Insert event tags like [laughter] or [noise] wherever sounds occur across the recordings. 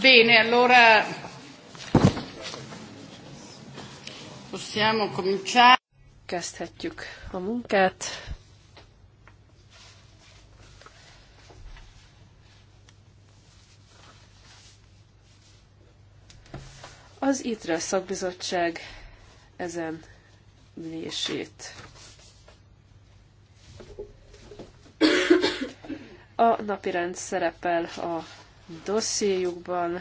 Bene, allora possiamo cominciare. Kezdhetjük a munkát. Az ITRE szakbizottság ezen ülését A napirend szerepel a dossziéjukban,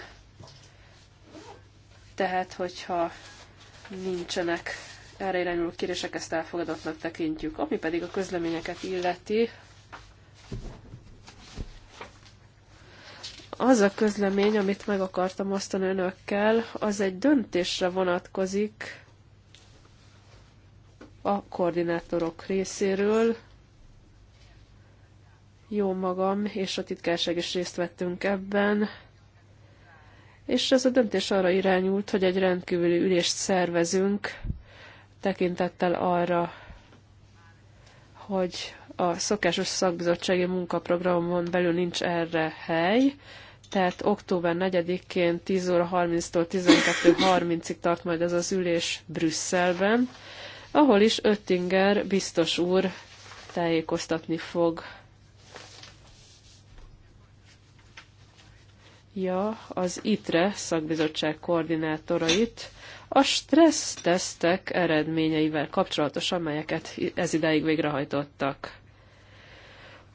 tehát hogyha nincsenek erre irányuló kérések, ezt elfogadottnak tekintjük. Ami pedig a közleményeket illeti, az a közlemény, amit meg akartam osztani önökkel, az egy döntésre vonatkozik a koordinátorok részéről, jó magam és a titkárság is részt vettünk ebben, és ez a döntés arra irányult, hogy egy rendkívüli ülést szervezünk, tekintettel arra, hogy a szokásos szakbizottsági munkaprogramon belül nincs erre hely, tehát október 4-én 10 óra 30-tól 12.30-ig tart majd ez az ülés Brüsszelben, ahol is Öttinger biztos úr tájékoztatni fog ja az ITRE szakbizottság koordinátorait a stressztesztek eredményeivel kapcsolatos, amelyeket ez idáig végrehajtottak.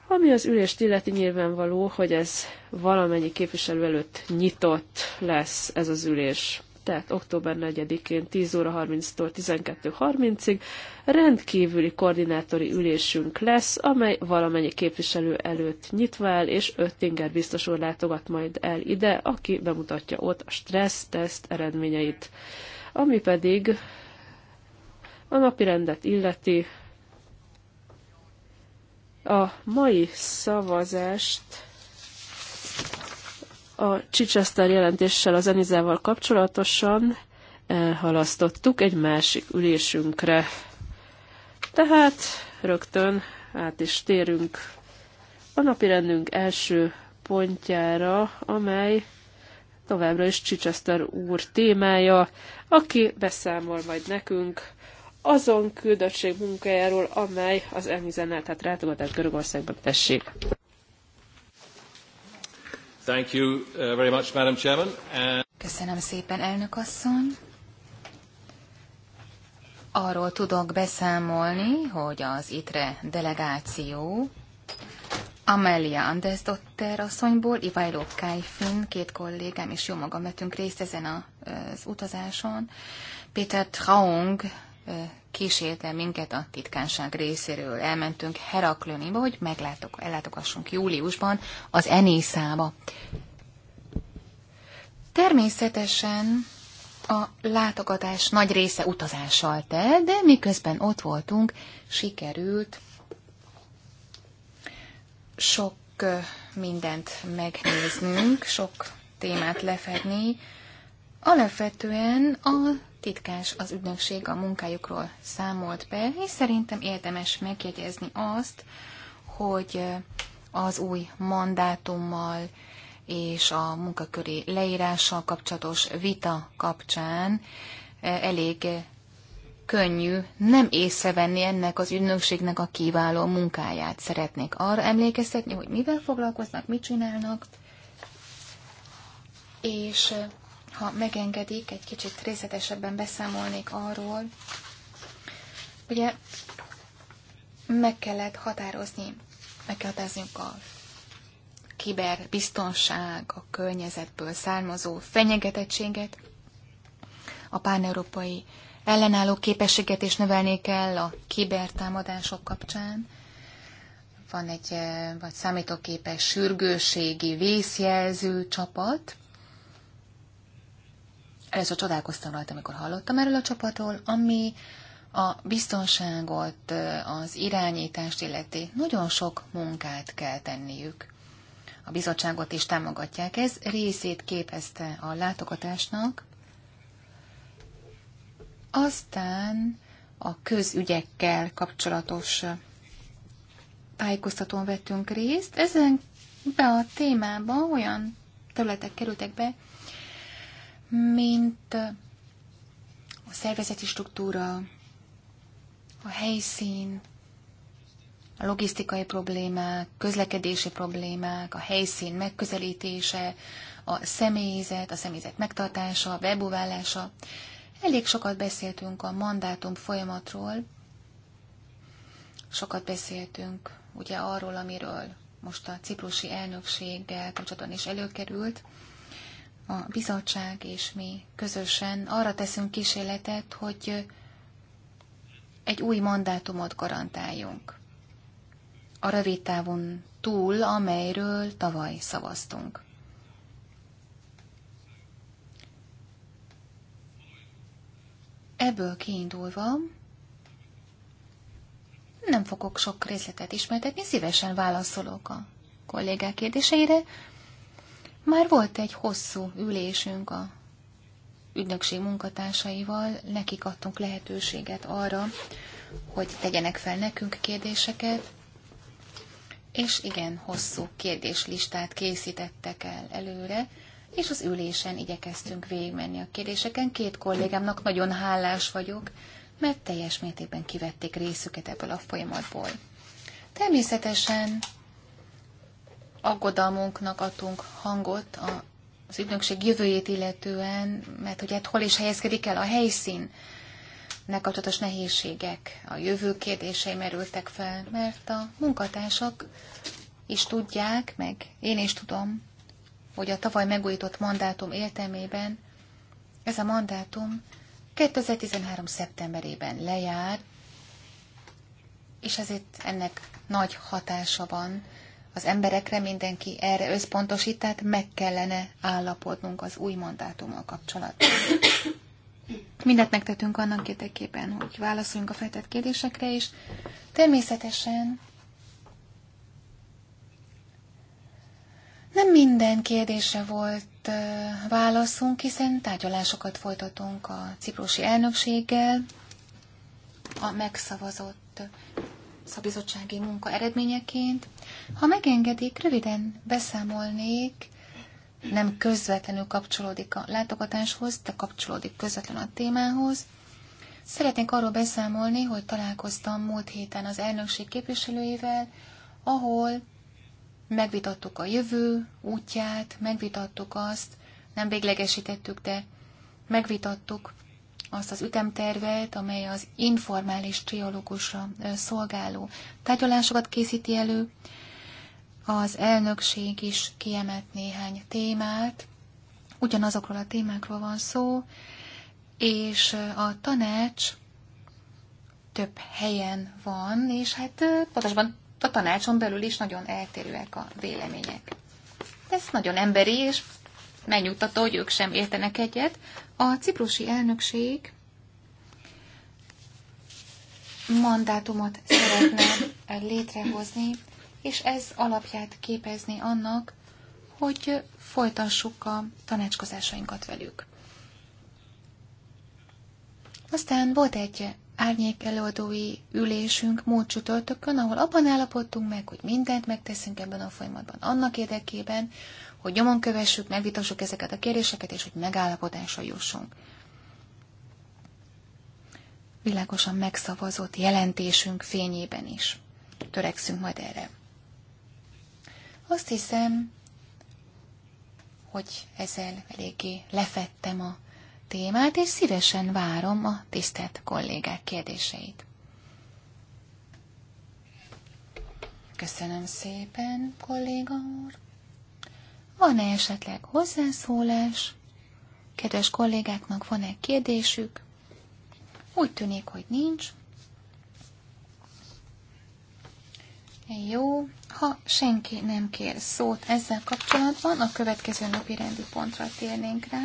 Ami az ülést illeti nyilvánvaló, hogy ez valamennyi képviselő előtt nyitott lesz ez az ülés tehát október 4-én 10 óra 30-tól 12.30-ig rendkívüli koordinátori ülésünk lesz, amely valamennyi képviselő előtt nyitva áll, és Öttinger biztos úr látogat majd el ide, aki bemutatja ott a stresszteszt eredményeit. Ami pedig a napi rendet illeti, a mai szavazást a Chichester jelentéssel az Enizával kapcsolatosan elhalasztottuk egy másik ülésünkre. Tehát rögtön át is térünk a napirendünk első pontjára, amely továbbra is Chichester úr témája, aki beszámol majd nekünk azon küldöttség munkájáról, amely az Enizenel, tehát rátogatás Görögországban tessék. Thank you uh, very much, Madam Chairman. And... Köszönöm szépen, elnök asszony. Arról tudok beszámolni, hogy az ITRE delegáció Amelia Andersdotter asszonyból, Ivajló Kajfin, két kollégám és jó magam vettünk részt ezen az utazáson. Peter Traung kísérte minket a titkánság részéről. Elmentünk Herakloniba, hogy meglátok, ellátogassunk júliusban az Enészába. Természetesen a látogatás nagy része utazással telt, de miközben ott voltunk, sikerült sok mindent megnéznünk, sok témát lefedni. Alapvetően a titkás az ügynökség a munkájukról számolt be, és szerintem érdemes megjegyezni azt, hogy az új mandátummal és a munkaköri leírással kapcsolatos vita kapcsán elég könnyű nem észrevenni ennek az ügynökségnek a kiváló munkáját. Szeretnék arra emlékeztetni, hogy mivel foglalkoznak, mit csinálnak, és ha megengedik, egy kicsit részletesebben beszámolnék arról, ugye meg kellett határozni, meg kell határoznunk a kiberbiztonság, a környezetből származó fenyegetettséget, a páneurópai ellenálló képességet is növelni kell a kibertámadások kapcsán. Van egy eh, vagy számítógépes sürgőségi vészjelző csapat, először csodálkoztam rajta, amikor hallottam erről a csapatról, ami a biztonságot, az irányítást illeti. Nagyon sok munkát kell tenniük. A bizottságot is támogatják. Ez részét képezte a látogatásnak. Aztán a közügyekkel kapcsolatos tájékoztatón vettünk részt. Ezen be a témába olyan területek kerültek be, mint a szervezeti struktúra, a helyszín, a logisztikai problémák, közlekedési problémák, a helyszín megközelítése, a személyzet, a személyzet megtartása, a webúválása. Elég sokat beszéltünk a mandátum folyamatról, sokat beszéltünk ugye arról, amiről most a ciprusi elnökséggel kapcsolatban is előkerült, a bizottság és mi közösen arra teszünk kísérletet, hogy egy új mandátumot garantáljunk. A rövid távon túl, amelyről tavaly szavaztunk. Ebből kiindulva nem fogok sok részletet ismertetni, szívesen válaszolok a kollégák kérdéseire, már volt egy hosszú ülésünk a ügynökség munkatársaival, nekik adtunk lehetőséget arra, hogy tegyenek fel nekünk kérdéseket, és igen, hosszú kérdéslistát készítettek el előre, és az ülésen igyekeztünk végigmenni a kérdéseken. Két kollégámnak nagyon hálás vagyok, mert teljes mértékben kivették részüket ebből a folyamatból. Természetesen aggodalmunknak adtunk hangot az ügynökség jövőjét illetően, mert hogy hát hol is helyezkedik el a helyszín, kapcsolatos nehézségek, a jövő kérdései merültek fel, mert a munkatársak is tudják, meg én is tudom, hogy a tavaly megújított mandátum értelmében ez a mandátum 2013. szeptemberében lejár, és ezért ennek nagy hatása van az emberekre, mindenki erre összpontosít, tehát meg kellene állapodnunk az új mandátummal kapcsolatban. Mindent megtettünk annak érdekében, hogy válaszoljunk a feltett kérdésekre, és természetesen nem minden kérdése volt válaszunk, hiszen tárgyalásokat folytatunk a ciprusi elnökséggel, a megszavazott szabizottsági munka eredményeként, ha megengedik, röviden beszámolnék, nem közvetlenül kapcsolódik a látogatáshoz, de kapcsolódik közvetlen a témához. Szeretnék arról beszámolni, hogy találkoztam múlt héten az elnökség képviselőivel, ahol megvitattuk a jövő útját, megvitattuk azt, nem véglegesítettük, de megvitattuk azt az ütemtervet, amely az informális triológusra szolgáló tárgyalásokat készíti elő, az elnökség is kiemelt néhány témát, ugyanazokról a témákról van szó, és a tanács több helyen van, és hát pontosabban a tanácson belül is nagyon eltérőek a vélemények. Ez nagyon emberi, és megnyugtató, hogy ők sem értenek egyet. A ciprusi elnökség mandátumot szeretne létrehozni és ez alapját képezni annak, hogy folytassuk a tanácskozásainkat velük. Aztán volt egy árnyék előadói ülésünk múlt csütörtökön, ahol abban állapodtunk meg, hogy mindent megteszünk ebben a folyamatban annak érdekében, hogy nyomon kövessük, megvitassuk ezeket a kérdéseket, és hogy megállapodásra jussunk. Világosan megszavazott jelentésünk fényében is. Törekszünk majd erre. Azt hiszem, hogy ezzel eléggé lefettem a témát, és szívesen várom a tisztelt kollégák kérdéseit. Köszönöm szépen, kolléga úr. Van-e esetleg hozzászólás? Kedves kollégáknak van-e kérdésük? Úgy tűnik, hogy nincs. Jó, ha senki nem kér szót ezzel kapcsolatban, a következő napi rendi pontra térnénk rá.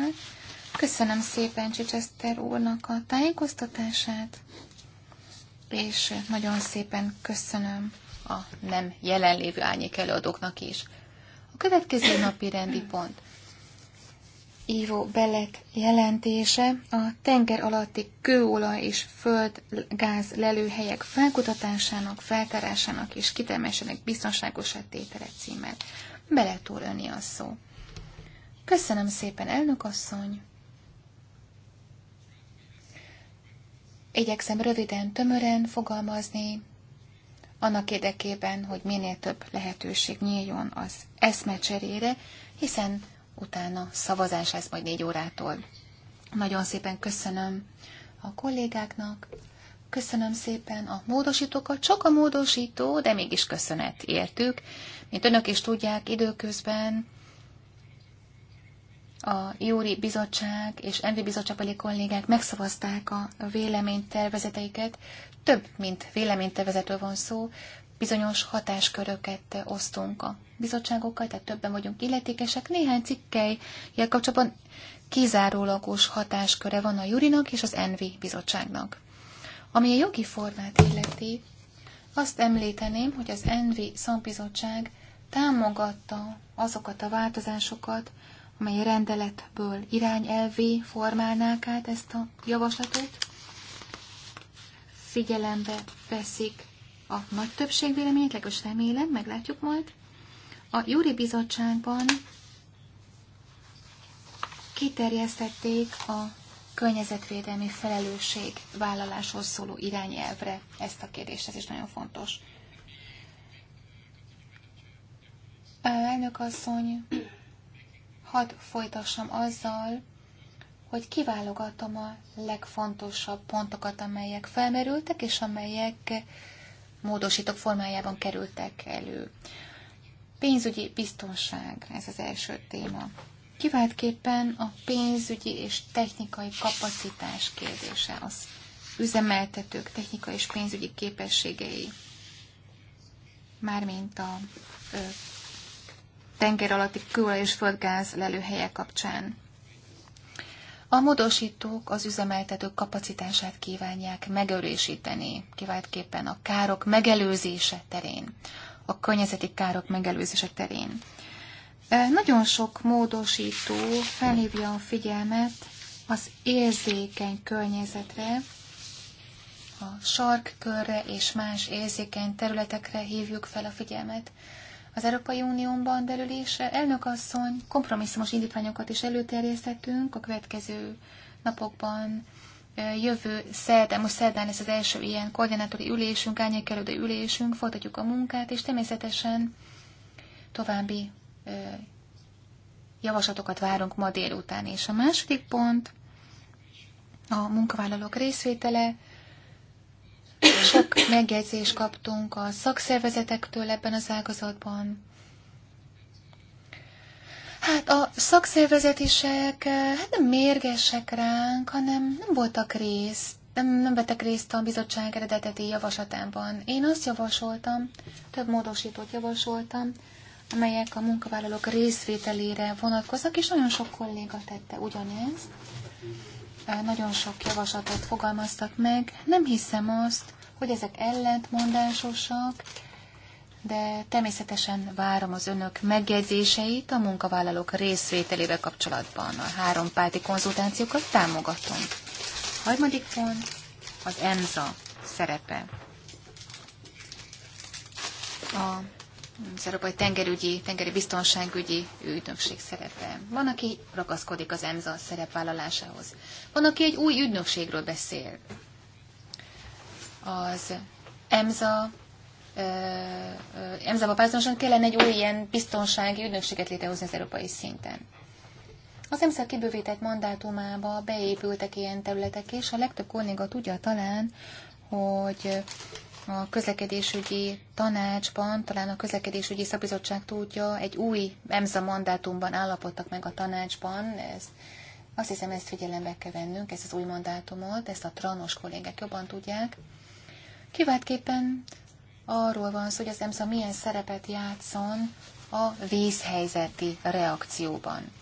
Köszönöm szépen Csicseszter úrnak a tájékoztatását, és nagyon szépen köszönöm a nem jelenlévő ányék előadóknak is. A következő napi rendi pont ívó Belek jelentése a tenger alatti kőolaj és földgáz lelőhelyek felkutatásának, feltárásának és kitermelésének biztonságos tétele címmel. Belek öni a szó. Köszönöm szépen, elnök asszony! Igyekszem röviden, tömören fogalmazni, annak érdekében, hogy minél több lehetőség nyíljon az eszmecserére, hiszen utána szavazás lesz majd négy órától. Nagyon szépen köszönöm a kollégáknak, köszönöm szépen a módosítókat, csak a módosító, de mégis köszönet értük. Mint önök is tudják, időközben a Júri Bizottság és Envi Bizottságbeli kollégák megszavazták a véleménytervezeteiket. Több, mint véleménytervezetről van szó, bizonyos hatásköröket osztunk a bizottságokkal, tehát többen vagyunk illetékesek. Néhány cikkelyjel kapcsolatban kizárólagos hatásköre van a Jurinak és az Envi bizottságnak. Ami a jogi formát illeti, azt említeném, hogy az Envi szambizottság támogatta azokat a változásokat, amely rendeletből irányelvé formálnák át ezt a javaslatot, figyelembe veszik a nagy többség véleményét, legalábbis remélem, meglátjuk majd. A Júri Bizottságban kiterjesztették a környezetvédelmi felelősség vállaláshoz szóló irányelvre ezt a kérdést, ez is nagyon fontos. Elnök asszony, hadd folytassam azzal, hogy kiválogatom a legfontosabb pontokat, amelyek felmerültek, és amelyek módosítók formájában kerültek elő. Pénzügyi biztonság, ez az első téma. Kiváltképpen a pénzügyi és technikai kapacitás kérdése, az üzemeltetők technikai és pénzügyi képességei, mármint a ö, tenger alatti kül- és földgáz lelőhelye kapcsán. A módosítók az üzemeltetők kapacitását kívánják megerősíteni, kiváltképpen a károk megelőzése terén, a környezeti károk megelőzése terén. Nagyon sok módosító felhívja a figyelmet az érzékeny környezetre, a sarkkörre és más érzékeny területekre hívjuk fel a figyelmet az Európai Unióban belül is. Elnökasszony, kompromisszumos indítványokat is előterjesztettünk a következő napokban. Jövő szerdán, most szerdán lesz az első ilyen koordinátori ülésünk, árnyékelődő ülésünk, folytatjuk a munkát, és természetesen további javaslatokat várunk ma délután. És a második pont, a munkavállalók részvétele, sok megjegyzést kaptunk a szakszervezetektől ebben az ágazatban. Hát a szakszervezetisek hát nem mérgesek ránk, hanem nem voltak részt, nem, nem vettek részt a bizottság eredeteti javaslatában. Én azt javasoltam, több módosítót javasoltam, amelyek a munkavállalók részvételére vonatkoznak, és nagyon sok kolléga tette ugyanezt. Nagyon sok javaslatot fogalmaztak meg. Nem hiszem azt, hogy ezek ellentmondásosak, de természetesen várom az önök megjegyzéseit a munkavállalók részvételével kapcsolatban. A párti konzultációkat támogatom. Harmadik pont az EMSA szerepe. A az Európai Tengerügyi, Tengeri Biztonságügyi Ügynökség szerepe. Van, aki ragaszkodik az EMSA szerepvállalásához. Van, aki egy új ügynökségről beszél az EMSA EMSA-ba párhuzamosan kellene egy új ilyen biztonsági ügynökséget létrehozni az európai szinten. Az EMSA kibővített mandátumába beépültek ilyen területek, és a legtöbb kolléga tudja talán, hogy a közlekedésügyi tanácsban, talán a közlekedésügyi szabizottság tudja, egy új EMSA mandátumban állapodtak meg a tanácsban. Ez, azt hiszem, ezt figyelembe kell vennünk, ezt az új mandátumot, ezt a tranos kollégek jobban tudják. Kiváltképpen arról van szó, hogy az EMSZA milyen szerepet játszon a vészhelyzeti reakcióban.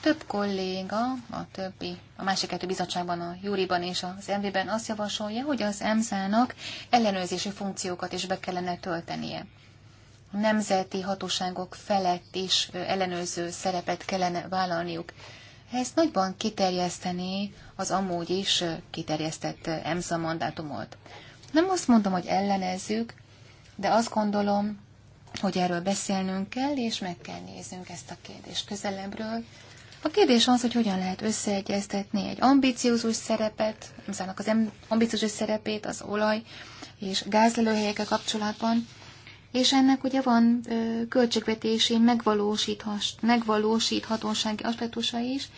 Több kolléga, a többi, a másik kettő bizottságban, a Júriban és az MV-ben azt javasolja, hogy az EMSZ-nak ellenőrzési funkciókat is be kellene töltenie. nemzeti hatóságok felett is ellenőrző szerepet kellene vállalniuk. Ez nagyban kiterjesztené az amúgy is kiterjesztett EMSZA mandátumot. Nem azt mondom, hogy ellenezzük, de azt gondolom, hogy erről beszélnünk kell, és meg kell néznünk ezt a kérdést közelebbről. A kérdés az, hogy hogyan lehet összeegyeztetni egy ambiciózus szerepet, Mzának az ambiciózus szerepét az olaj és gázlelőhelyekkel kapcsolatban, és ennek ugye van ö, költségvetési megvalósíthatósági aspektusa is.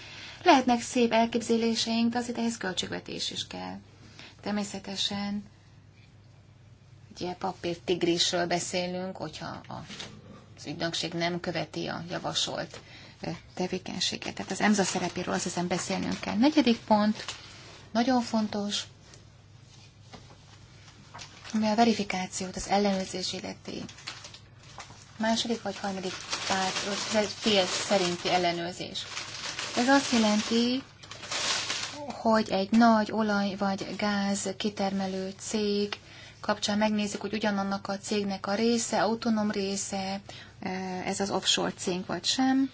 Lehetnek szép elképzeléseink, de azért ehhez költségvetés is kell. Természetesen egy papírtigrisről beszélünk, hogyha az ügynökség nem követi a javasolt tevékenységet. Tehát az EMSA szerepéről azt hiszem beszélnünk kell. Negyedik pont, nagyon fontos, ami a verifikációt, az ellenőrzés illeti második vagy harmadik párt, fél szerinti ellenőrzés. Ez azt jelenti, hogy egy nagy olaj vagy gáz kitermelő cég kapcsán megnézzük, hogy ugyanannak a cégnek a része, autonóm része, e, ez az offshore cég vagy sem.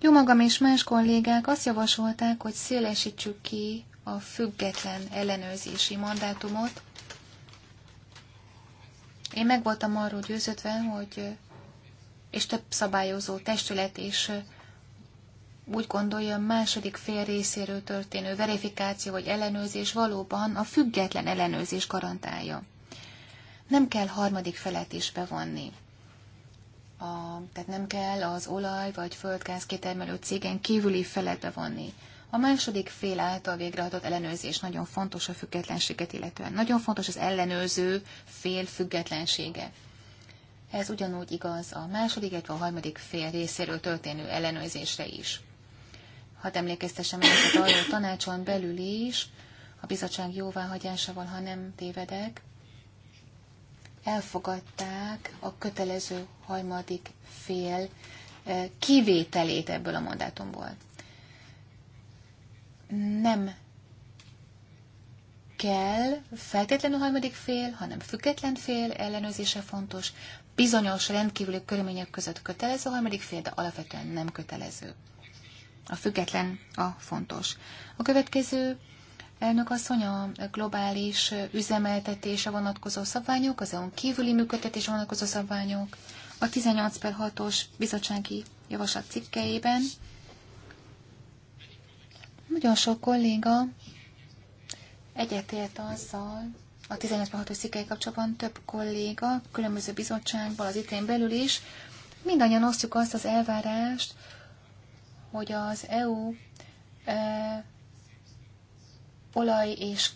Jó magam és más kollégák azt javasolták, hogy szélesítsük ki a független ellenőrzési mandátumot. Én meg voltam arról győződve, hogy és több szabályozó testület is úgy gondolja, a második fél részéről történő verifikáció vagy ellenőrzés valóban a független ellenőrzés garantálja. Nem kell harmadik felet is bevonni. A, tehát nem kell az olaj vagy földgáz kitermelő cégen kívüli felet bevonni. A második fél által végrehajtott ellenőrzés nagyon fontos a függetlenséget illetően. Nagyon fontos az ellenőrző fél függetlensége. Ez ugyanúgy igaz a második, illetve a harmadik fél részéről történő ellenőrzésre is. Hadd emlékeztessem önöket arra, a tanácson belül is, a bizottság jóváhagyásával, ha nem tévedek, elfogadták a kötelező harmadik fél eh, kivételét ebből a mandátumból. Nem kell feltétlenül harmadik fél, hanem független fél ellenőrzése fontos, bizonyos rendkívüli körülmények között kötelező a harmadik fél, de alapvetően nem kötelező. A független a fontos. A következő elnök asszony a globális üzemeltetése vonatkozó szabványok, az EU-n kívüli működtetése vonatkozó szabványok, a 18 per 6-os bizottsági javaslat cikkeiben nagyon sok kolléga egyetért azzal, a 18-6-os cikkei kapcsolatban több kolléga, különböző bizottságban, az itén belül is, mindannyian osztjuk azt az elvárást, hogy az EU e, olaj és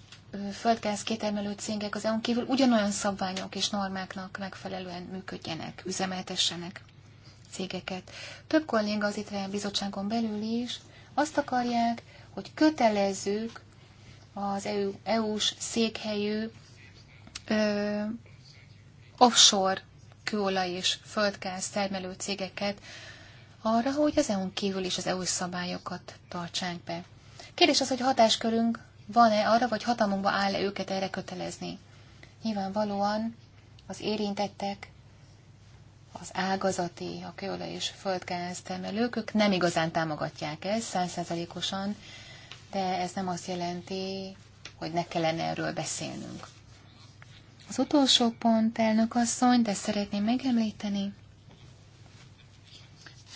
földgáz kétermelő cégek az EU-n kívül ugyanolyan szabványok és normáknak megfelelően működjenek, üzemeltessenek cégeket. Több kolléga az ITRE bizottságon belül is azt akarják, hogy kötelezzük az EU, EU-s székhelyű ö, offshore kőolaj és földgáz termelő cégeket arra, hogy az EU-n kívül is az EU-s szabályokat tartsánk be. Kérdés az, hogy hatáskörünk van-e arra, vagy hatalmunkba áll-e őket erre kötelezni. Nyilvánvalóan az érintettek, az ágazati, a kőolaj és földgáz termelők, ők nem igazán támogatják ezt százszázalékosan, de ez nem azt jelenti, hogy ne kellene erről beszélnünk. Az utolsó pont, elnök asszony, de szeretném megemlíteni,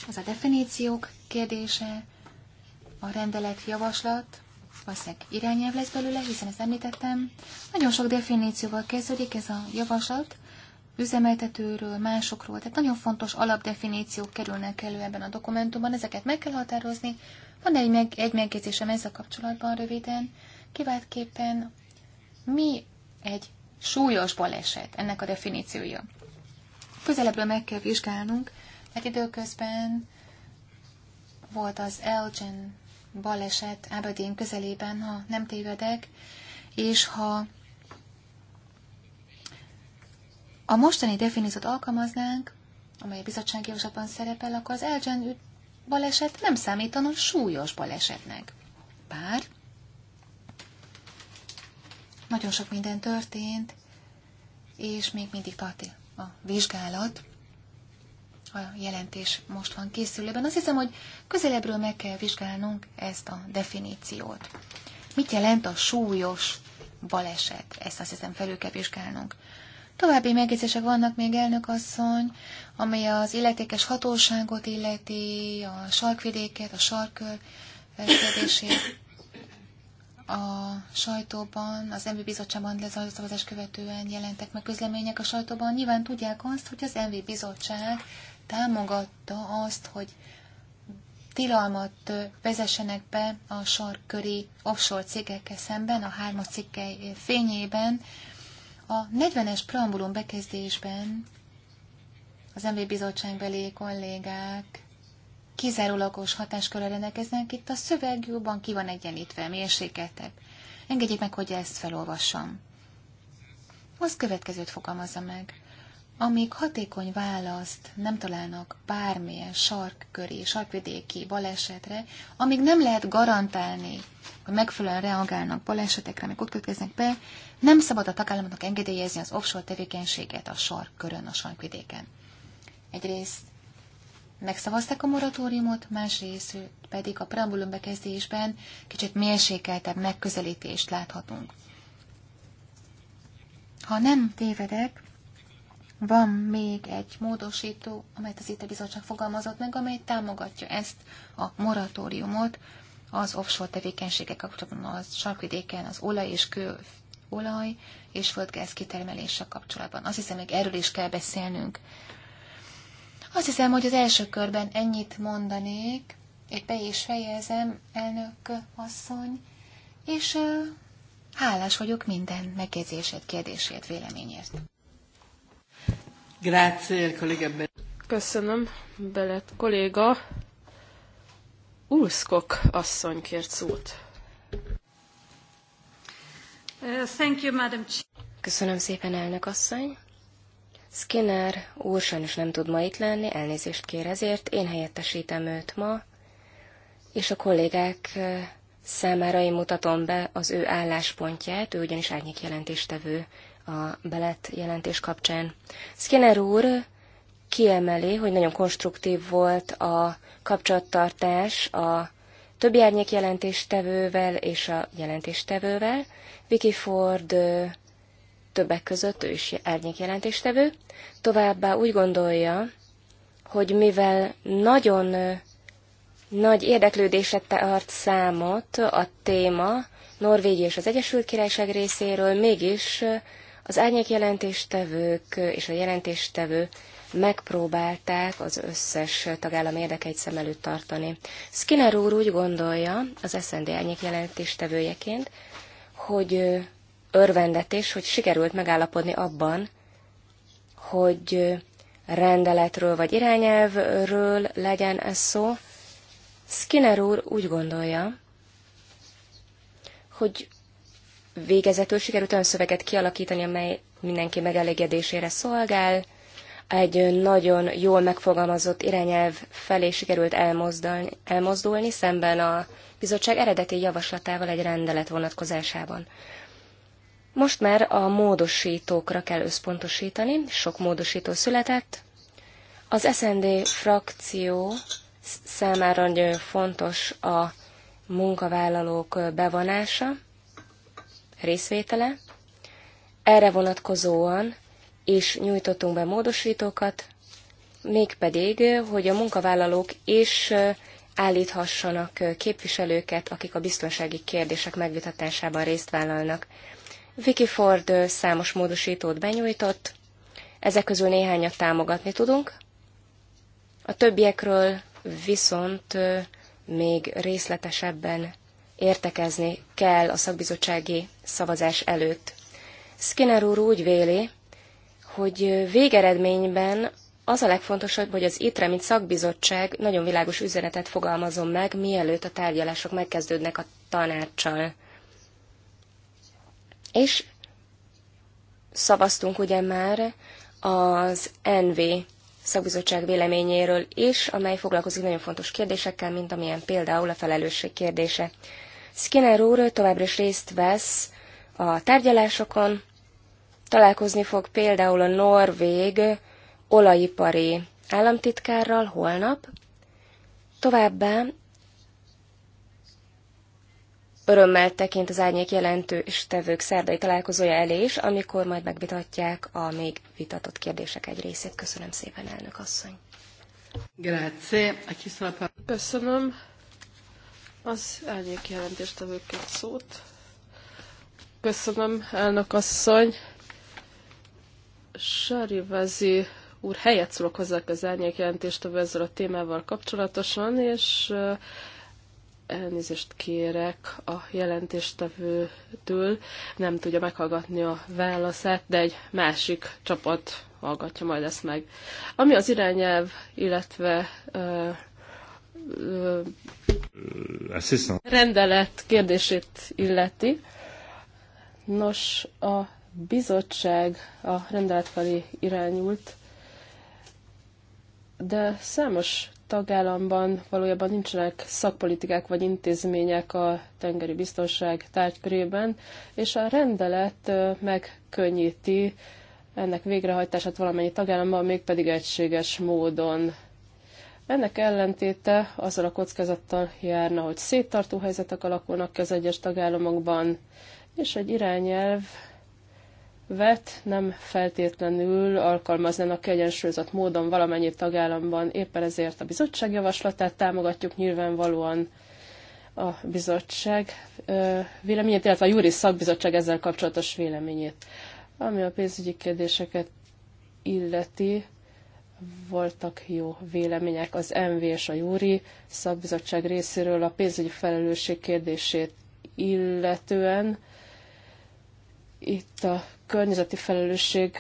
az a definíciók kérdése, a rendelet javaslat, valószínűleg irányelv lesz belőle, hiszen ezt említettem. Nagyon sok definícióval kezdődik ez a javaslat, üzemeltetőről, másokról, tehát nagyon fontos alapdefiníciók kerülnek elő ebben a dokumentumban, ezeket meg kell határozni. Van egy, meg, egy megjegyzésem ezzel kapcsolatban röviden, kiváltképpen mi egy súlyos baleset ennek a definíciója. Közelebbről meg kell vizsgálnunk, egy időközben volt az Elgin baleset Aberdeen közelében, ha nem tévedek, és ha a mostani definíciót alkalmaznánk, amely a bizottsági javaslatban szerepel, akkor az Elgin baleset nem számítana súlyos balesetnek. Bár nagyon sok minden történt, és még mindig tart a vizsgálat a jelentés most van készülőben. Azt hiszem, hogy közelebbről meg kell vizsgálnunk ezt a definíciót. Mit jelent a súlyos baleset? Ezt azt hiszem felül kell vizsgálnunk. További megjegyzések vannak még, elnök asszony, amely az illetékes hatóságot illeti, a sarkvidéket, a sarkör eh, A sajtóban, az MV Bizottságban lezajlott szavazás követően jelentek meg közlemények a sajtóban. Nyilván tudják azt, hogy az MV Bizottság támogatta azt, hogy tilalmat vezessenek be a sarköri offshore cégekkel szemben, a hármas cikkei fényében. A 40-es preambulum bekezdésben az MV Bizottság belé kollégák kizárólagos hatáskörre rendelkeznek, itt a szöveg jobban ki van egyenlítve, mérsékeltek. Engedjék meg, hogy ezt felolvassam. Az következőt fogalmazza meg. Amíg hatékony választ nem találnak bármilyen sarkköri, sarkvidéki balesetre, amíg nem lehet garantálni, hogy megfelelően reagálnak balesetekre, amik ott következnek be, nem szabad a tagállamoknak engedélyezni az offshore tevékenységet a sarkkörön, a sarkvidéken. Egyrészt megszavazták a moratóriumot, másrészt pedig a preambulum bekezdésben kicsit mérsékeltebb megközelítést láthatunk. Ha nem tévedek, van még egy módosító, amelyet az ITE Bizottság fogalmazott meg, amely támogatja ezt a moratóriumot az offshore tevékenységek kapcsolatban a sarkvidéken az olaj és kő, olaj és földgáz kitermelése kapcsolatban. Azt hiszem, még erről is kell beszélnünk. Azt hiszem, hogy az első körben ennyit mondanék, és be is fejezem, elnök asszony, és hálás vagyok minden megjegyzését, kérdését, véleményért. Grazie, kolléga. Köszönöm, Belet kolléga. Ulszkok asszony kért szót. Uh, thank you, Madam Köszönöm szépen, elnök asszony. Skinner úr sajnos nem tud ma itt lenni, elnézést kér ezért, én helyettesítem őt ma, és a kollégák uh, számára én mutatom be az ő álláspontját, ő ugyanis árnyék jelentéstevő a belet jelentés kapcsán. Skinner úr kiemeli, hogy nagyon konstruktív volt a kapcsolattartás a többi árnyék jelentéstevővel és a jelentéstevővel. Vicky Ford többek között ő is árnyék jelentéstevő. Továbbá úgy gondolja, hogy mivel nagyon nagy érdeklődésre tart számot a téma Norvégia és az Egyesült Királyság részéről, mégis az árnyék jelentéstevők és a jelentéstevő megpróbálták az összes tagállam érdekeit szem előtt tartani. Skinner úr úgy gondolja, az SZND árnyék jelentéstevőjeként, hogy örvendetés, hogy sikerült megállapodni abban, hogy rendeletről vagy irányelvről legyen ez szó. Skinner úr úgy gondolja, hogy Végezetül sikerült olyan szöveget kialakítani, amely mindenki megelégedésére szolgál. Egy nagyon jól megfogalmazott irányelv felé sikerült elmozdulni, elmozdulni szemben a bizottság eredeti javaslatával egy rendelet vonatkozásában. Most már a módosítókra kell összpontosítani, sok módosító született. Az SND frakció számára nagyon fontos a munkavállalók bevonása, részvétele. Erre vonatkozóan is nyújtottunk be módosítókat, mégpedig, hogy a munkavállalók is állíthassanak képviselőket, akik a biztonsági kérdések megvitatásában részt vállalnak. Vicky Ford számos módosítót benyújtott, ezek közül néhányat támogatni tudunk. A többiekről viszont még részletesebben értekezni kell a szakbizottsági szavazás előtt. Skinner úr úgy véli, hogy végeredményben az a legfontosabb, hogy az ITRE, mint szakbizottság nagyon világos üzenetet fogalmazom meg, mielőtt a tárgyalások megkezdődnek a tanácssal. És szavaztunk ugye már az NV szakbizottság véleményéről is, amely foglalkozik nagyon fontos kérdésekkel, mint amilyen például a felelősség kérdése. Skinner úr továbbra is részt vesz a tárgyalásokon, találkozni fog például a norvég olajipari államtitkárral holnap, továbbá örömmel tekint az árnyék jelentős tevők szerdai találkozója elé is, amikor majd megvitatják a még vitatott kérdések egy részét. Köszönöm szépen, elnök asszony! Grazie. Köszönöm. Az elnyék jelentéstevőkért szót. Köszönöm, elnök asszony. Sari Vazi úr helyet szólok hozzá az jelentést jelentéstevő ezzel a témával kapcsolatosan, és uh, elnézést kérek a jelentéstevőtől, nem tudja meghallgatni a válaszát, de egy másik csapat hallgatja majd ezt meg. Ami az irányelv, illetve uh, rendelet kérdését illeti. Nos, a bizottság a rendelet felé irányult, de számos tagállamban valójában nincsenek szakpolitikák vagy intézmények a tengeri biztonság tárgykörében, és a rendelet megkönnyíti ennek végrehajtását valamennyi tagállamban, mégpedig egységes módon. Ennek ellentéte azzal a kockázattal járna, hogy széttartó helyzetek alakulnak ki az egyes tagállamokban, és egy irányelv vet nem feltétlenül alkalmaznának egyensúlyozott módon valamennyi tagállamban, éppen ezért a bizottság javaslatát támogatjuk nyilvánvalóan a bizottság véleményét, illetve a júri szakbizottság ezzel kapcsolatos véleményét. Ami a pénzügyi kérdéseket illeti, voltak jó vélemények az MV és a Júri szakbizottság részéről a pénzügyi felelősség kérdését illetően. Itt a környezeti felelősség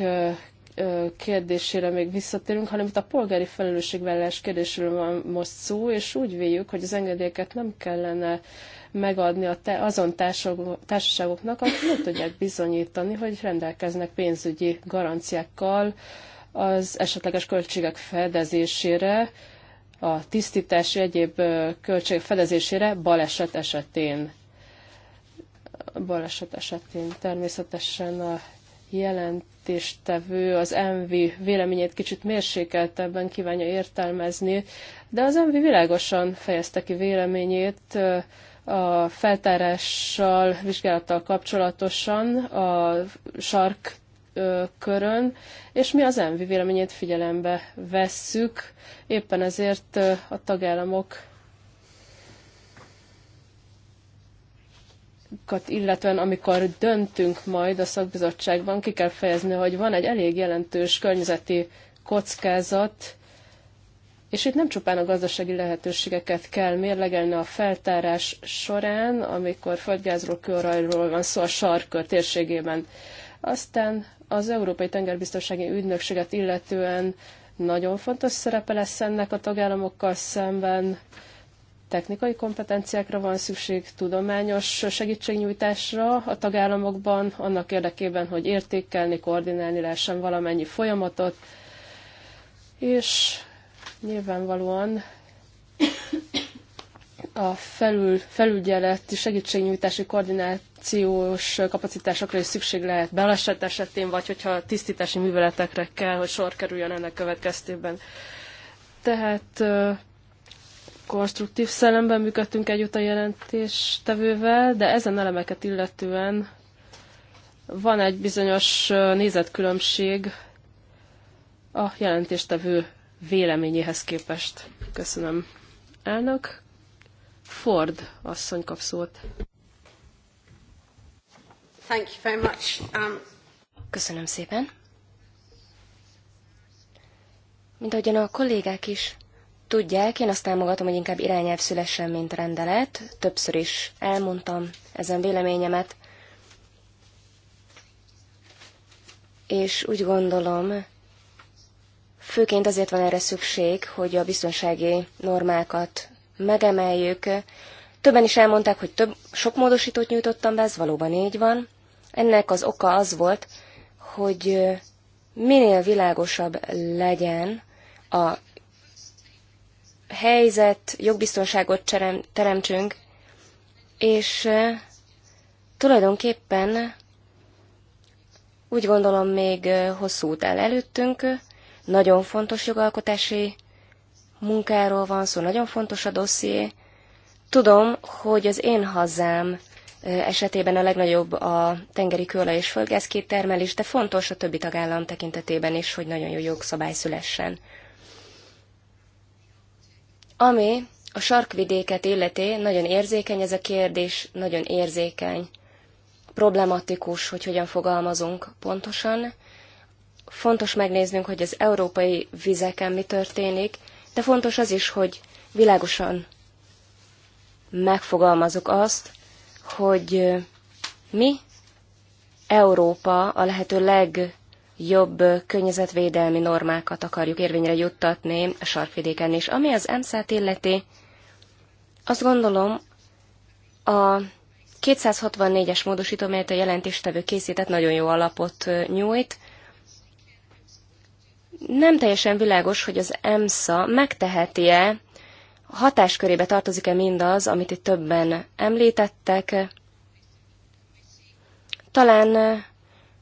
kérdésére még visszatérünk, hanem itt a polgári felelősségvállalás kérdésről van most szó, és úgy véljük, hogy az engedélyeket nem kellene megadni a te, azon társaságoknak, akik nem tudják bizonyítani, hogy rendelkeznek pénzügyi garanciákkal az esetleges költségek fedezésére, a tisztítási egyéb költségek fedezésére baleset esetén. Baleset esetén természetesen a jelentéstevő az MV véleményét kicsit mérsékeltebben kívánja értelmezni, de az MV világosan fejezte ki véleményét a feltárással, vizsgálattal kapcsolatosan, a sark körön, és mi az ENVI véleményét figyelembe vesszük, éppen ezért a tagállamok illetően amikor döntünk majd a szakbizottságban, ki kell fejezni, hogy van egy elég jelentős környezeti kockázat, és itt nem csupán a gazdasági lehetőségeket kell mérlegelni a feltárás során, amikor földgázról, kőolajról van szó a sarkör térségében. Aztán az Európai Tengerbiztonsági Ügynökséget illetően nagyon fontos szerepe lesz ennek a tagállamokkal szemben. Technikai kompetenciákra van szükség, tudományos segítségnyújtásra a tagállamokban, annak érdekében, hogy értékelni, koordinálni lehessen valamennyi folyamatot, és nyilvánvalóan a felül, felügyeleti segítségnyújtási koordinációs kapacitásokra is szükség lehet baleset esetén, vagy hogyha tisztítási műveletekre kell, hogy sor kerüljön ennek következtében. Tehát konstruktív szellemben működtünk együtt a jelentéstevővel, de ezen elemeket illetően van egy bizonyos nézetkülönbség a jelentéstevő véleményéhez képest. Köszönöm elnök, Ford asszony kap szót. Thank you very much. Um... Köszönöm szépen. Mint ahogyan a kollégák is tudják, én azt támogatom, hogy inkább irányelv szülessen, mint rendelet. Többször is elmondtam ezen véleményemet. És úgy gondolom, főként azért van erre szükség, hogy a biztonsági normákat megemeljük. Többen is elmondták, hogy több, sok módosítót nyújtottam be, ez valóban így van. Ennek az oka az volt, hogy minél világosabb legyen a helyzet, jogbiztonságot teremtsünk, és tulajdonképpen úgy gondolom még hosszú út el előttünk, nagyon fontos jogalkotási munkáról van szó, nagyon fontos a dosszié. Tudom, hogy az én hazám esetében a legnagyobb a tengeri kőolaj és földgáz termelés, de fontos a többi tagállam tekintetében is, hogy nagyon jó jogszabály szülessen. Ami a sarkvidéket illeti, nagyon érzékeny ez a kérdés, nagyon érzékeny, problematikus, hogy hogyan fogalmazunk pontosan. Fontos megnéznünk, hogy az európai vizeken mi történik, de fontos az is, hogy világosan megfogalmazok azt, hogy mi Európa a lehető legjobb környezetvédelmi normákat akarjuk érvényre juttatni a sarkvidéken is. Ami az EMSZ-t illeti, azt gondolom, a 264-es módosító, melyet a jelentéstevő készített, nagyon jó alapot nyújt nem teljesen világos, hogy az EMSA megteheti-e, hatáskörébe tartozik-e mindaz, amit itt többen említettek. Talán eh,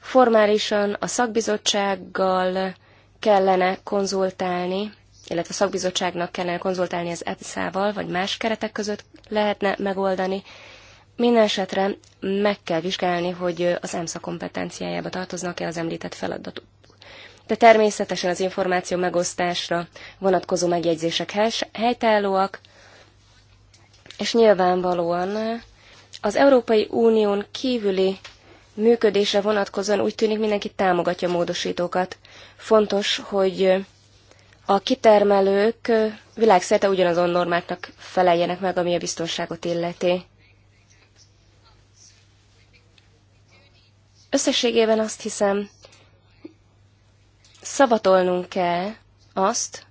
formálisan a szakbizottsággal kellene konzultálni, illetve a szakbizottságnak kellene konzultálni az EPSZ-val, vagy más keretek között lehetne megoldani. Minden esetre meg kell vizsgálni, hogy az EMSZA kompetenciájába tartoznak-e az említett feladatok de természetesen az információ megosztásra vonatkozó megjegyzések helytállóak, és nyilvánvalóan az Európai Unión kívüli működésre vonatkozóan úgy tűnik mindenki támogatja a módosítókat. Fontos, hogy a kitermelők világszerte ugyanazon normáknak feleljenek meg, ami a biztonságot illeti. Összességében azt hiszem, szavatolnunk kell azt,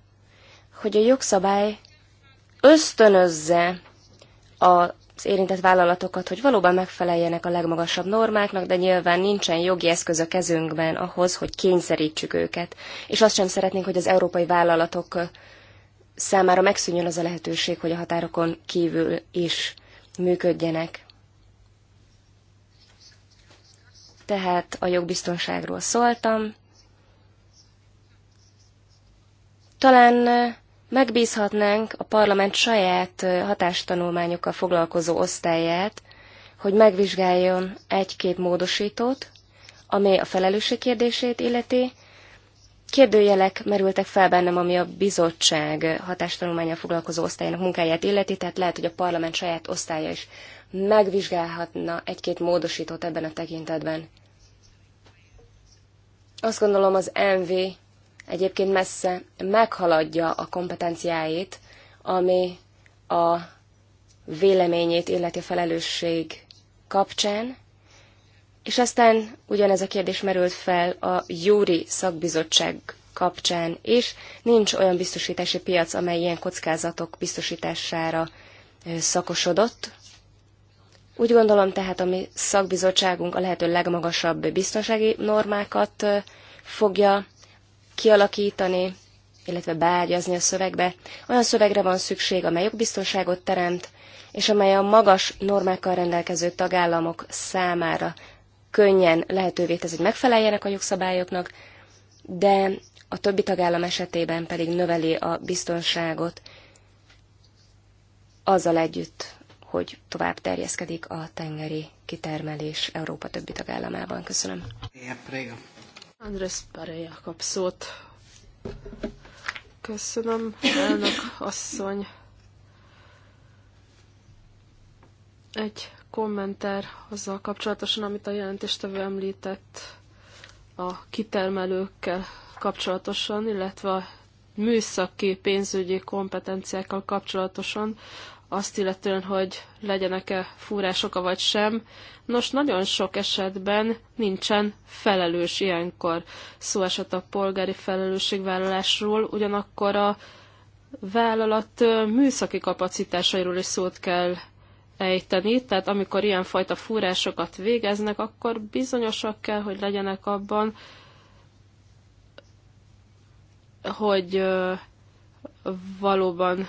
hogy a jogszabály ösztönözze az érintett vállalatokat, hogy valóban megfeleljenek a legmagasabb normáknak, de nyilván nincsen jogi eszköz a kezünkben ahhoz, hogy kényszerítsük őket. És azt sem szeretnénk, hogy az európai vállalatok számára megszűnjön az a lehetőség, hogy a határokon kívül is működjenek. Tehát a jogbiztonságról szóltam, Talán megbízhatnánk a parlament saját hatástanulmányokkal foglalkozó osztályát, hogy megvizsgáljon egy-két módosítót, amely a felelősség kérdését illeti. Kérdőjelek merültek fel bennem, ami a bizottság hatástanulmánya foglalkozó osztályának munkáját illeti, tehát lehet, hogy a parlament saját osztálya is megvizsgálhatna egy-két módosítót ebben a tekintetben. Azt gondolom az MV egyébként messze meghaladja a kompetenciáit, ami a véleményét illeti a felelősség kapcsán, és aztán ugyanez a kérdés merült fel a Júri szakbizottság kapcsán is. Nincs olyan biztosítási piac, amely ilyen kockázatok biztosítására szakosodott. Úgy gondolom tehát, ami szakbizottságunk a lehető legmagasabb biztonsági normákat fogja kialakítani, illetve beágyazni a szövegbe. Olyan szövegre van szükség, amely jogbiztonságot teremt, és amely a magas normákkal rendelkező tagállamok számára könnyen lehetővé tesz, hogy megfeleljenek a jogszabályoknak, de a többi tagállam esetében pedig növeli a biztonságot azzal együtt, hogy tovább terjeszkedik a tengeri kitermelés Európa többi tagállamában. Köszönöm. Ja, Andres Pareja kap szót. Köszönöm, elnök asszony. Egy kommentár azzal kapcsolatosan, amit a jelentéstevő említett a kitermelőkkel kapcsolatosan, illetve a műszaki pénzügyi kompetenciákkal kapcsolatosan, azt illetően, hogy legyenek-e fúrások, vagy sem. Nos, nagyon sok esetben nincsen felelős ilyenkor. Szó esett a polgári felelősségvállalásról, ugyanakkor a vállalat műszaki kapacitásairól is szót kell ejteni, tehát amikor ilyenfajta fúrásokat végeznek, akkor bizonyosak kell, hogy legyenek abban, hogy valóban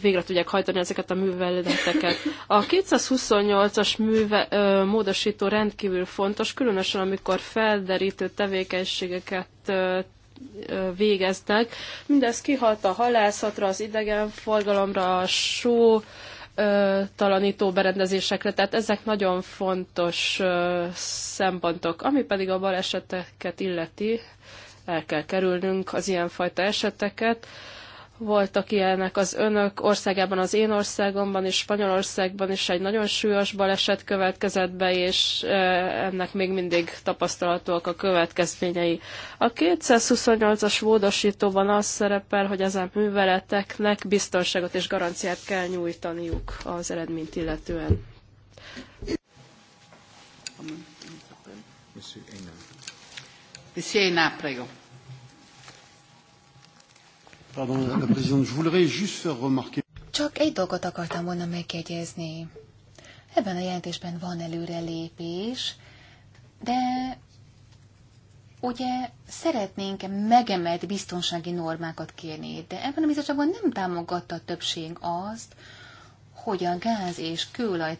végre tudják hajtani ezeket a műveleteket. A 228-as műve, módosító rendkívül fontos, különösen amikor felderítő tevékenységeket végeznek. Mindez kihalt a halászatra, az idegenforgalomra, a só talanító berendezésekre, tehát ezek nagyon fontos szempontok. Ami pedig a baleseteket illeti, el kell kerülnünk az ilyenfajta eseteket. Voltak ilyenek az önök országában, az én országomban és Spanyolországban is egy nagyon súlyos baleset következett be, és e, ennek még mindig tapasztalatúak a következményei. A 228-as vódosítóban az szerepel, hogy ezen műveleteknek biztonságot és garanciát kell nyújtaniuk az eredményt illetően. Monsieur Hénin, prego. Csak egy dolgot akartam volna megjegyezni. Ebben a jelentésben van előrelépés, de ugye szeretnénk megemelt biztonsági normákat kérni, de ebben a bizottságban nem támogatta a többség azt, hogy a gáz és kőolaj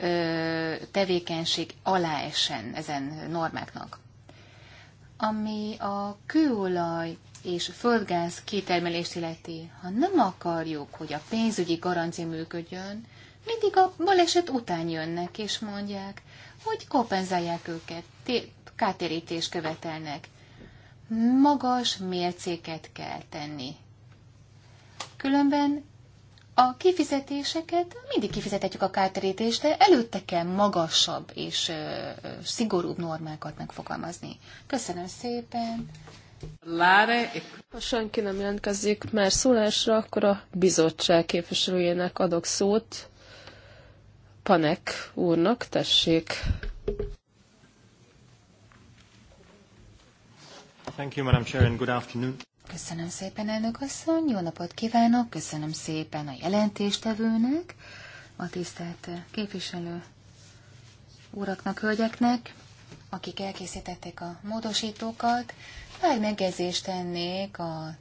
ö, tevékenység alá essen ezen normáknak. Ami a kőolaj és földgáz kitermelést illeti, ha nem akarjuk, hogy a pénzügyi garancia működjön, mindig a baleset után jönnek, és mondják, hogy kompenzálják őket, kártérítést követelnek. Magas mércéket kell tenni. Különben a kifizetéseket mindig kifizetetjük a kárterítést, de előtte kell magasabb és ö, ö, szigorúbb normákat megfogalmazni. Köszönöm szépen! E ha senki nem jelentkezik már szólásra, akkor a bizottság képviselőjének adok szót. Panek úrnak, tessék. Thank you, Madam Chair, and good afternoon. Köszönöm szépen, elnök asszony, jó napot kívánok, köszönöm szépen a jelentéstevőnek, a tisztelt képviselő úraknak, hölgyeknek, akik elkészítették a módosítókat. Egy megjegyzést tennék a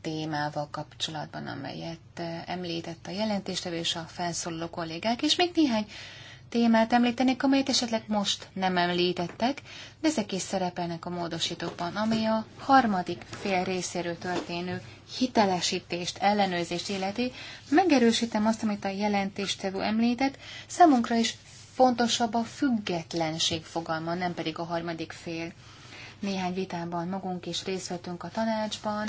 témával kapcsolatban, amelyet eh, említett a jelentéstevő és a felszóló kollégák, és még néhány témát említenék, amelyet esetleg most nem említettek, de ezek is szerepelnek a módosítókban, ami a harmadik fél részéről történő hitelesítést, ellenőrzést illeti. Megerősítem azt, amit a jelentéstevő említett, számunkra is fontosabb a függetlenség fogalma, nem pedig a harmadik fél. Néhány vitában magunk is részt vettünk a tanácsban,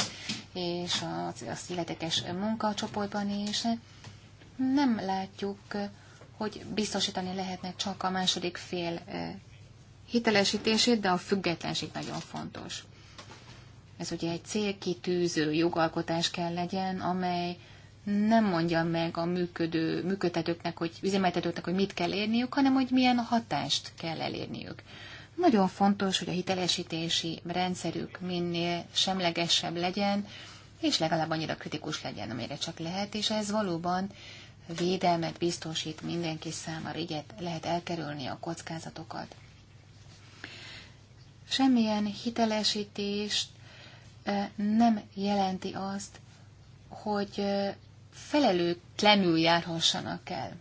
és az, az illetékes munkacsoportban is. Nem látjuk, hogy biztosítani lehetne csak a második fél hitelesítését, de a függetlenség nagyon fontos. Ez ugye egy célkitűző jogalkotás kell legyen, amely nem mondja meg a működő, működtetőknek, hogy üzemeltetőknek, hogy mit kell érniük, hanem hogy milyen hatást kell elérniük. Nagyon fontos, hogy a hitelesítési rendszerük minél semlegesebb legyen, és legalább annyira kritikus legyen, amire csak lehet, és ez valóban védelmet biztosít mindenki számára, így lehet elkerülni a kockázatokat. Semmilyen hitelesítést nem jelenti azt, hogy felelőtlenül járhassanak el.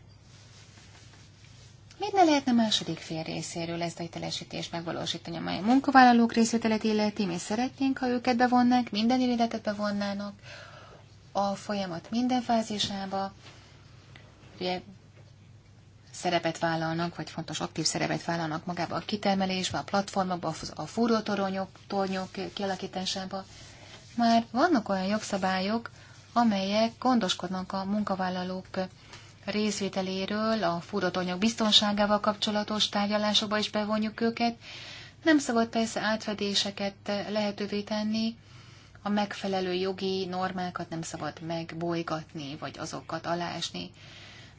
Miért ne lehetne második fél részéről ezt a hitelesítést megvalósítani, amely a munkavállalók részvételet illeti, mi szeretnénk, ha őket bevonnánk, minden életet bevonnának a folyamat minden fázisába, ugye szerepet vállalnak, vagy fontos aktív szerepet vállalnak magába a kitermelésbe, a platformokba, a fúrótoronyok, tornyok kialakításába. Már vannak olyan jogszabályok, amelyek gondoskodnak a munkavállalók részvételéről a furatanyag biztonságával kapcsolatos tárgyalásokba is bevonjuk őket. Nem szabad persze átfedéseket lehetővé tenni, a megfelelő jogi normákat nem szabad megbolygatni, vagy azokat alásni.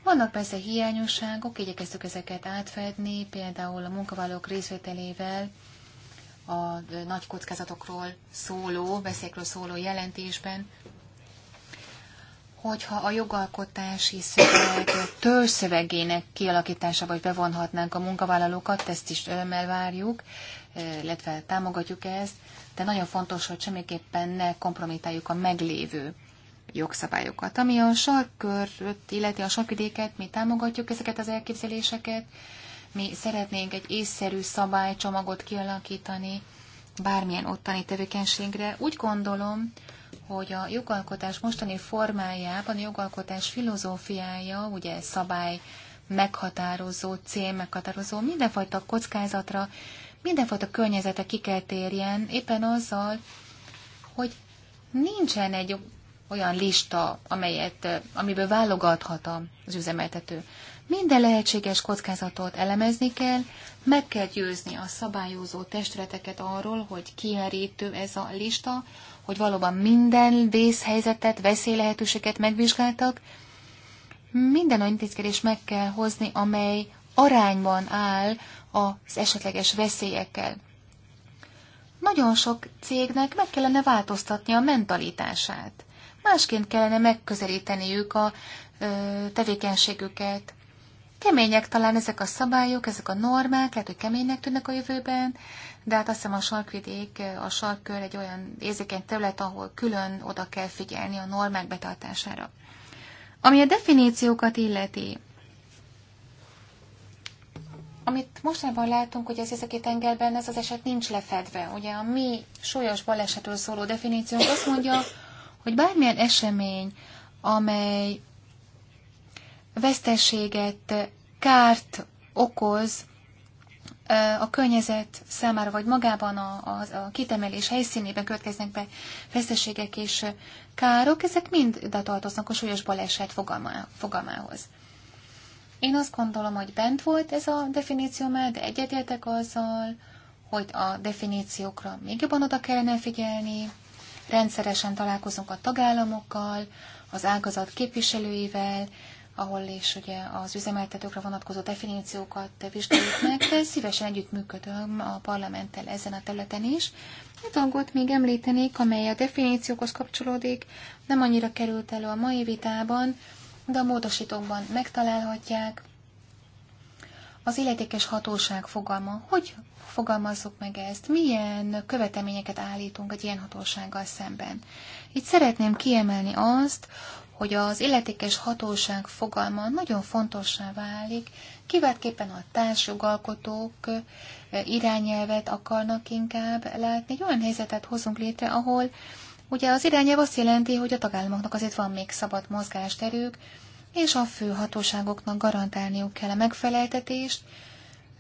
Vannak persze hiányosságok, igyekeztük ezeket átfedni, például a munkavállalók részvételével a nagy kockázatokról szóló, veszélyekről szóló jelentésben hogyha a jogalkotási szöveg törszövegének kialakítása vagy bevonhatnánk a munkavállalókat, ezt is örömmel várjuk, illetve támogatjuk ezt, de nagyon fontos, hogy semmiképpen ne kompromitáljuk a meglévő jogszabályokat. Ami a sarkört, illeti a sarkvidéket, mi támogatjuk ezeket az elképzeléseket, mi szeretnénk egy észszerű szabálycsomagot kialakítani, bármilyen ottani tevékenységre. Úgy gondolom, hogy a jogalkotás mostani formájában a jogalkotás filozófiája, ugye szabály meghatározó, cél meghatározó, mindenfajta kockázatra, mindenfajta környezete ki kell térjen, éppen azzal, hogy nincsen egy olyan lista, amelyet, amiből válogathat az üzemeltető. Minden lehetséges kockázatot elemezni kell, meg kell győzni a szabályozó testületeket arról, hogy kimerítő ez a lista, hogy valóban minden vészhelyzetet, veszélylehetőséget megvizsgáltak. Minden olyan intézkedést meg kell hozni, amely arányban áll az esetleges veszélyekkel. Nagyon sok cégnek meg kellene változtatni a mentalitását. Másként kellene megközelíteniük a ö, tevékenységüket. Kemények talán ezek a szabályok, ezek a normák, lehet, hogy keménynek tűnnek a jövőben, de hát azt hiszem a sarkvidék, a sarkkör egy olyan érzékeny terület, ahol külön oda kell figyelni a normák betartására. Ami a definíciókat illeti, amit mostanában látunk, hogy az északi tengerben ez az eset nincs lefedve. Ugye a mi súlyos balesetről szóló definíciónk azt mondja, hogy bármilyen esemény, amely veszteséget, kárt okoz a környezet számára, vagy magában a, a, a kitemelés helyszínében következnek be veszteségek és károk, ezek mind ide tartoznak a súlyos baleset fogalmá, fogalmához. Én azt gondolom, hogy bent volt ez a definíció már, de egyetértek azzal, hogy a definíciókra még jobban oda kellene figyelni, rendszeresen találkozunk a tagállamokkal, az ágazat képviselőivel, ahol is ugye az üzemeltetőkre vonatkozó definíciókat vizsgáljuk meg, de szívesen együttműködöm a parlamenttel ezen a területen is. Egy dolgot még említenék, amely a definíciókhoz kapcsolódik, nem annyira került elő a mai vitában, de a módosítókban megtalálhatják. Az illetékes hatóság fogalma, hogy fogalmazzuk meg ezt, milyen követelményeket állítunk egy ilyen hatósággal szemben. Itt szeretném kiemelni azt, hogy az illetékes hatóság fogalma nagyon fontossá válik, kiváltképpen a társjogalkotók irányelvet akarnak inkább látni. Egy olyan helyzetet hozunk létre, ahol ugye az irányelv azt jelenti, hogy a tagállamoknak azért van még szabad mozgásterük, és a fő hatóságoknak garantálniuk kell a megfeleltetést,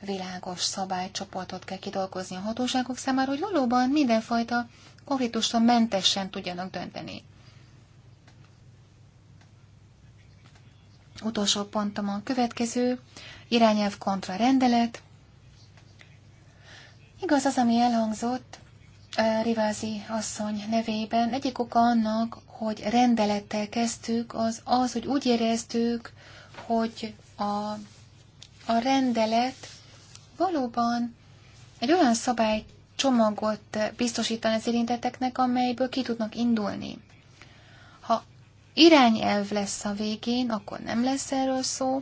világos szabálycsoportot kell kidolgozni a hatóságok számára, hogy valóban mindenfajta konfliktustól mentesen tudjanak dönteni. Utolsó pontom a következő, irányelv kontra rendelet. Igaz az, ami elhangzott eh, Rivázi asszony nevében. Egyik oka annak, hogy rendelettel kezdtük, az az, hogy úgy éreztük, hogy a, a rendelet valóban egy olyan szabálycsomagot biztosítani az érintetteknek, amelyből ki tudnak indulni irányelv lesz a végén, akkor nem lesz erről szó,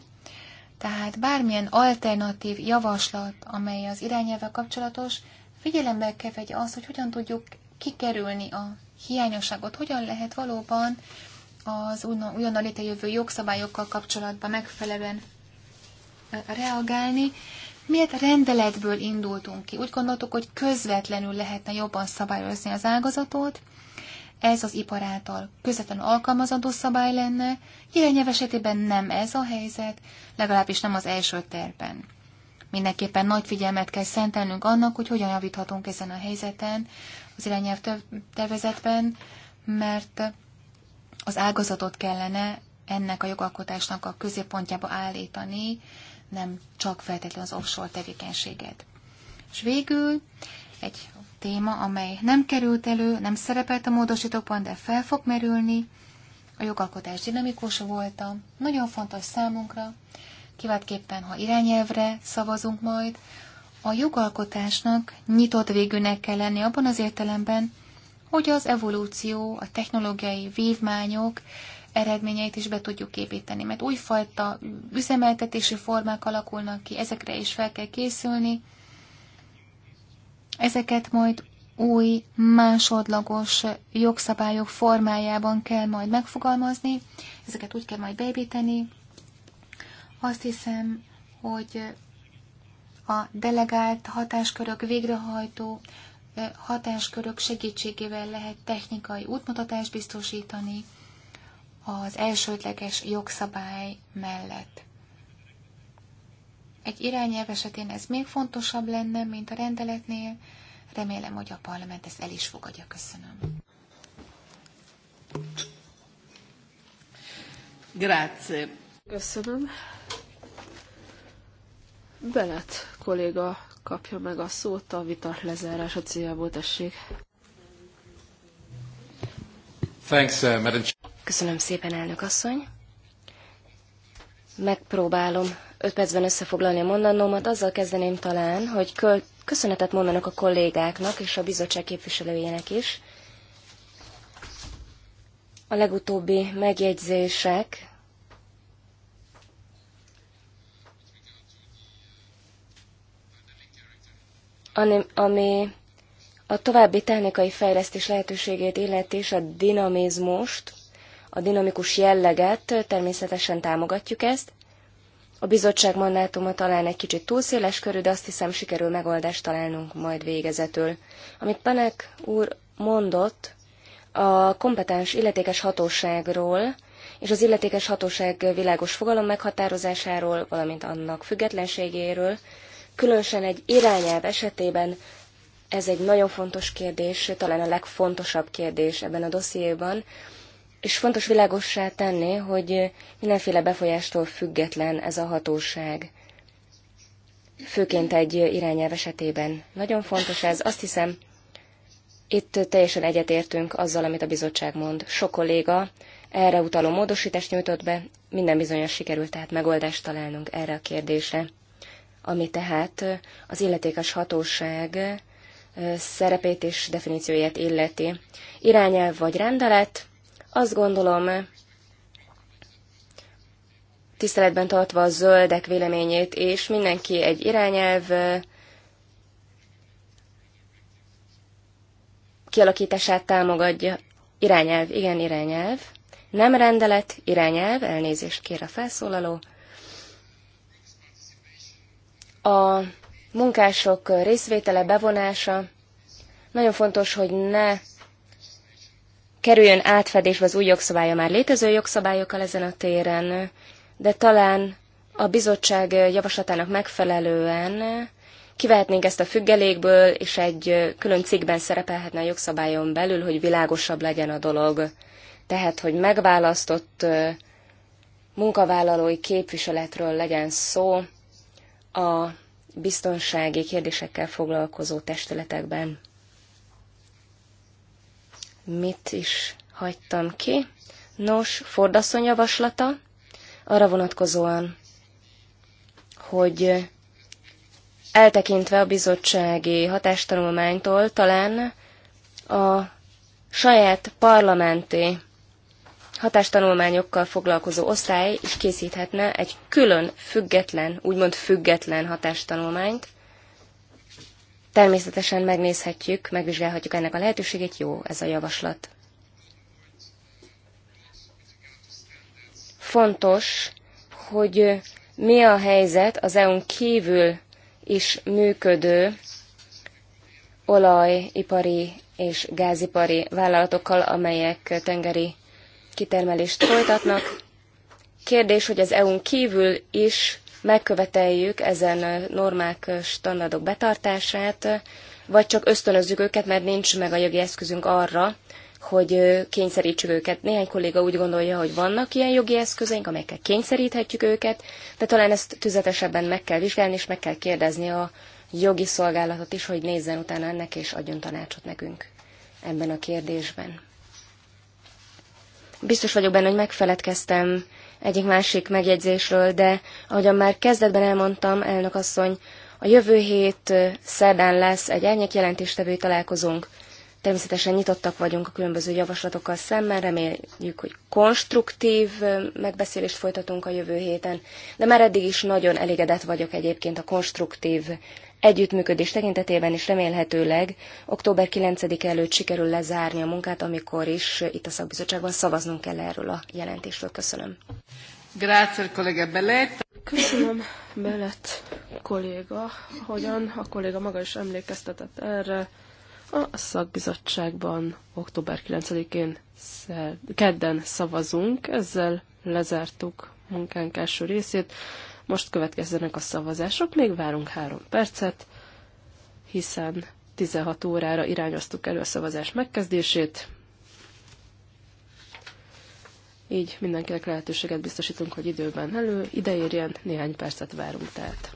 tehát bármilyen alternatív javaslat, amely az irányelve kapcsolatos, figyelembe kell vegye az, hogy hogyan tudjuk kikerülni a hiányosságot, hogyan lehet valóban az újonnan létrejövő jogszabályokkal kapcsolatban megfelelően reagálni. Miért rendeletből indultunk ki? Úgy gondoltuk, hogy közvetlenül lehetne jobban szabályozni az ágazatot, ez az ipar által közvetlenül alkalmazandó szabály lenne, irányelv esetében nem ez a helyzet, legalábbis nem az első terben. Mindenképpen nagy figyelmet kell szentelnünk annak, hogy hogyan javíthatunk ezen a helyzeten az irányelv tervezetben, mert az ágazatot kellene ennek a jogalkotásnak a középpontjába állítani, nem csak feltétlenül az offshore tevékenységet. És végül egy téma, amely nem került elő, nem szerepelt a módosítókban, de fel fog merülni. A jogalkotás dinamikus volt, nagyon fontos számunkra, kiváltképpen, ha irányelvre szavazunk majd, a jogalkotásnak nyitott végűnek kell lenni abban az értelemben, hogy az evolúció, a technológiai vívmányok eredményeit is be tudjuk építeni, mert újfajta üzemeltetési formák alakulnak ki, ezekre is fel kell készülni, Ezeket majd új, másodlagos jogszabályok formájában kell majd megfogalmazni, ezeket úgy kell majd beépíteni. Azt hiszem, hogy a delegált hatáskörök végrehajtó hatáskörök segítségével lehet technikai útmutatást biztosítani az elsődleges jogszabály mellett. Egy irányelv esetén ez még fontosabb lenne, mint a rendeletnél. Remélem, hogy a parlament ezt el is fogadja. Köszönöm. Grazie. Köszönöm. Belet kolléga kapja meg a szót a vita lezárása céljából, tessék. Thanks, uh, Madam Köszönöm szépen, elnök asszony. Megpróbálom öt percben összefoglalni a mondanómat, azzal kezdeném talán, hogy köszönetet mondanak a kollégáknak és a bizottság képviselőjének is. A legutóbbi megjegyzések ami a további technikai fejlesztés lehetőségét illeti és a dinamizmust, a dinamikus jelleget, természetesen támogatjuk ezt. A bizottság mandátuma talán egy kicsit túl széles körű, de azt hiszem sikerül megoldást találnunk majd végezetül. Amit Panek úr mondott a kompetens illetékes hatóságról, és az illetékes hatóság világos fogalom meghatározásáról, valamint annak függetlenségéről, különösen egy irányelv esetében ez egy nagyon fontos kérdés, talán a legfontosabb kérdés ebben a dossziéban, és fontos világossá tenni, hogy mindenféle befolyástól független ez a hatóság. Főként egy irányelv esetében. Nagyon fontos ez. Azt hiszem, itt teljesen egyetértünk azzal, amit a bizottság mond. Sok kolléga erre utaló módosítást nyújtott be, minden bizonyos sikerült tehát megoldást találnunk erre a kérdésre, ami tehát az illetékes hatóság eh, szerepét és definícióját illeti. Irányelv vagy rendelet, azt gondolom, tiszteletben tartva a zöldek véleményét, és mindenki egy irányelv kialakítását támogatja. Irányelv, igen, irányelv. Nem rendelet, irányelv, elnézést kér a felszólaló. A munkások részvétele, bevonása. Nagyon fontos, hogy ne kerüljön átfedésbe az új jogszabálya már létező jogszabályokkal ezen a téren, de talán a bizottság javaslatának megfelelően kivehetnénk ezt a függelékből, és egy külön cikkben szerepelhetne a jogszabályon belül, hogy világosabb legyen a dolog. Tehát, hogy megválasztott munkavállalói képviseletről legyen szó a biztonsági kérdésekkel foglalkozó testületekben mit is hagytam ki. Nos, Fordasszony javaslata arra vonatkozóan, hogy eltekintve a bizottsági hatástanulmánytól talán a saját parlamenti hatástanulmányokkal foglalkozó osztály is készíthetne egy külön független, úgymond független hatástanulmányt, Természetesen megnézhetjük, megvizsgálhatjuk ennek a lehetőségét, jó ez a javaslat. Fontos, hogy mi a helyzet az EU-n kívül is működő olajipari és gázipari vállalatokkal, amelyek tengeri kitermelést folytatnak. Kérdés, hogy az EU-n kívül is megköveteljük ezen normák, standardok betartását, vagy csak ösztönözzük őket, mert nincs meg a jogi eszközünk arra, hogy kényszerítsük őket. Néhány kolléga úgy gondolja, hogy vannak ilyen jogi eszközeink, amelyekkel kényszeríthetjük őket, de talán ezt tüzetesebben meg kell vizsgálni, és meg kell kérdezni a jogi szolgálatot is, hogy nézzen utána ennek, és adjon tanácsot nekünk ebben a kérdésben. Biztos vagyok benne, hogy megfeledkeztem egyik másik megjegyzésről, de ahogyan már kezdetben elmondtam, elnök asszony, a jövő hét szerdán lesz egy elnyek jelentéstevő találkozónk. Természetesen nyitottak vagyunk a különböző javaslatokkal szemben, reméljük, hogy konstruktív megbeszélést folytatunk a jövő héten, de már eddig is nagyon elégedett vagyok egyébként a konstruktív együttműködés tekintetében is remélhetőleg október 9 -e előtt sikerül lezárni a munkát, amikor is itt a szakbizottságban szavaznunk kell erről a jelentésről. Köszönöm. Grazie, kollega Belet. Köszönöm, Belet, kolléga. Hogyan a kolléga maga is emlékeztetett erre, a szakbizottságban október 9-én kedden szavazunk, ezzel lezártuk munkánk első részét. Most következzenek a szavazások, még várunk három percet, hiszen 16 órára irányoztuk elő a szavazás megkezdését. Így mindenkinek lehetőséget biztosítunk, hogy időben elő ideérjen, néhány percet várunk tehát.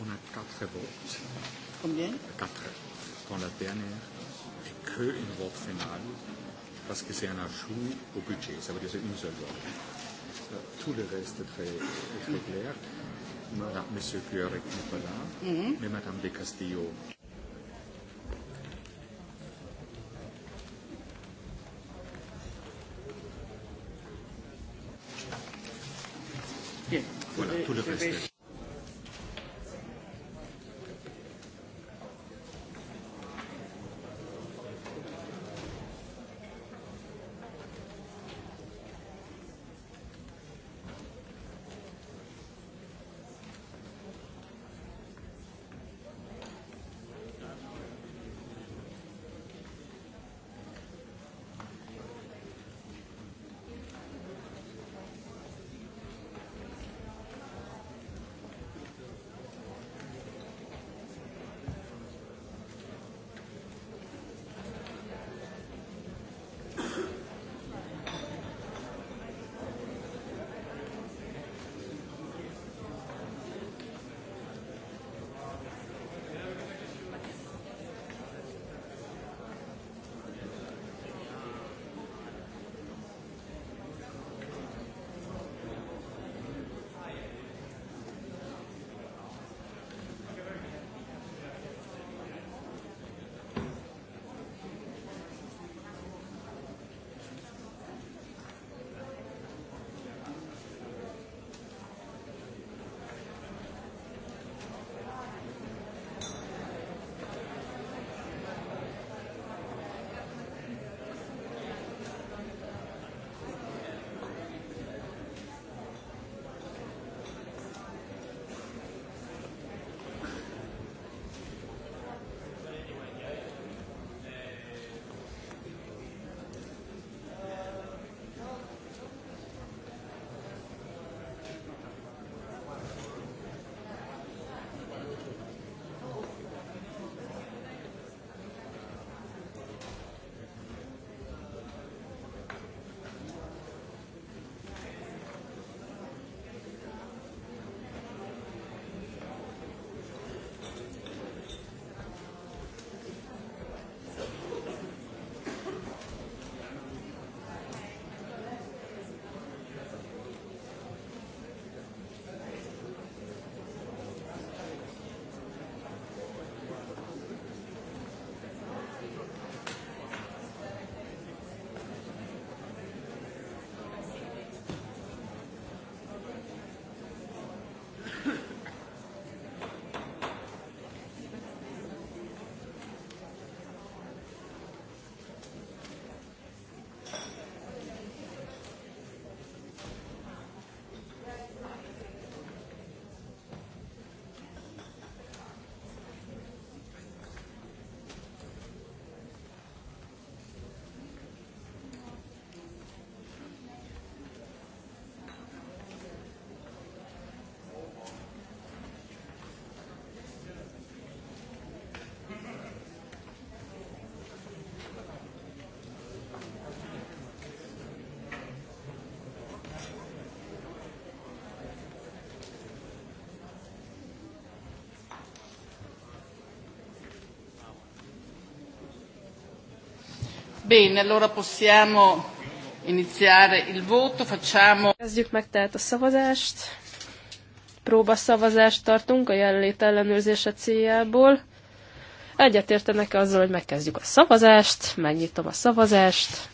On a quatre votes. Combien Quatre. Pour la dernière. Et que une vote finale parce que c'est un ajout au budget. Ça veut dire c'est une seule loi. Euh, tout le reste est très, est très clair. Madame, Monsieur Cuarec n'est pas là, mhm. mais Madame de Castillo Voilà, tout le reste. Bene, allora possiamo iniziare il voto, facciamo... Kezdjük meg tehát a szavazást. Próbaszavazást tartunk a jelenlét ellenőrzése céljából. Egyetértenek -e azzal, hogy megkezdjük a szavazást, megnyitom a szavazást.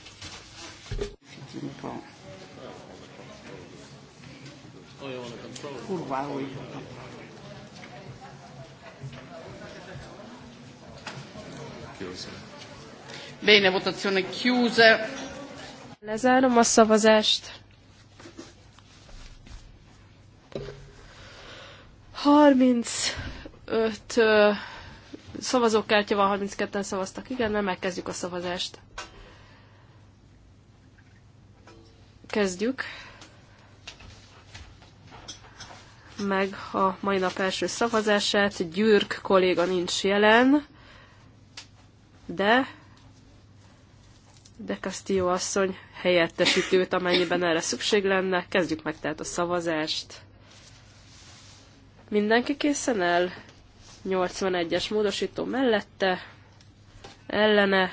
Bene, votazione chiusa. Lezárom a szavazást. 35 ö, szavazókártya van, 32-en szavaztak. Igen, nem megkezdjük a szavazást. Kezdjük meg a mai nap első szavazását. Gyürk kolléga nincs jelen, de de Castillo asszony helyettesítőt, amennyiben erre szükség lenne. Kezdjük meg tehát a szavazást. Mindenki készen el? 81-es módosító mellette, ellene,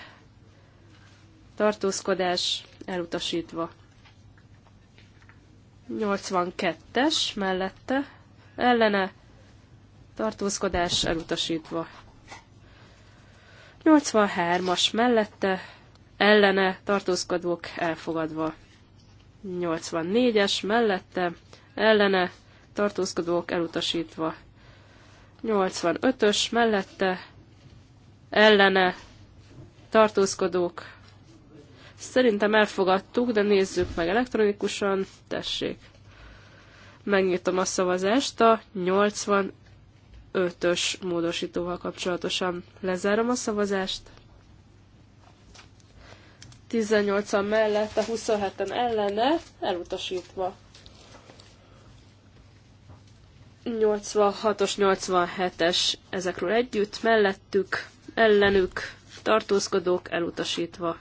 tartózkodás elutasítva. 82-es mellette, ellene, tartózkodás elutasítva. 83-as mellette, ellene tartózkodók elfogadva. 84-es mellette ellene tartózkodók elutasítva. 85-ös mellette ellene tartózkodók. Szerintem elfogadtuk, de nézzük meg elektronikusan. Tessék. Megnyitom a szavazást a 85-ös módosítóval kapcsolatosan. Lezárom a szavazást. 18-an a 27-en ellene, elutasítva. 86-os, 87-es ezekről együtt, mellettük, ellenük, tartózkodók elutasítva.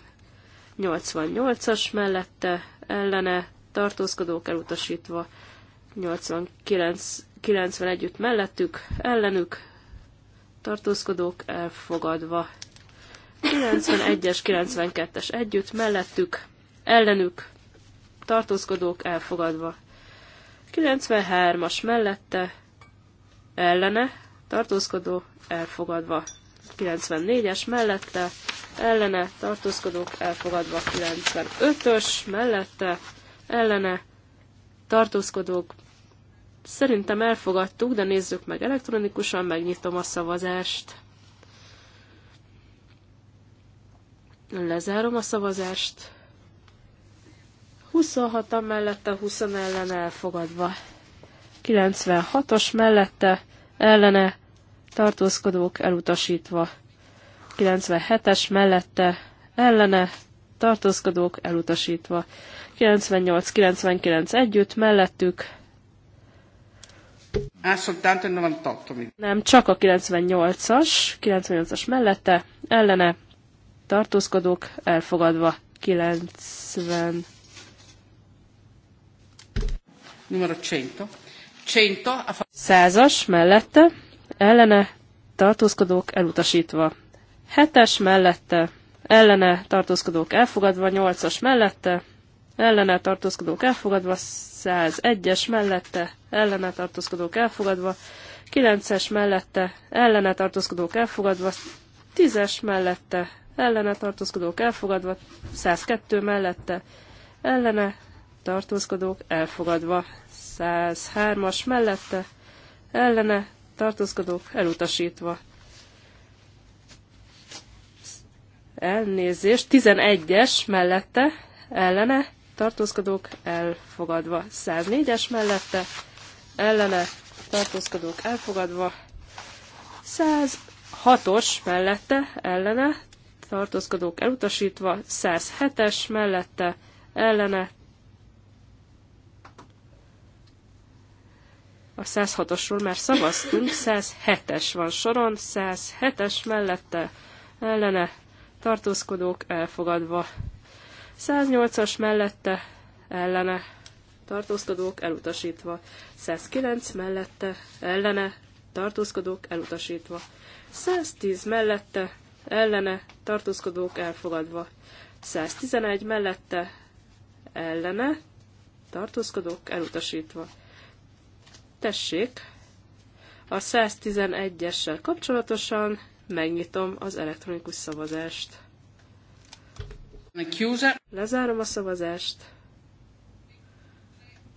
88-as mellette, ellene, tartózkodók elutasítva. 89 90 együtt mellettük, ellenük, tartózkodók elfogadva. 91-es, 92-es együtt, mellettük, ellenük, tartózkodók elfogadva. 93-as mellette, ellene, tartózkodó, elfogadva. 94-es mellette, ellene, tartózkodók elfogadva. 95-ös mellette, ellene, tartózkodók. Szerintem elfogadtuk, de nézzük meg elektronikusan, megnyitom a szavazást. Lezárom a szavazást. 26-an mellette, 20 ellen elfogadva. 96-os mellette, ellene, tartózkodók elutasítva. 97-es mellette, ellene, tartózkodók elutasítva. 98-99 együtt, mellettük. Nem, csak a 98-as, 98-as mellette, ellene, tartózkodók elfogadva 90. Numero 100. 100-as mellette, ellene tartózkodók elutasítva. 7-es mellette, ellene tartózkodók elfogadva, 8-as mellette, ellene tartózkodók elfogadva, 101-es mellette, ellene tartózkodók elfogadva, 9-es mellette, ellene tartózkodók elfogadva, 10-es mellette, ellene tartózkodók elfogadva, 102 mellette, ellene tartózkodók elfogadva, 103-as mellette, ellene tartózkodók elutasítva. Elnézést, 11-es mellette, ellene tartózkodók elfogadva, 104-es mellette, ellene tartózkodók elfogadva, 106-os mellette, ellene tartózkodók elutasítva, 107-es mellette ellene a 106-osról már szavaztunk, 107-es van soron, 107-es mellette ellene tartózkodók elfogadva. 108-as mellette ellene tartózkodók elutasítva. 109 mellette ellene tartózkodók elutasítva. 110 mellette ellene tartózkodók elfogadva. 111 mellette ellene tartózkodók elutasítva. Tessék, a 111-essel kapcsolatosan megnyitom az elektronikus szavazást. Lezárom a szavazást.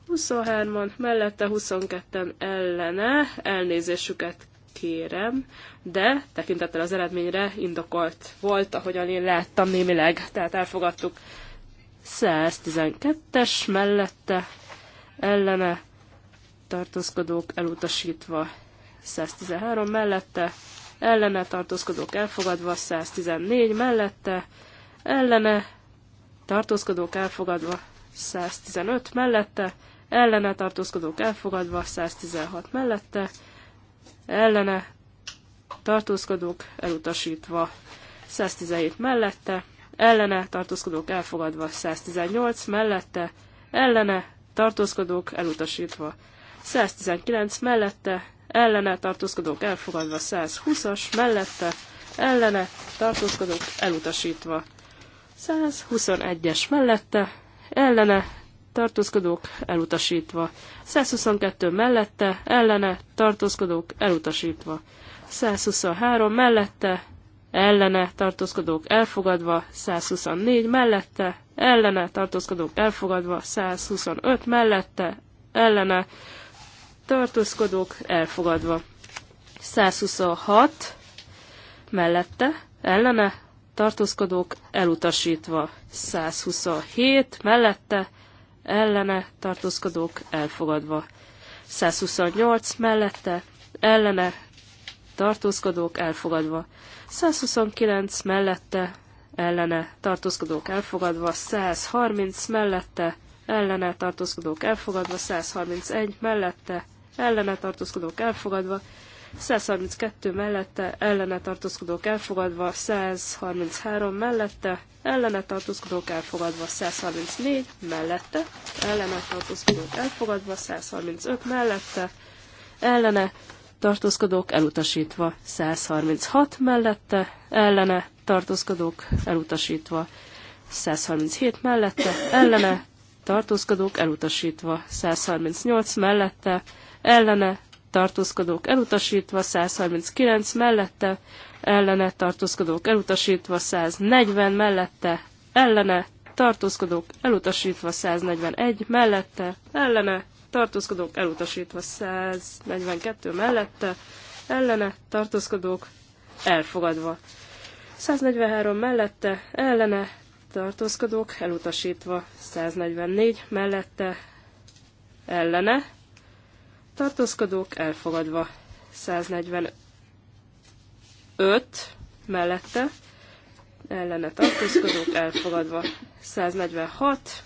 23-an, mellette 22-en ellene, elnézésüket kérem, de tekintettel az eredményre indokolt volt, ahogyan én láttam némileg, tehát elfogadtuk 112-es mellette, ellene tartózkodók elutasítva 113 mellette, ellene tartózkodók elfogadva 114 mellette, ellene tartózkodók elfogadva 115 mellette, ellene tartózkodók elfogadva 116 mellette, ellene tartózkodók elutasítva 117 mellette, ellene tartózkodók elfogadva 118 mellette, ellene tartózkodók elutasítva 119 mellette, ellene tartózkodók elfogadva 120-as mellette, ellene tartózkodók elutasítva 121-es mellette, ellene tartózkodók elutasítva. 122 mellette, ellene, tartózkodók elutasítva. 123 mellette, ellene, tartózkodók elfogadva. 124 mellette, ellene, tartózkodók elfogadva. 125 mellette, ellene, tartózkodók elfogadva. 126 mellette, ellene, tartózkodók elutasítva. 127 mellette, ellene tartózkodók elfogadva. 128 mellette ellene tartózkodók elfogadva. 129 mellette ellene tartózkodók elfogadva, 130 mellette ellene tartózkodók elfogadva, 131 mellette ellene tartózkodók elfogadva, 132 mellette ellene tartózkodók elfogadva, 133 mellette ellene tartózkodók elfogadva, 134 mellette ellene tartózkodók elfogadva, 135 mellette ellene tartózkodók elutasítva, 136 mellette ellene tartózkodók elutasítva, 137 mellette ellene tartózkodók elutasítva, 138 mellette ellene tartózkodók elutasítva, 139 mellette, ellene tartózkodók elutasítva, 140 mellette, ellene tartózkodók elutasítva, 141 mellette, ellene tartózkodók elutasítva, 142 mellette, ellene tartózkodók elfogadva. 143 mellette, ellene tartózkodók elutasítva, 144 mellette, ellene tartózkodók elfogadva. 145 mellette ellene tartózkodók elfogadva. 146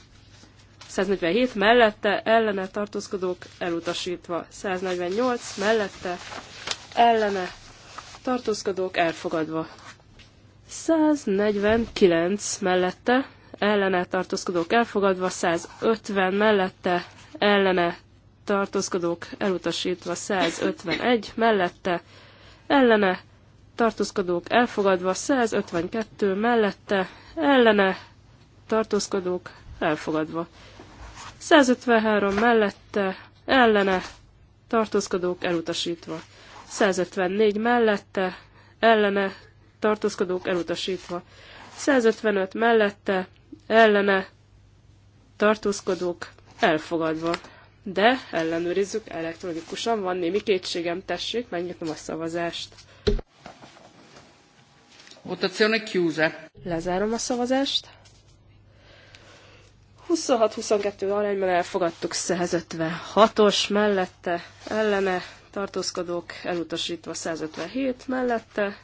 147 mellette ellene tartózkodók elutasítva. 148 mellette ellene tartózkodók elfogadva. 149 mellette ellene tartózkodók elfogadva, 150 mellette ellene tartózkodók elutasítva 151 mellette, ellene tartózkodók elfogadva 152 mellette, ellene tartózkodók elfogadva 153 mellette, ellene tartózkodók elutasítva 154 mellette, ellene tartózkodók elutasítva 155 mellette, ellene tartózkodók elfogadva de ellenőrizzük elektronikusan. Van némi kétségem, tessék, megnyitom a szavazást. Votazione chiusa. Lezárom a szavazást. 26-22 arányban elfogadtuk 156-os mellette, ellene tartózkodók elutasítva 157 mellette,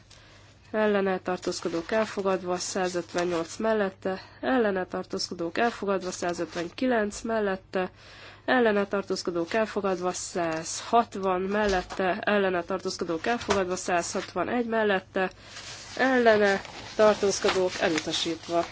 ellene tartózkodók elfogadva 158 mellette, ellene tartózkodók elfogadva 159 mellette, ellene tartózkodók elfogadva 160 mellette, ellene tartózkodók elfogadva 161 mellette, ellene tartózkodók elutasítva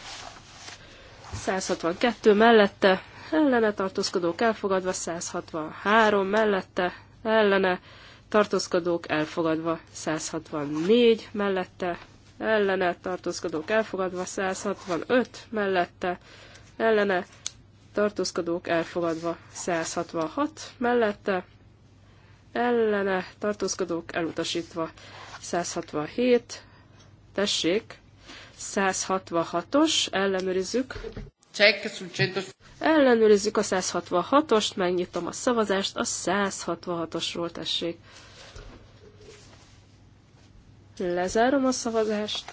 162 mellette, ellene tartózkodók elfogadva 163 mellette, ellene tartózkodók elfogadva 164 mellette, ellene tartózkodók elfogadva 165 mellette, ellene tartózkodók elfogadva 166 mellette, ellene tartózkodók elutasítva 167, tessék, 166-os, ellenőrizzük. Ellenőrizzük a 166-ost, megnyitom a szavazást, a 166-osról tessék. Lezárom a szavazást.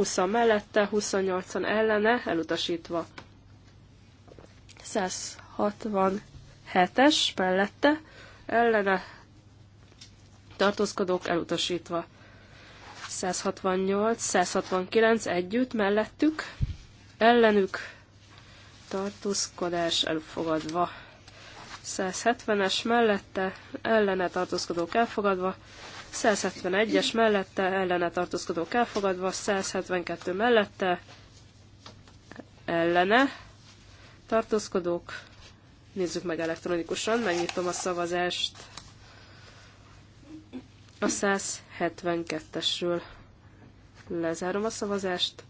20 mellette, 28-an ellene, elutasítva. 167-es mellette, ellene, tartózkodók elutasítva. 168, 169 együtt mellettük, ellenük tartózkodás elfogadva. 170-es mellette, ellene tartózkodók elfogadva, 171-es mellette ellene tartózkodók elfogadva, 172 mellette ellene tartózkodók. Nézzük meg elektronikusan, megnyitom a szavazást a 172-esről. Lezárom a szavazást.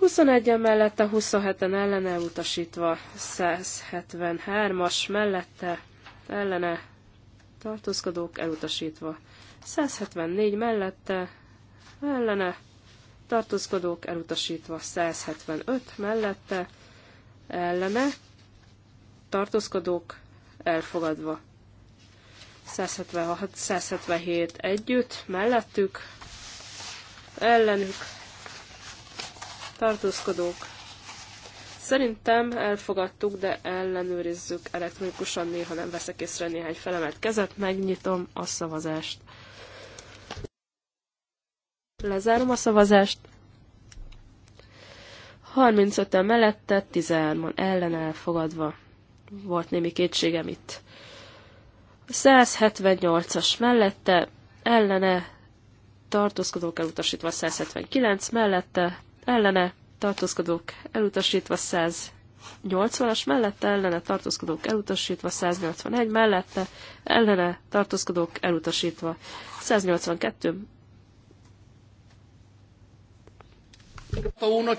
21-en mellette, 27-en ellene utasítva, 173-as mellette ellene tartózkodók elutasítva. 174 mellette, ellene, tartózkodók elutasítva. 175 mellette, ellene, tartózkodók elfogadva. 176, 177 együtt, mellettük, ellenük, tartózkodók Szerintem elfogadtuk, de ellenőrizzük elektronikusan, néha nem veszek észre néhány felemet kezet, megnyitom a szavazást. Lezárom a szavazást. 35-en mellette, 13-an ellen elfogadva. Volt némi kétségem itt. 178-as mellette, ellene, tartózkodók elutasítva 179 mellette, ellene, tartózkodók elutasítva 180-as mellette, ellene tartózkodók elutasítva 181 mellette, ellene tartózkodók elutasítva 182.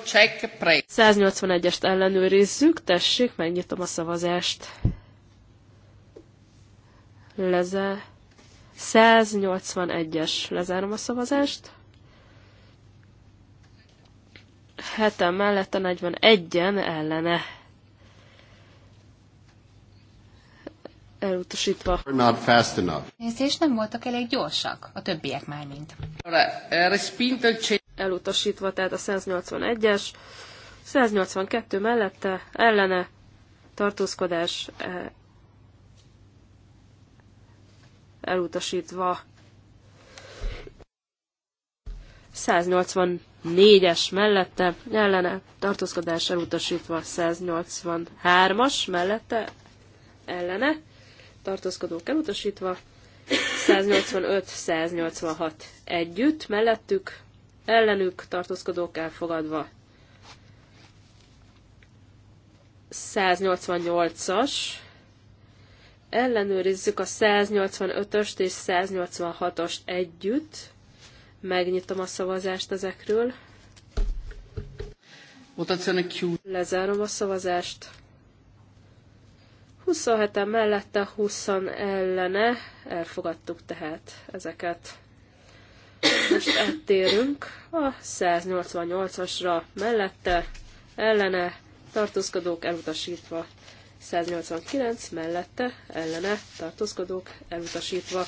check, 181-est ellenőrizzük, tessék, megnyitom a szavazást. Leze. 181-es, lezárom a szavazást heten mellette 41-en ellene. Elutasítva. Not fast enough. nem voltak elég gyorsak, a többiek már mint. Eh, elutasítva, tehát a 181-es, 182 mellette, ellene, tartózkodás, eh, elutasítva. 180 4 es mellette ellene tartózkodás elutasítva 183-as mellette ellene tartózkodók elutasítva 185-186 együtt mellettük ellenük tartózkodók elfogadva 188-as ellenőrizzük a 185-öst és 186-ost együtt Megnyitom a szavazást ezekről. Lezárom a szavazást. 27-en mellette, 20 ellene. Elfogadtuk tehát ezeket. Most áttérünk a 188-asra mellette, ellene, tartózkodók elutasítva. 189 mellette, ellene, tartózkodók elutasítva.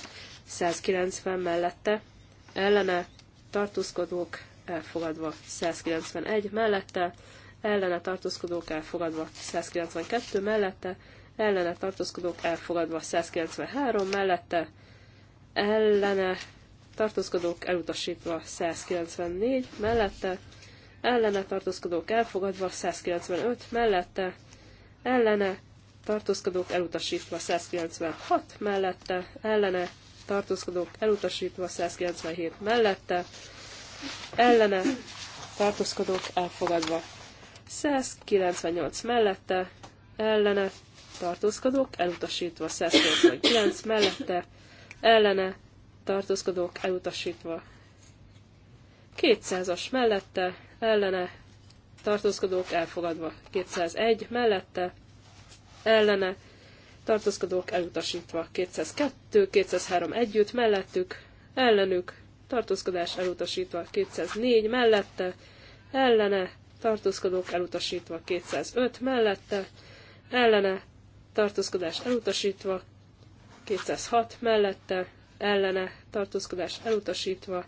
190 mellette, ellene tartózkodók elfogadva 191 mellette, ellene tartózkodók elfogadva 192 mellette, ellene tartózkodók elfogadva 193 mellette, ellene tartózkodók elutasítva 194 mellette, ellene tartózkodók elfogadva 195 mellette, ellene tartózkodók elutasítva 196 mellette, ellene tartózkodók elutasítva 197 mellette, ellene tartózkodók elfogadva 198 mellette, ellene tartózkodók elutasítva 199 mellette, ellene tartózkodók elutasítva 200-as mellette, ellene tartózkodók elfogadva 201 mellette, ellene tartózkodók elutasítva. 202, 203 együtt, mellettük, ellenük, tartózkodás elutasítva. 204 mellette, ellene, tartózkodók elutasítva. 205 mellette, ellene, tartózkodás elutasítva. 206 mellette, ellene, tartózkodás elutasítva.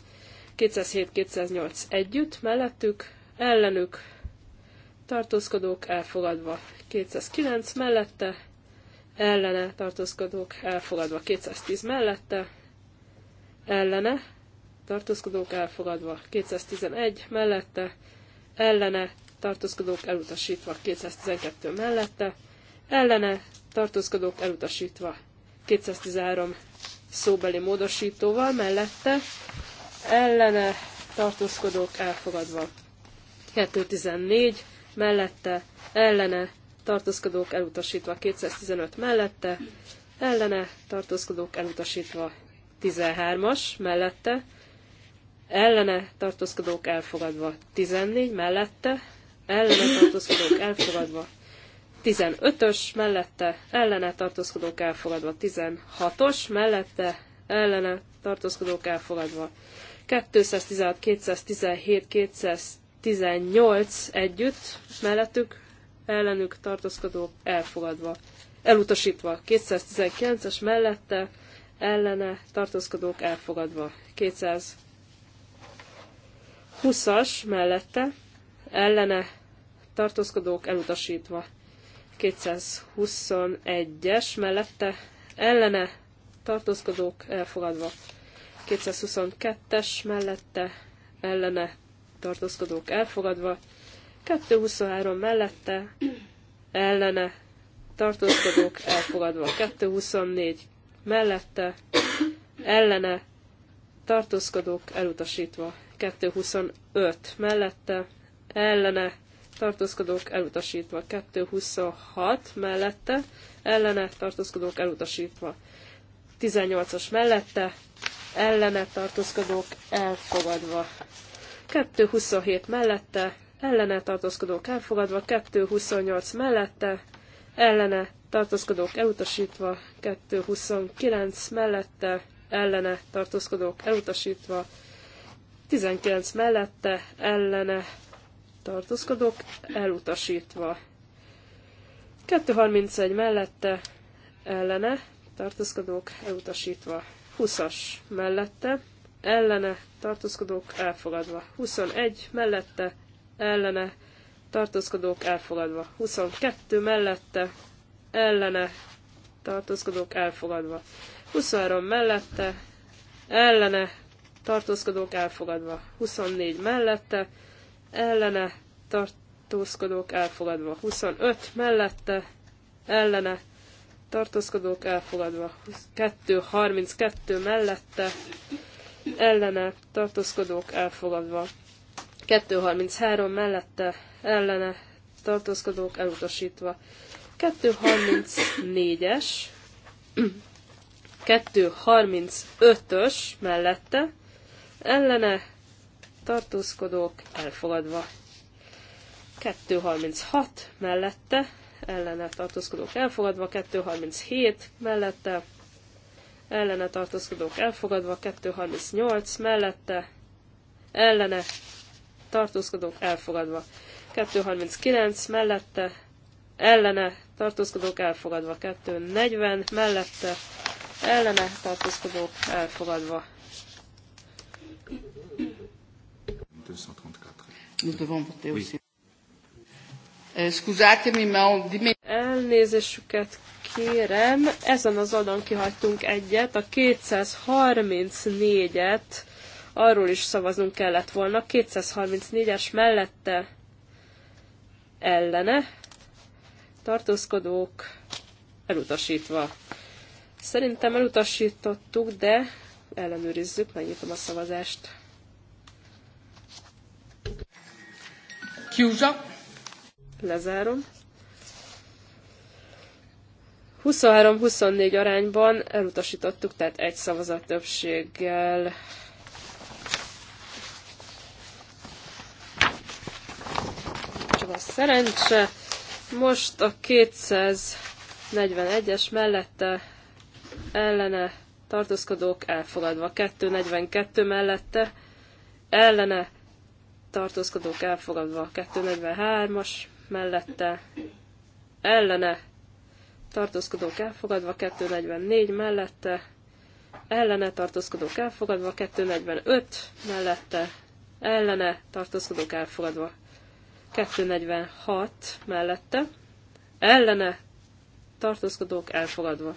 207-208 együtt, mellettük, ellenük, tartózkodók elfogadva. 209 mellette, ellene tartózkodók elfogadva 210 mellette, ellene tartózkodók elfogadva 211 mellette, ellene tartózkodók elutasítva 212 mellette, ellene tartózkodók elutasítva 213 szóbeli módosítóval mellette, ellene tartózkodók elfogadva 214 mellette, ellene tartózkodók elutasítva 215 mellette, ellene tartózkodók elutasítva 13-as mellette, ellene tartózkodók elfogadva 14 mellette, ellene tartózkodók elfogadva 15-ös mellette, ellene tartózkodók elfogadva 16-os mellette, ellene tartózkodók elfogadva 216, 217, 218 együtt mellettük, ellenük tartózkodók elfogadva. Elutasítva 219-es mellette ellene tartózkodók elfogadva. 220-as mellette ellene tartózkodók elutasítva. 221-es mellette ellene tartózkodók elfogadva. 222-es mellette ellene tartózkodók elfogadva. 223 mellette ellene tartózkodók elfogadva. 224 mellette ellene tartózkodók elutasítva. 225 mellette ellene tartózkodók elutasítva. 226 mellette ellene tartózkodók elutasítva. 18-as mellette ellene tartózkodók elfogadva. 227 mellette ellene tartózkodók elfogadva, 2.28 mellette, ellene tartózkodók elutasítva, 2.29 mellette, ellene tartózkodók elutasítva, 19 mellette, ellene tartózkodók elutasítva. 2.31 mellette, ellene tartózkodók elutasítva, 20-as mellette, ellene tartózkodók elfogadva, 21 mellette, ellene tartózkodók elfogadva. 22 mellette ellene tartózkodók elfogadva. 23 mellette ellene tartózkodók elfogadva. 24 mellette ellene tartózkodók elfogadva. 25 mellette ellene tartózkodók elfogadva. 2 32 mellette ellene tartózkodók elfogadva. 233 mellette ellene tartózkodók elutasítva. 234-es, 235-ös mellette ellene tartózkodók elfogadva. 236 mellette ellene tartózkodók elfogadva, 237 mellette ellene tartózkodók elfogadva, 238 mellette ellene tartózkodók elfogadva. 239 mellette, ellene, tartózkodók elfogadva. 240 mellette, ellene, tartózkodók elfogadva. Euh, ma Elnézésüket kérem, ezen az oldalon kihagytunk egyet, a 234-et arról is szavaznunk kellett volna. 234-es mellette ellene tartózkodók elutasítva. Szerintem elutasítottuk, de ellenőrizzük, megnyitom a szavazást. Kiúzsa. Lezárom. 23-24 arányban elutasítottuk, tehát egy szavazat többséggel a szerencse. Most a 241-es mellette ellene tartózkodók elfogadva. 242 mellette ellene tartózkodók elfogadva. 243-as mellette ellene tartózkodók elfogadva. 244 mellette ellene tartózkodók elfogadva. 245 mellette ellene tartózkodók elfogadva. 246 mellette, ellene tartózkodók elfogadva.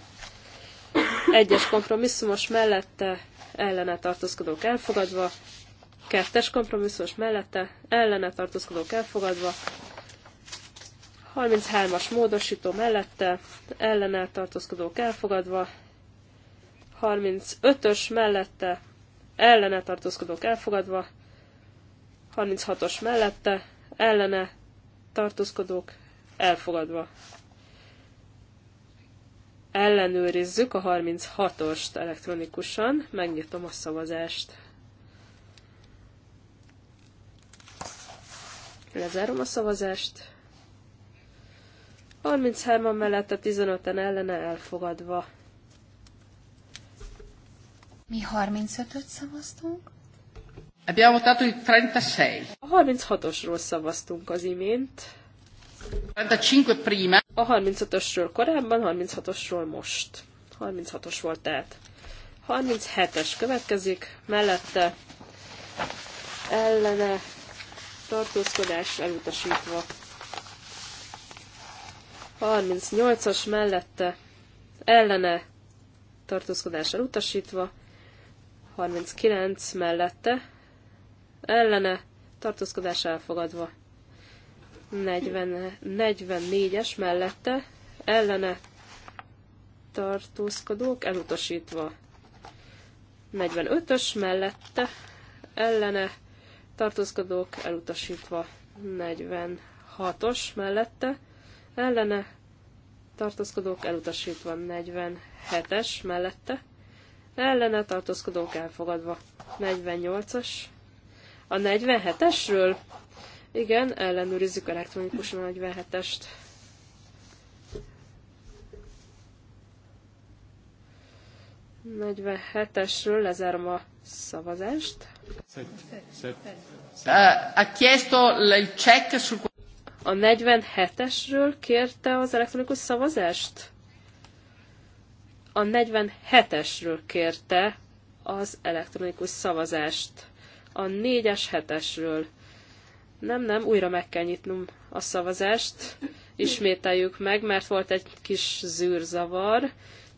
Egyes kompromisszumos mellette, ellene tartózkodók elfogadva. Kettes kompromisszumos mellette, ellene tartózkodók elfogadva. 33-as módosító mellette, ellene tartózkodók elfogadva. 35-ös mellette, ellene tartózkodók elfogadva. 36-os mellette, ellene tartózkodók elfogadva. Ellenőrizzük a 36-ost elektronikusan, megnyitom a szavazást. Lezárom a szavazást. 33-an mellette 15-en ellene elfogadva. Mi 35-öt szavaztunk? Abbiamo votato il 36. A 36-osról szavaztunk az imént. 35 prima. A 35 osról korábban, 36-osról most. 36-os volt tehát. 37-es következik, mellette ellene tartózkodás elutasítva. 38-as mellette ellene tartózkodás elutasítva. 39 mellette ellene tartózkodás elfogadva. 40, 44-es mellette ellene tartózkodók elutasítva. 45-ös mellette ellene tartózkodók elutasítva. 46-os mellette ellene tartózkodók elutasítva. 47-es mellette ellene tartózkodók elfogadva. 48-as a 47-esről? Igen, ellenőrizzük elektronikusan a 47-est. 47-esről lezárom a szavazást. Eh, a 47-esről kérte az elektronikus szavazást? A 47-esről kérte az elektronikus szavazást a 4-es, 7 Nem, nem, újra meg kell nyitnom a szavazást. Ismételjük meg, mert volt egy kis zűrzavar.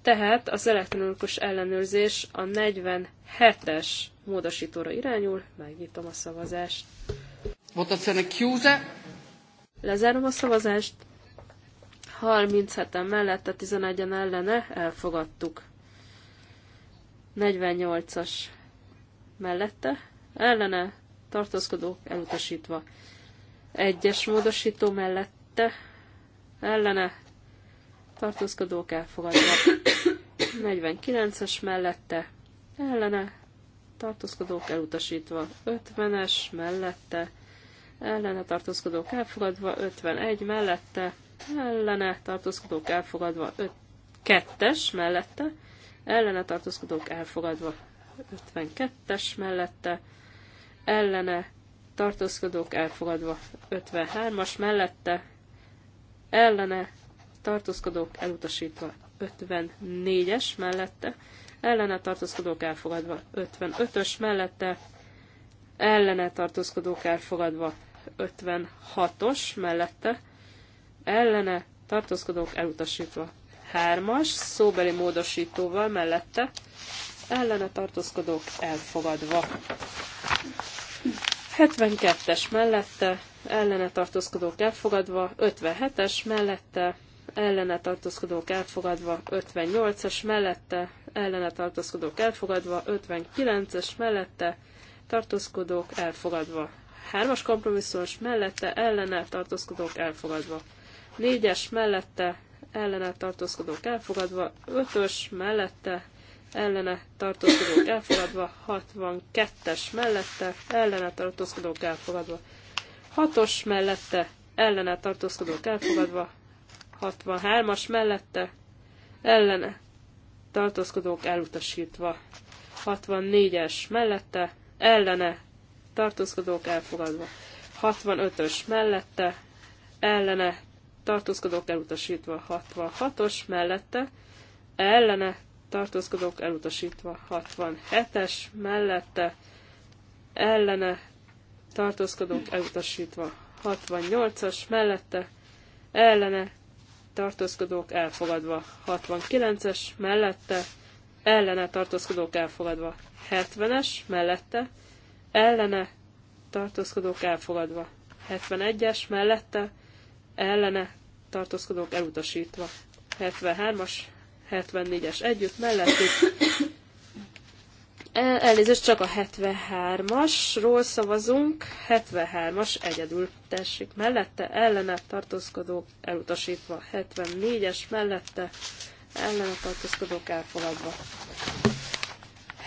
Tehát az elektronikus ellenőrzés a 47-es módosítóra irányul. Megnyitom a szavazást. Volt Votazione chiusa. Lezárom a szavazást. 37-en mellett a 11-en ellene elfogadtuk. 48-as mellette, ellene tartózkodók elutasítva. Egyes módosító mellette ellene tartózkodók elfogadva. 49-es mellette ellene tartózkodók elutasítva. 50-es mellette ellene tartózkodók elfogadva. 51 mellette ellene tartózkodók elfogadva. 5 2-es mellette ellene tartózkodók elfogadva. 52-es mellette ellene tartózkodók elfogadva 53-as mellette, ellene tartózkodók elutasítva 54-es mellette, ellene tartózkodók elfogadva 55-ös mellette, ellene tartózkodók elfogadva 56-os mellette, ellene tartózkodók elutasítva 3-as szóbeli módosítóval mellette, ellene tartózkodók elfogadva. 72-es mellette ellene tartózkodók elfogadva, 57-es mellette ellene tartózkodók elfogadva, 58 es mellette ellene tartózkodók elfogadva, 59-es mellette tartózkodók elfogadva. 3-as kompromisszumos mellette ellene tartózkodók elfogadva. 4-es mellette ellene tartózkodók elfogadva, 5-ös mellette ellene tartózkodók elfogadva, 62-es mellette, ellene tartózkodók elfogadva, 6-os mellette, ellene tartózkodók elfogadva, 63-as mellette, ellene tartózkodók elutasítva, 64-es mellette, ellene tartózkodók elfogadva, 65-ös mellette, ellene tartózkodók elutasítva, 66-os mellette, ellene tartózkodók elutasítva 67-es, mellette ellene tartózkodók elutasítva 68-as, mellette ellene tartózkodók elfogadva 69-es, mellette ellene tartózkodók elfogadva 70-es, mellette ellene tartózkodók elfogadva 71-es, mellette ellene tartózkodók elutasítva 73-as, 74-es együtt mellettük. E, elnézést, csak a 73-asról szavazunk. 73-as egyedül tessék mellette, ellene tartózkodók elutasítva. 74-es mellette, ellene tartózkodók elfogadva.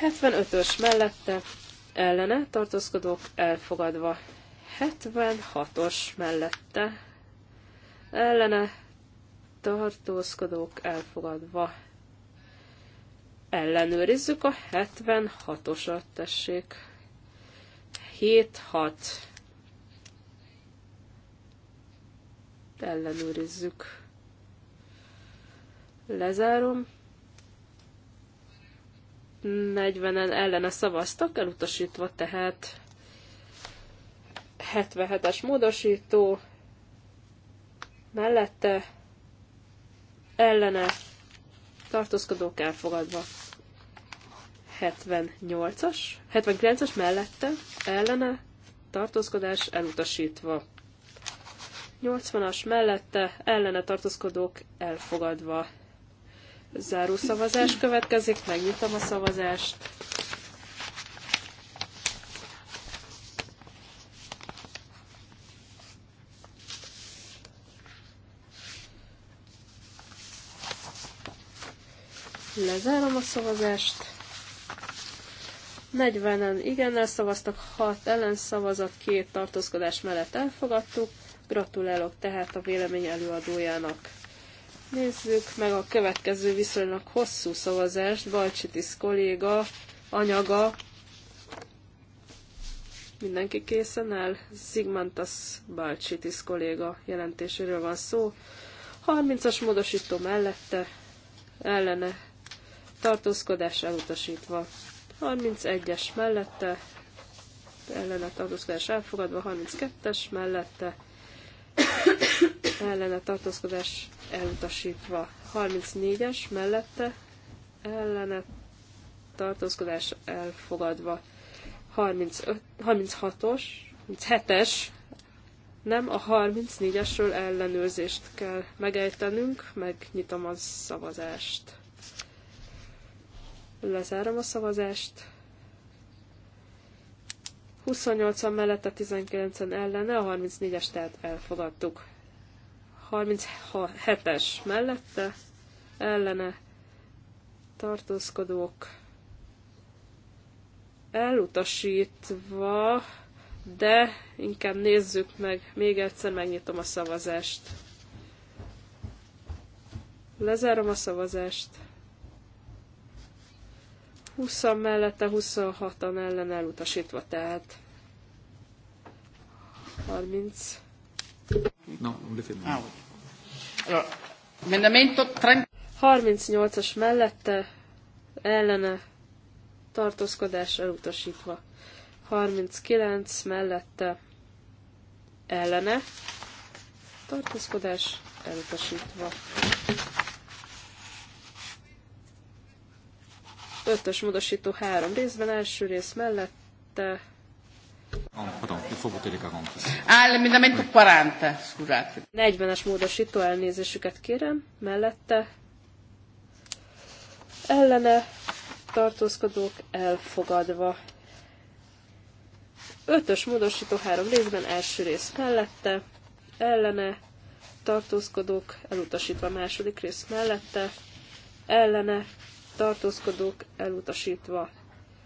75-ös mellette, ellene tartózkodók elfogadva. 76-os mellette, ellene tartózkodók elfogadva. Ellenőrizzük a 76-osat, tessék. 7-6. Ellenőrizzük. Lezárom. 40-en ellene szavaztak, elutasítva tehát 77-es módosító, mellette ellene tartózkodók elfogadva. 78-as, 79-as mellette ellene tartózkodás elutasítva. 80-as mellette ellene tartózkodók elfogadva. Záró szavazás következik, megnyitom a szavazást. Lezárom a szavazást. 40-en igennel szavaztak, 6 ellenszavazat, két tartózkodás mellett elfogadtuk. Gratulálok tehát a vélemény előadójának. Nézzük meg a következő viszonylag hosszú szavazást. Balcsitis kolléga anyaga Mindenki készen áll? Zigmantas Balcsitis kolléga jelentéséről van szó. 30-as módosító mellette, ellene tartózkodás elutasítva. 31-es mellette, ellene tartózkodás elfogadva, 32-es mellette, ellene tartózkodás elutasítva, 34-es mellette, ellene tartózkodás elfogadva, 35, 36-os, 37-es, nem, a 34-esről ellenőrzést kell megejtenünk, megnyitom a szavazást. Lezárom a szavazást. 28-an mellette, 19-en ellene, a 34-es tehát elfogadtuk. 37-es mellette, ellene, tartózkodók, elutasítva, de inkább nézzük meg, még egyszer megnyitom a szavazást. Lezárom a szavazást. 20 mellette, 26-an ellen elutasítva, tehát 30. No, ah, allora, 38-as mellette, ellene, tartózkodás elutasítva. 39 mellette, ellene, tartózkodás elutasítva. Ötös módosító három részben, első rész mellette. Áll, 40, 40-es módosító elnézésüket kérem, mellette. Ellene tartózkodók elfogadva. Ötös módosító három részben, első rész mellette. Ellene tartózkodók elutasítva második rész mellette. Ellene tartózkodók elutasítva.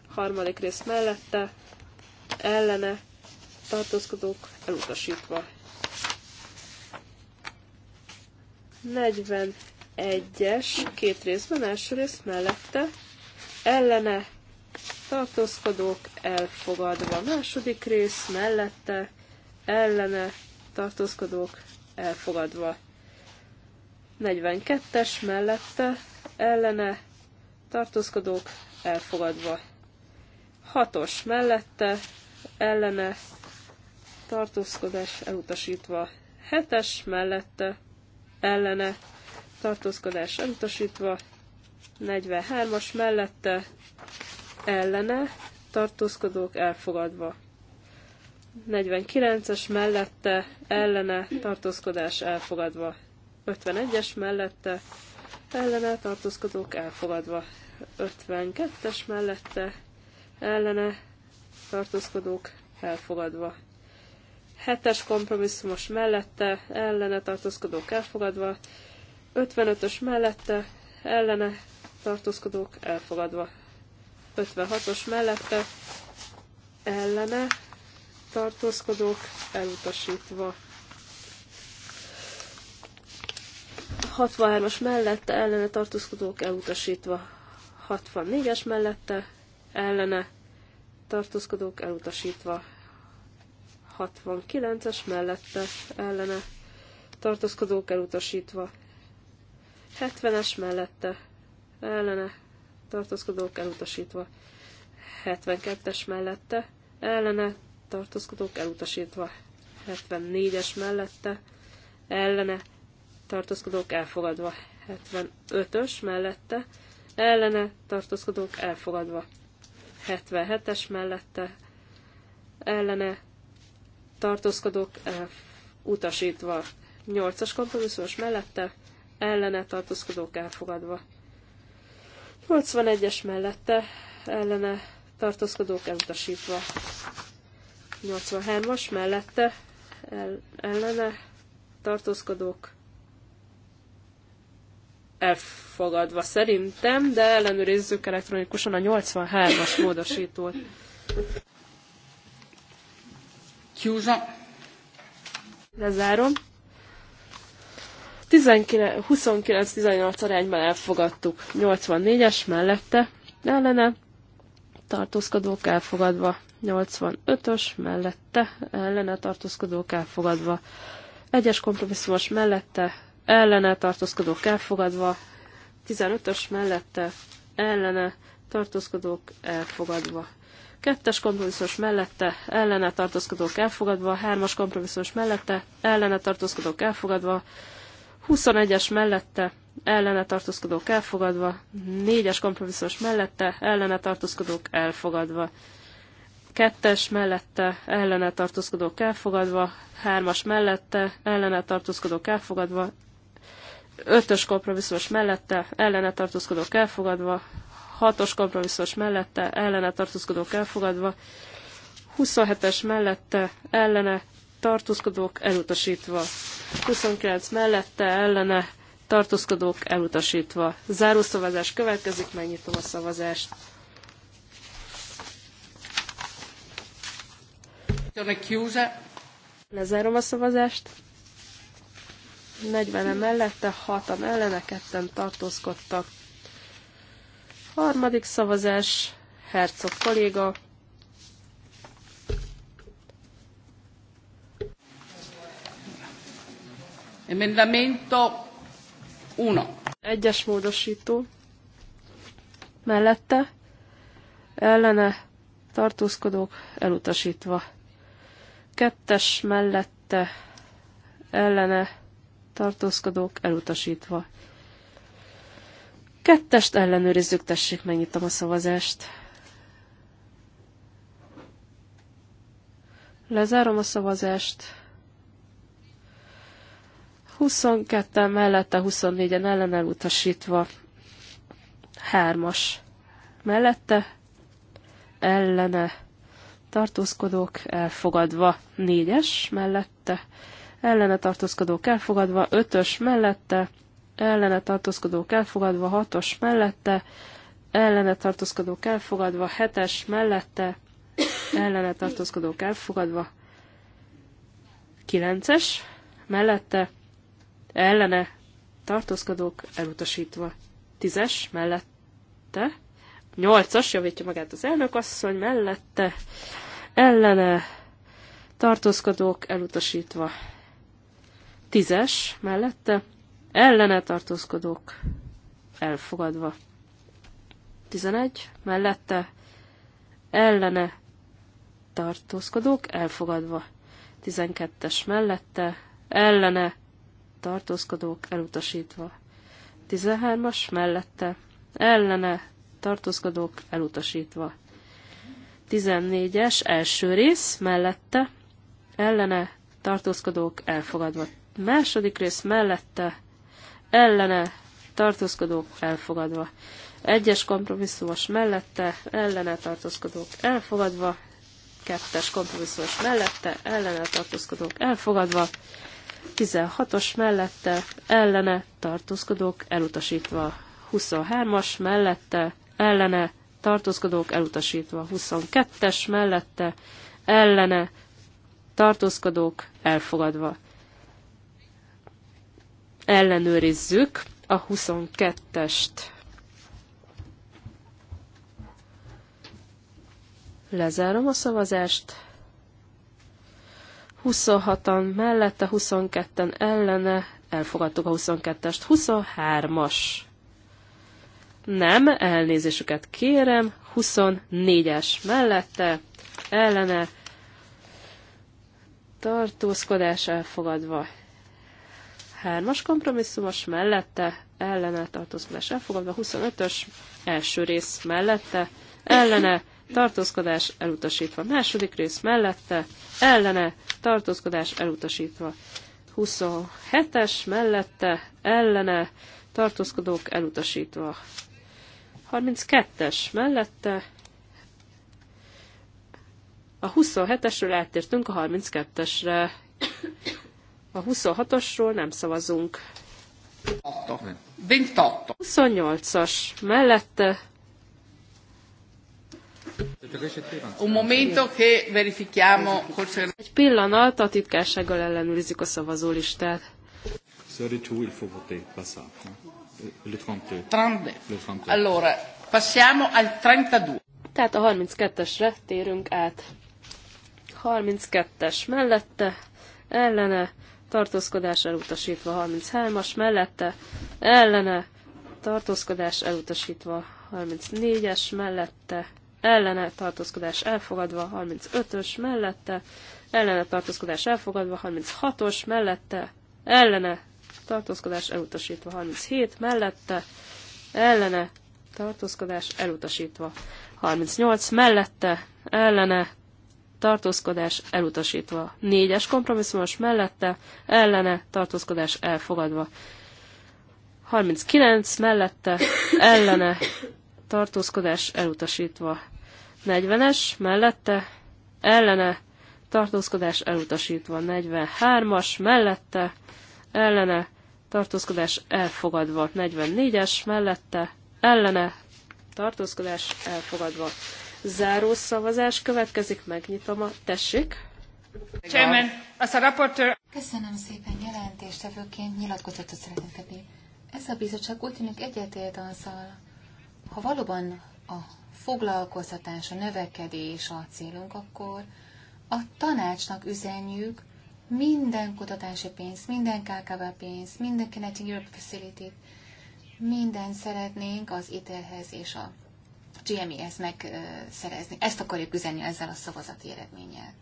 Harmadik rész mellette, ellene, tartózkodók elutasítva. 41-es, két részben, első rész mellette, ellene, tartózkodók elfogadva. Második rész mellette, ellene, tartózkodók elfogadva. 42-es mellette, ellene, tartózkodók elfogadva. Hatos mellette, ellene, tartózkodás elutasítva. Hetes mellette, ellene, tartózkodás elutasítva. 43-as mellette, ellene, tartózkodók elfogadva. 49-es mellette, ellene, tartózkodás elfogadva. 51-es mellette, ellene tartózkodók elfogadva. 52-es mellette ellene tartózkodók elfogadva. 7-es kompromisszumos mellette ellene tartózkodók elfogadva. 55-ös mellette ellene tartózkodók elfogadva. 56-os mellette ellene tartózkodók elutasítva. 63-as mellette ellene tartózkodók elutasítva. 64-es mellette ellene tartózkodók elutasítva. 69-es mellette ellene tartózkodók elutasítva. 70-es mellette ellene tartózkodók elutasítva. 72-es mellette ellene tartózkodók elutasítva. 74-es mellette ellene tartózkodók elfogadva. 75-ös mellette ellene tartózkodók elfogadva. 77-es mellette ellene tartózkodók utasítva. 8-as kompromisszumos mellette ellene tartózkodók elfogadva. 81-es mellette ellene tartózkodók elutasítva. 83-as mellette ellene tartózkodók elfogadva szerintem, de ellenőrizzük elektronikusan a 83-as módosítót. Kiúza. Lezárom. 29-18 arányban elfogadtuk. 84-es mellette, ellene, tartózkodók elfogadva. 85-ös mellette, ellene tartózkodók elfogadva. Egyes kompromisszumos mellette, ellene tartózkodók elfogadva, 15-ös mellette ellene tartózkodók elfogadva. Kettes kompromisszus mellette ellene tartózkodók elfogadva, hármas kompromisszus mellette ellene tartózkodók elfogadva, 21-es mellette ellene tartózkodók elfogadva, 4-es kompromisszus mellette ellene tartózkodók elfogadva, 2-es mellette ellene tartózkodók elfogadva, 3-as mellette ellene tartózkodók elfogadva, ötös kompromisszumos mellette ellene tartózkodók elfogadva, hatos kompromisszumos mellette ellene tartózkodók elfogadva, 27-es mellette ellene tartózkodók elutasítva, 29 mellette ellene tartózkodók elutasítva. Záró szavazás következik, megnyitom a szavazást. Lezárom a szavazást. 40 mellette, 6 ellene, 2 tartózkodtak. Harmadik szavazás, Herzog kolléga. Emendamento 1. Egyes módosító. Mellette, ellene, tartózkodók, elutasítva. Kettes mellette, ellene, tartózkodók elutasítva. Kettest ellenőrizzük, tessék, megnyitom a szavazást. Lezárom a szavazást. 22 mellette, 24-en ellen elutasítva. Hármas. Mellette, ellene, tartózkodók elfogadva. Négyes mellette, ellene tartózkodók elfogadva, 5-ös mellette, ellene tartózkodók elfogadva, 6-os mellette, ellene tartózkodók elfogadva, 7-es mellette, ellene tartózkodók elfogadva, 9-es mellette, ellene tartózkodók elutasítva, 10-es mellette, 8-as javítja magát az elnök asszony mellette, ellene tartózkodók elutasítva, Tízes mellette ellene tartózkodók elfogadva. Tizenegy mellette ellene tartózkodók elfogadva. Tizenkettes mellette ellene tartózkodók elutasítva. Tizenhármas mellette ellene tartózkodók elutasítva. 14-es első rész mellette ellene tartózkodók elfogadva. Második rész mellette ellene tartózkodók elfogadva. Egyes kompromisszumos mellette ellene tartózkodók elfogadva. Kettes kompromisszumos mellette ellene tartózkodók elfogadva. 16-os mellette ellene tartózkodók elutasítva. 23-as mellette ellene tartózkodók elutasítva. 22-es mellette ellene tartózkodók elfogadva ellenőrizzük a 22-est. Lezárom a szavazást. 26-an mellette, 22-en ellene, elfogadtuk a 22-est. 23-as. Nem, elnézésüket kérem. 24-es mellette, ellene, tartózkodás elfogadva. 23-as kompromisszumos mellette ellene tartózkodás elfogadva, 25-ös első rész mellette ellene tartózkodás elutasítva, második rész mellette ellene tartózkodás elutasítva, 27-es mellette ellene tartózkodók elutasítva, 32-es mellette a 27-esről áttértünk a 32-esre a 26-osról nem szavazunk. 28-as mellette. Un momento che verifichiamo forse... Egy pillanat, a titkársággal ellenőrizzük a szavazólistát. il 32. Allora, passiamo al 32. Tehát a 32-esre térünk át. 32-es mellette, ellene, tartózkodás elutasítva 33-as mellette, ellene, tartózkodás elutasítva 34-es mellette, ellene, tartózkodás elfogadva 35-ös mellette, ellene, tartózkodás elfogadva 36-os mellette, ellene, tartózkodás elutasítva 37 mellette, ellene, tartózkodás elutasítva 38 mellette, ellene, tartózkodás elutasítva. Négyes kompromisszumos mellette, ellene, tartózkodás elfogadva. 39 mellette, ellene, tartózkodás elutasítva. 40-es mellette, ellene, tartózkodás elutasítva. 43-as mellette, ellene, tartózkodás elfogadva. 44-es mellette, ellene, tartózkodás elfogadva. Záró szavazás következik, megnyitom a... Tessék! Chairman, as a rapporteur... Köszönöm szépen jelentéstevőként, nyilatkozatot szeretnék tenni. Ez a bizottság úgy tűnik egyetért azzal, ha valóban a foglalkoztatás, a növekedés a célunk, akkor a tanácsnak üzenjük minden kutatási pénz, minden KKV pénz, minden Connecting Europe facility minden szeretnénk az ITER-hez és a GME-hez megszerezni. Ezt akarjuk üzenni ezzel a szavazati eredménnyel.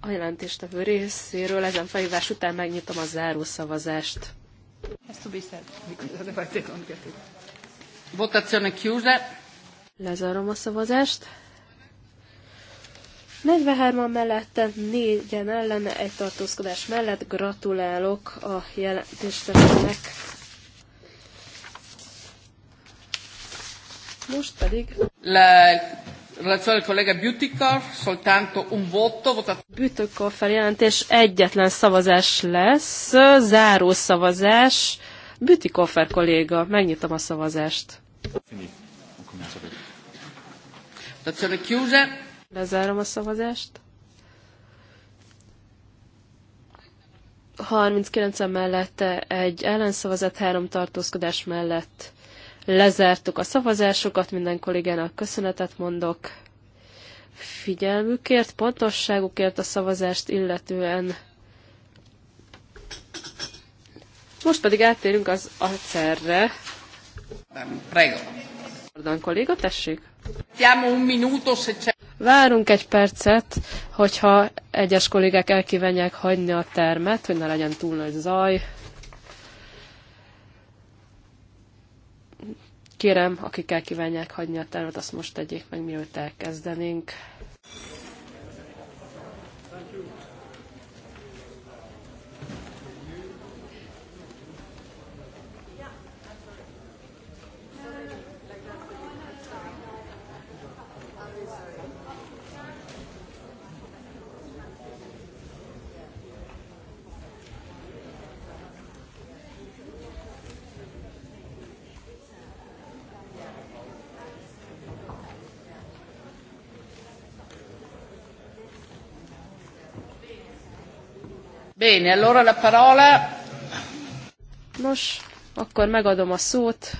A jelentéstevő részéről ezen felhívás után megnyitom a záró szavazást. Votazione chiusa. Lezárom a szavazást. 43-an mellette, 4-en ellene, egy tartózkodás mellett gratulálok a jelentéstevőnek. Most pedig... La relazione del collega Butikar, soltanto un voto. Votat... Butikar feljelentés egyetlen szavazás lesz, záró szavazás. Bütikofer kolléga, megnyitom a szavazást. Votazione chiusa. Lezárom a szavazást. 39 mellette egy ellenszavazat, három tartózkodás mellett Lezártuk a szavazásokat, minden kollégának köszönetet mondok figyelmükért, pontosságukért a szavazást illetően. Most pedig áttérünk az acerre. Prego. Pardon, kolléga, tessék. Várunk egy percet, hogyha egyes kollégák elkívánják hagyni a termet, hogy ne legyen túl nagy zaj. Kérem, akik el kívánják hagyni a tervet, azt most tegyék meg, mielőtt elkezdenénk. Bene, allora la parola. Nos, akkor megadom a szót.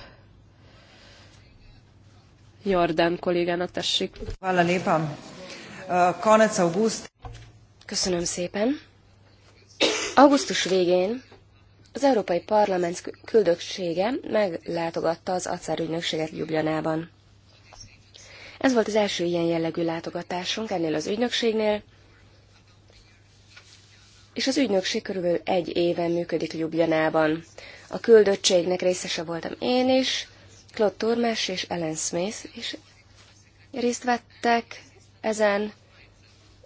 Jordan kollégának tessék. Vala lépa. Eh, konec August. Köszönöm szépen. Augusztus végén az Európai Parlament küldöksége meglátogatta az acer ügynökséget Ljubljanában. Ez volt az első ilyen jellegű látogatásunk ennél az ügynökségnél, és az ügynökség körülbelül egy éven működik Ljubljanában. A küldöttségnek részese voltam én is, Claude Tormes és Ellen Smith is részt vettek ezen,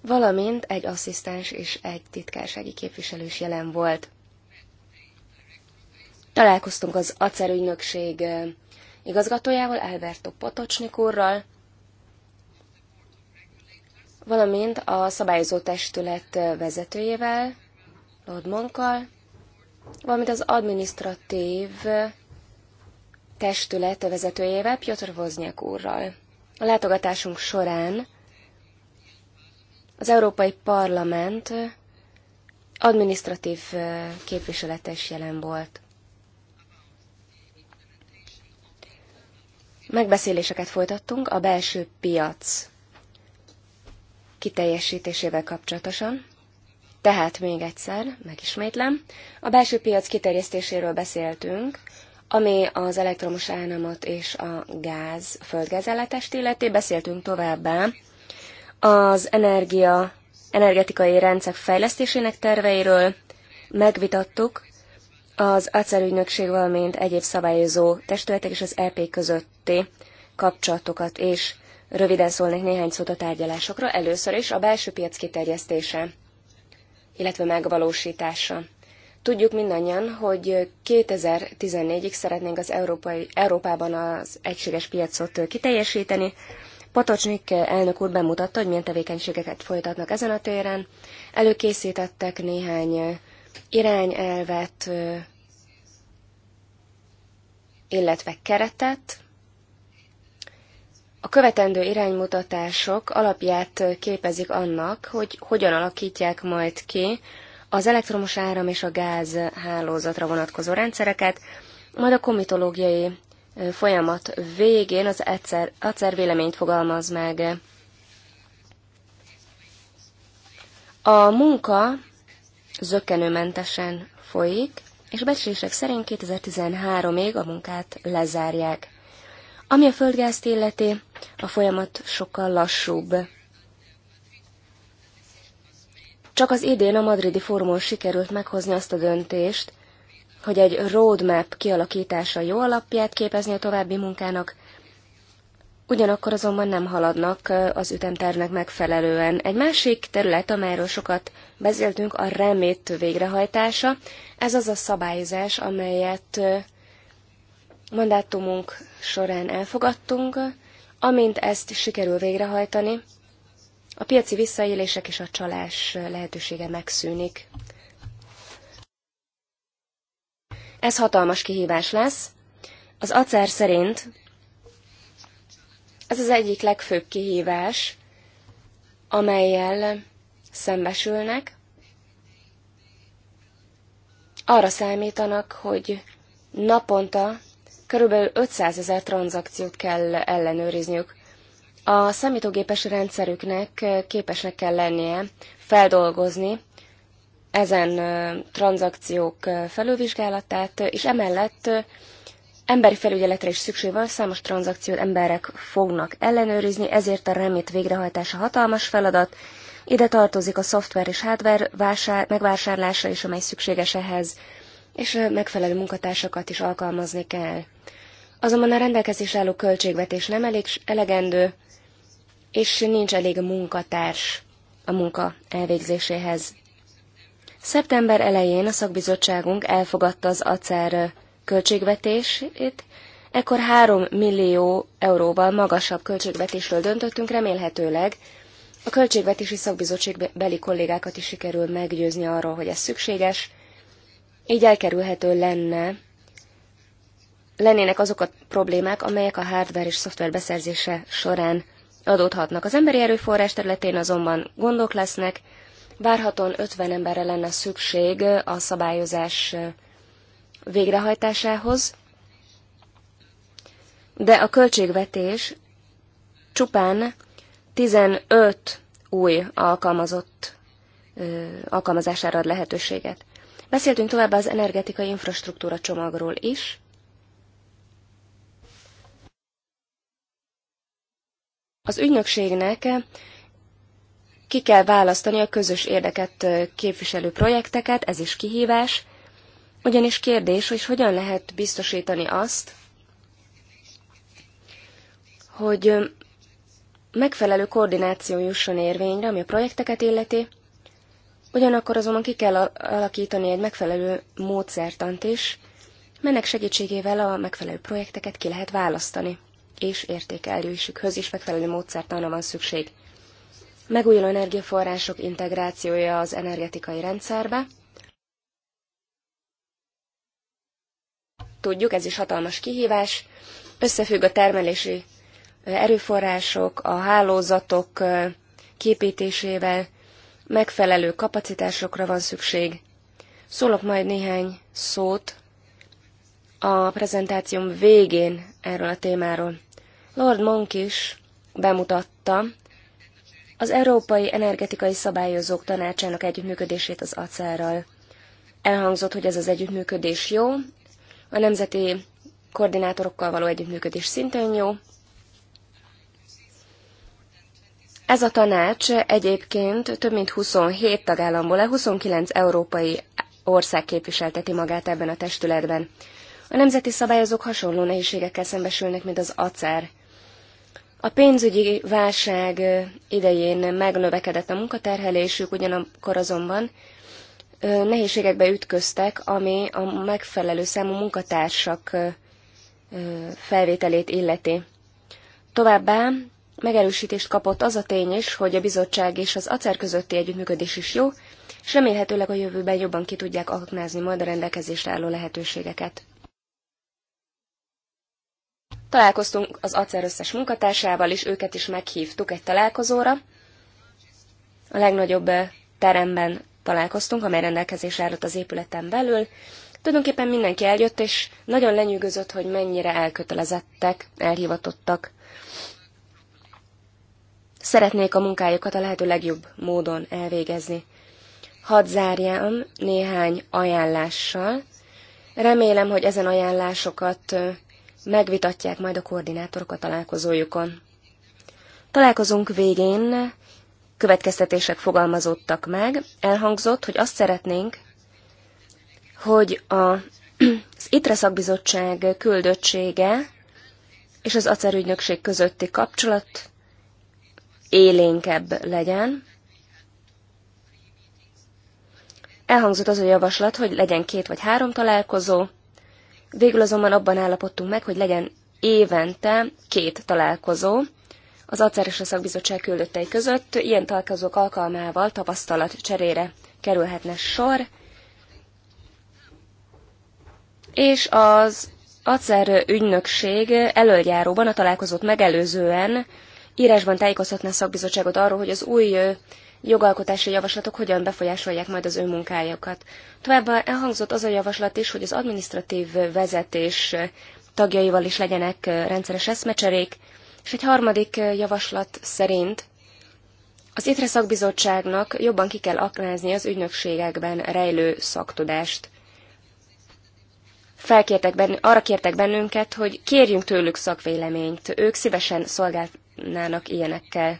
valamint egy asszisztens és egy titkársági képviselő is jelen volt. Találkoztunk az ACER ügynökség igazgatójával, Alberto Potocsnik úrral, valamint a szabályozó testület vezetőjével, Claude valamint az administratív testület vezetőjével, Piotr Voznyák úrral. A látogatásunk során az Európai Parlament administratív képviselete is jelen volt. Megbeszéléseket folytattunk a belső piac kiteljesítésével kapcsolatosan, tehát még egyszer, megismétlem, a belső piac kiterjesztéséről beszéltünk, ami az elektromos áramot és a gáz, a földgázellátást illeti, beszéltünk továbbá az energia, energetikai rendszer fejlesztésének terveiről, megvitattuk az ACER ügynökség, valamint egyéb szabályozó testületek és az EP közötti kapcsolatokat, és röviden szólnék néhány szót a tárgyalásokra. Először is a belső piac kiterjesztése illetve megvalósítása. Tudjuk mindannyian, hogy 2014-ig szeretnénk az Európai, Európában az egységes piacot kiteljesíteni. Patocsnik elnök úr bemutatta, hogy milyen tevékenységeket folytatnak ezen a téren. Előkészítettek néhány irányelvet, illetve keretet, a követendő iránymutatások alapját képezik annak, hogy hogyan alakítják majd ki az elektromos áram és a gáz hálózatra vonatkozó rendszereket, majd a komitológiai folyamat végén az egyszer, egyszer véleményt fogalmaz meg. A munka zökkenőmentesen folyik, és becslések szerint 2013-ig a munkát lezárják. Ami a földgázt illeti, a folyamat sokkal lassúbb. Csak az idén a madridi fórumon sikerült meghozni azt a döntést, hogy egy roadmap kialakítása jó alapját képezni a további munkának, ugyanakkor azonban nem haladnak az ütemtervnek megfelelően. Egy másik terület, amelyről sokat beszéltünk, a remét végrehajtása. Ez az a szabályozás, amelyet mandátumunk során elfogadtunk, amint ezt sikerül végrehajtani, a piaci visszaélések és a csalás lehetősége megszűnik. Ez hatalmas kihívás lesz. Az acer szerint ez az egyik legfőbb kihívás, amelyel szembesülnek. Arra számítanak, hogy naponta körülbelül 500 ezer tranzakciót kell ellenőrizniük. A számítógépes rendszerüknek képesnek kell lennie feldolgozni ezen tranzakciók felülvizsgálatát, és emellett emberi felügyeletre is szükség van, számos tranzakciót emberek fognak ellenőrizni, ezért a remét végrehajtása hatalmas feladat. Ide tartozik a szoftver és hardware vásár, megvásárlása is, amely szükséges ehhez, és megfelelő munkatársakat is alkalmazni kell. Azonban a rendelkezés álló költségvetés nem elég elegendő, és nincs elég munkatárs a munka elvégzéséhez. Szeptember elején a szakbizottságunk elfogadta az ACER költségvetését, ekkor 3 millió euróval magasabb költségvetésről döntöttünk, remélhetőleg a költségvetési szakbizottság beli kollégákat is sikerül meggyőzni arról, hogy ez szükséges, így elkerülhető lenne, lennének azok a problémák, amelyek a hardware és szoftver beszerzése során adódhatnak. Az emberi erőforrás területén azonban gondok lesznek, várhatóan 50 emberre lenne szükség a szabályozás végrehajtásához, de a költségvetés csupán 15 új alkalmazott alkalmazására ad lehetőséget. Beszéltünk továbbá az energetikai infrastruktúra csomagról is. Az ügynökségnek ki kell választani a közös érdeket képviselő projekteket, ez is kihívás, ugyanis kérdés, hogy hogyan lehet biztosítani azt, hogy megfelelő koordináció jusson érvényre, ami a projekteket illeti, Ugyanakkor azonban ki kell alakítani egy megfelelő módszertant is, melynek segítségével a megfelelő projekteket ki lehet választani, és értékelésükhöz is megfelelő módszertanra van szükség. Megújuló energiaforrások integrációja az energetikai rendszerbe. Tudjuk, ez is hatalmas kihívás. Összefügg a termelési erőforrások, a hálózatok képítésével, megfelelő kapacitásokra van szükség. Szólok majd néhány szót a prezentációm végén erről a témáról. Lord Monk is bemutatta az Európai Energetikai Szabályozók Tanácsának együttműködését az acerral. Elhangzott, hogy ez az együttműködés jó, a nemzeti koordinátorokkal való együttműködés szintén jó, Ez a tanács egyébként több mint 27 tagállamból, a 29 európai ország képviselteti magát ebben a testületben. A nemzeti szabályozók hasonló nehézségekkel szembesülnek, mint az ACER. A pénzügyi válság idején megnövekedett a munkaterhelésük, ugyanakkor azonban nehézségekbe ütköztek, ami a megfelelő számú munkatársak felvételét illeti. Továbbá Megerősítést kapott az a tény is, hogy a bizottság és az acer közötti együttműködés is jó, és remélhetőleg a jövőben jobban ki tudják aknázni majd a rendelkezésre álló lehetőségeket. Találkoztunk az acer összes munkatársával, és őket is meghívtuk egy találkozóra. A legnagyobb eh, teremben találkoztunk, amely rendelkezés állott az épületen belül. Tulajdonképpen mindenki eljött, és nagyon lenyűgözött, hogy mennyire elkötelezettek, elhivatottak szeretnék a munkájukat a lehető legjobb módon elvégezni. Hadd zárjam néhány ajánlással. Remélem, hogy ezen ajánlásokat megvitatják majd a koordinátorok a találkozójukon. Találkozunk végén következtetések fogalmazódtak meg. Elhangzott, hogy azt szeretnénk, hogy a, [clears throat] az ITRE szakbizottság küldöttsége és az acerügynökség közötti kapcsolat élénkebb legyen. Elhangzott az a javaslat, hogy legyen két vagy három találkozó, végül azonban abban állapodtunk meg, hogy legyen évente két találkozó, az acer és a szakbizottság küldöttei között ilyen találkozók alkalmával tapasztalat cserére kerülhetne sor, és az acer ügynökség előjáróban a találkozót megelőzően írásban tájékoztatná a szakbizottságot arról, hogy az új jogalkotási javaslatok hogyan befolyásolják majd az ő munkájukat. Továbbá elhangzott az a javaslat is, hogy az administratív vezetés tagjaival is legyenek rendszeres eszmecserék, és egy harmadik javaslat szerint az ITRE szakbizottságnak jobban ki kell aknázni az ügynökségekben rejlő szaktudást. Felkértek arra kértek bennünket, hogy kérjünk tőlük szakvéleményt. Ők szívesen szolgál- foglalkoznának ilyenekkel.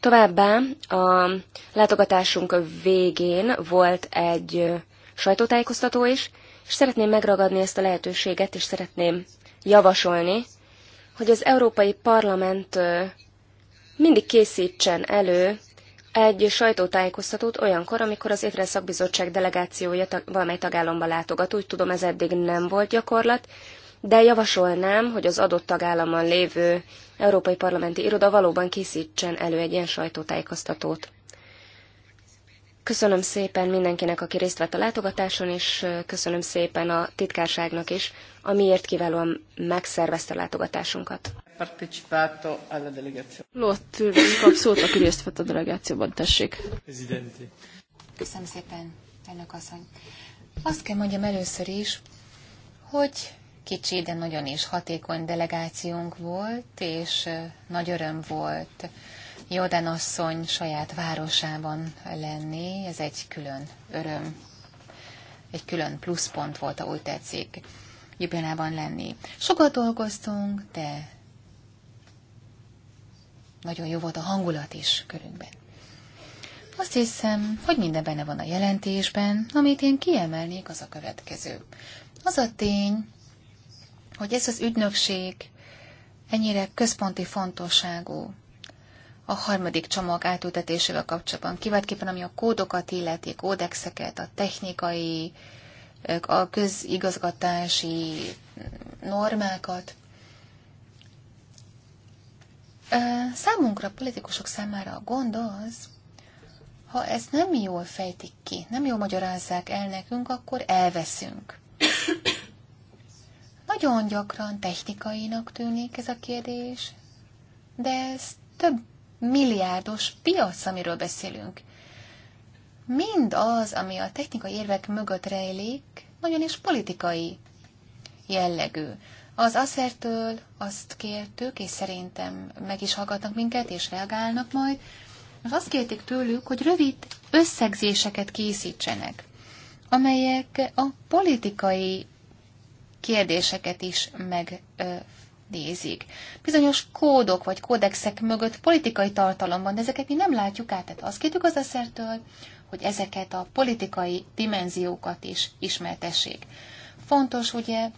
Továbbá a látogatásunk végén volt egy sajtótájékoztató is, és szeretném megragadni ezt a lehetőséget, és szeretném javasolni, hogy az Európai Parlament mindig készítsen elő egy sajtótájékoztatót olyankor, amikor az évre Szakbizottság delegációja valamely tagállamba látogat. Úgy tudom, ez eddig nem volt gyakorlat, de javasolnám, hogy az adott tagállamban lévő Európai Parlamenti Iroda valóban készítsen elő egy ilyen sajtótájékoztatót. Köszönöm szépen mindenkinek, aki részt vett a látogatáson, és köszönöm szépen a titkárságnak is, amiért kiválóan megszervezte a látogatásunkat. Lott Türlis kap szót, aki részt vett a delegációban, tessék. Köszönöm szépen, elnök asszony. Azt kell mondjam először is, hogy kicsi, de nagyon is hatékony delegációnk volt, és nagy öröm volt Jodan asszony saját városában lenni. Ez egy külön öröm, egy külön pluszpont volt, ha tetszik, Jubilában lenni. Sokat dolgoztunk, de nagyon jó volt a hangulat is körünkben. Azt hiszem, hogy minden benne van a jelentésben, amit én kiemelnék, az a következő. Az a tény, hogy ez az ügynökség ennyire központi fontosságú a harmadik csomag átültetésével kapcsolatban, kiváltképpen ami a kódokat illeti, kódexeket, a technikai, a közigazgatási normákat. Számunkra, politikusok számára a gond az, ha ezt nem jól fejtik ki, nem jól magyarázzák el nekünk, akkor elveszünk. Nagyon gyakran technikainak tűnik ez a kérdés, de ez több milliárdos piac, amiről beszélünk. Mind az, ami a technikai érvek mögött rejlik, nagyon is politikai jellegű. Az aszertől azt kértük, és szerintem meg is hallgatnak minket, és reagálnak majd, és azt kérték tőlük, hogy rövid összegzéseket készítsenek, amelyek a politikai kérdéseket is megnézik. Bizonyos kódok vagy kódexek mögött politikai tartalom van, de ezeket mi nem látjuk át. Tehát azt kérjük az eszertől, hogy ezeket a politikai dimenziókat is ismertessék. Fontos ugye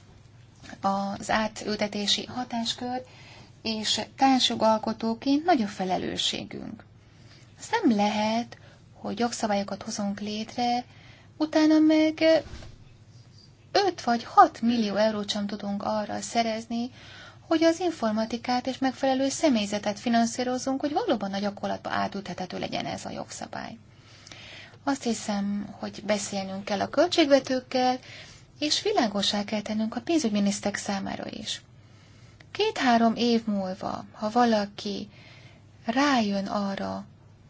az átültetési hatáskör, és társjogalkotóként nagy a felelősségünk. Azt nem lehet, hogy jogszabályokat hozunk létre, utána meg 5 vagy 6 millió eurót sem tudunk arra szerezni, hogy az informatikát és megfelelő személyzetet finanszírozunk, hogy valóban a gyakorlatba átüthetető legyen ez a jogszabály. Azt hiszem, hogy beszélnünk kell a költségvetőkkel, és világosá kell tennünk a pénzügyminisztek számára is. Két-három év múlva, ha valaki rájön arra,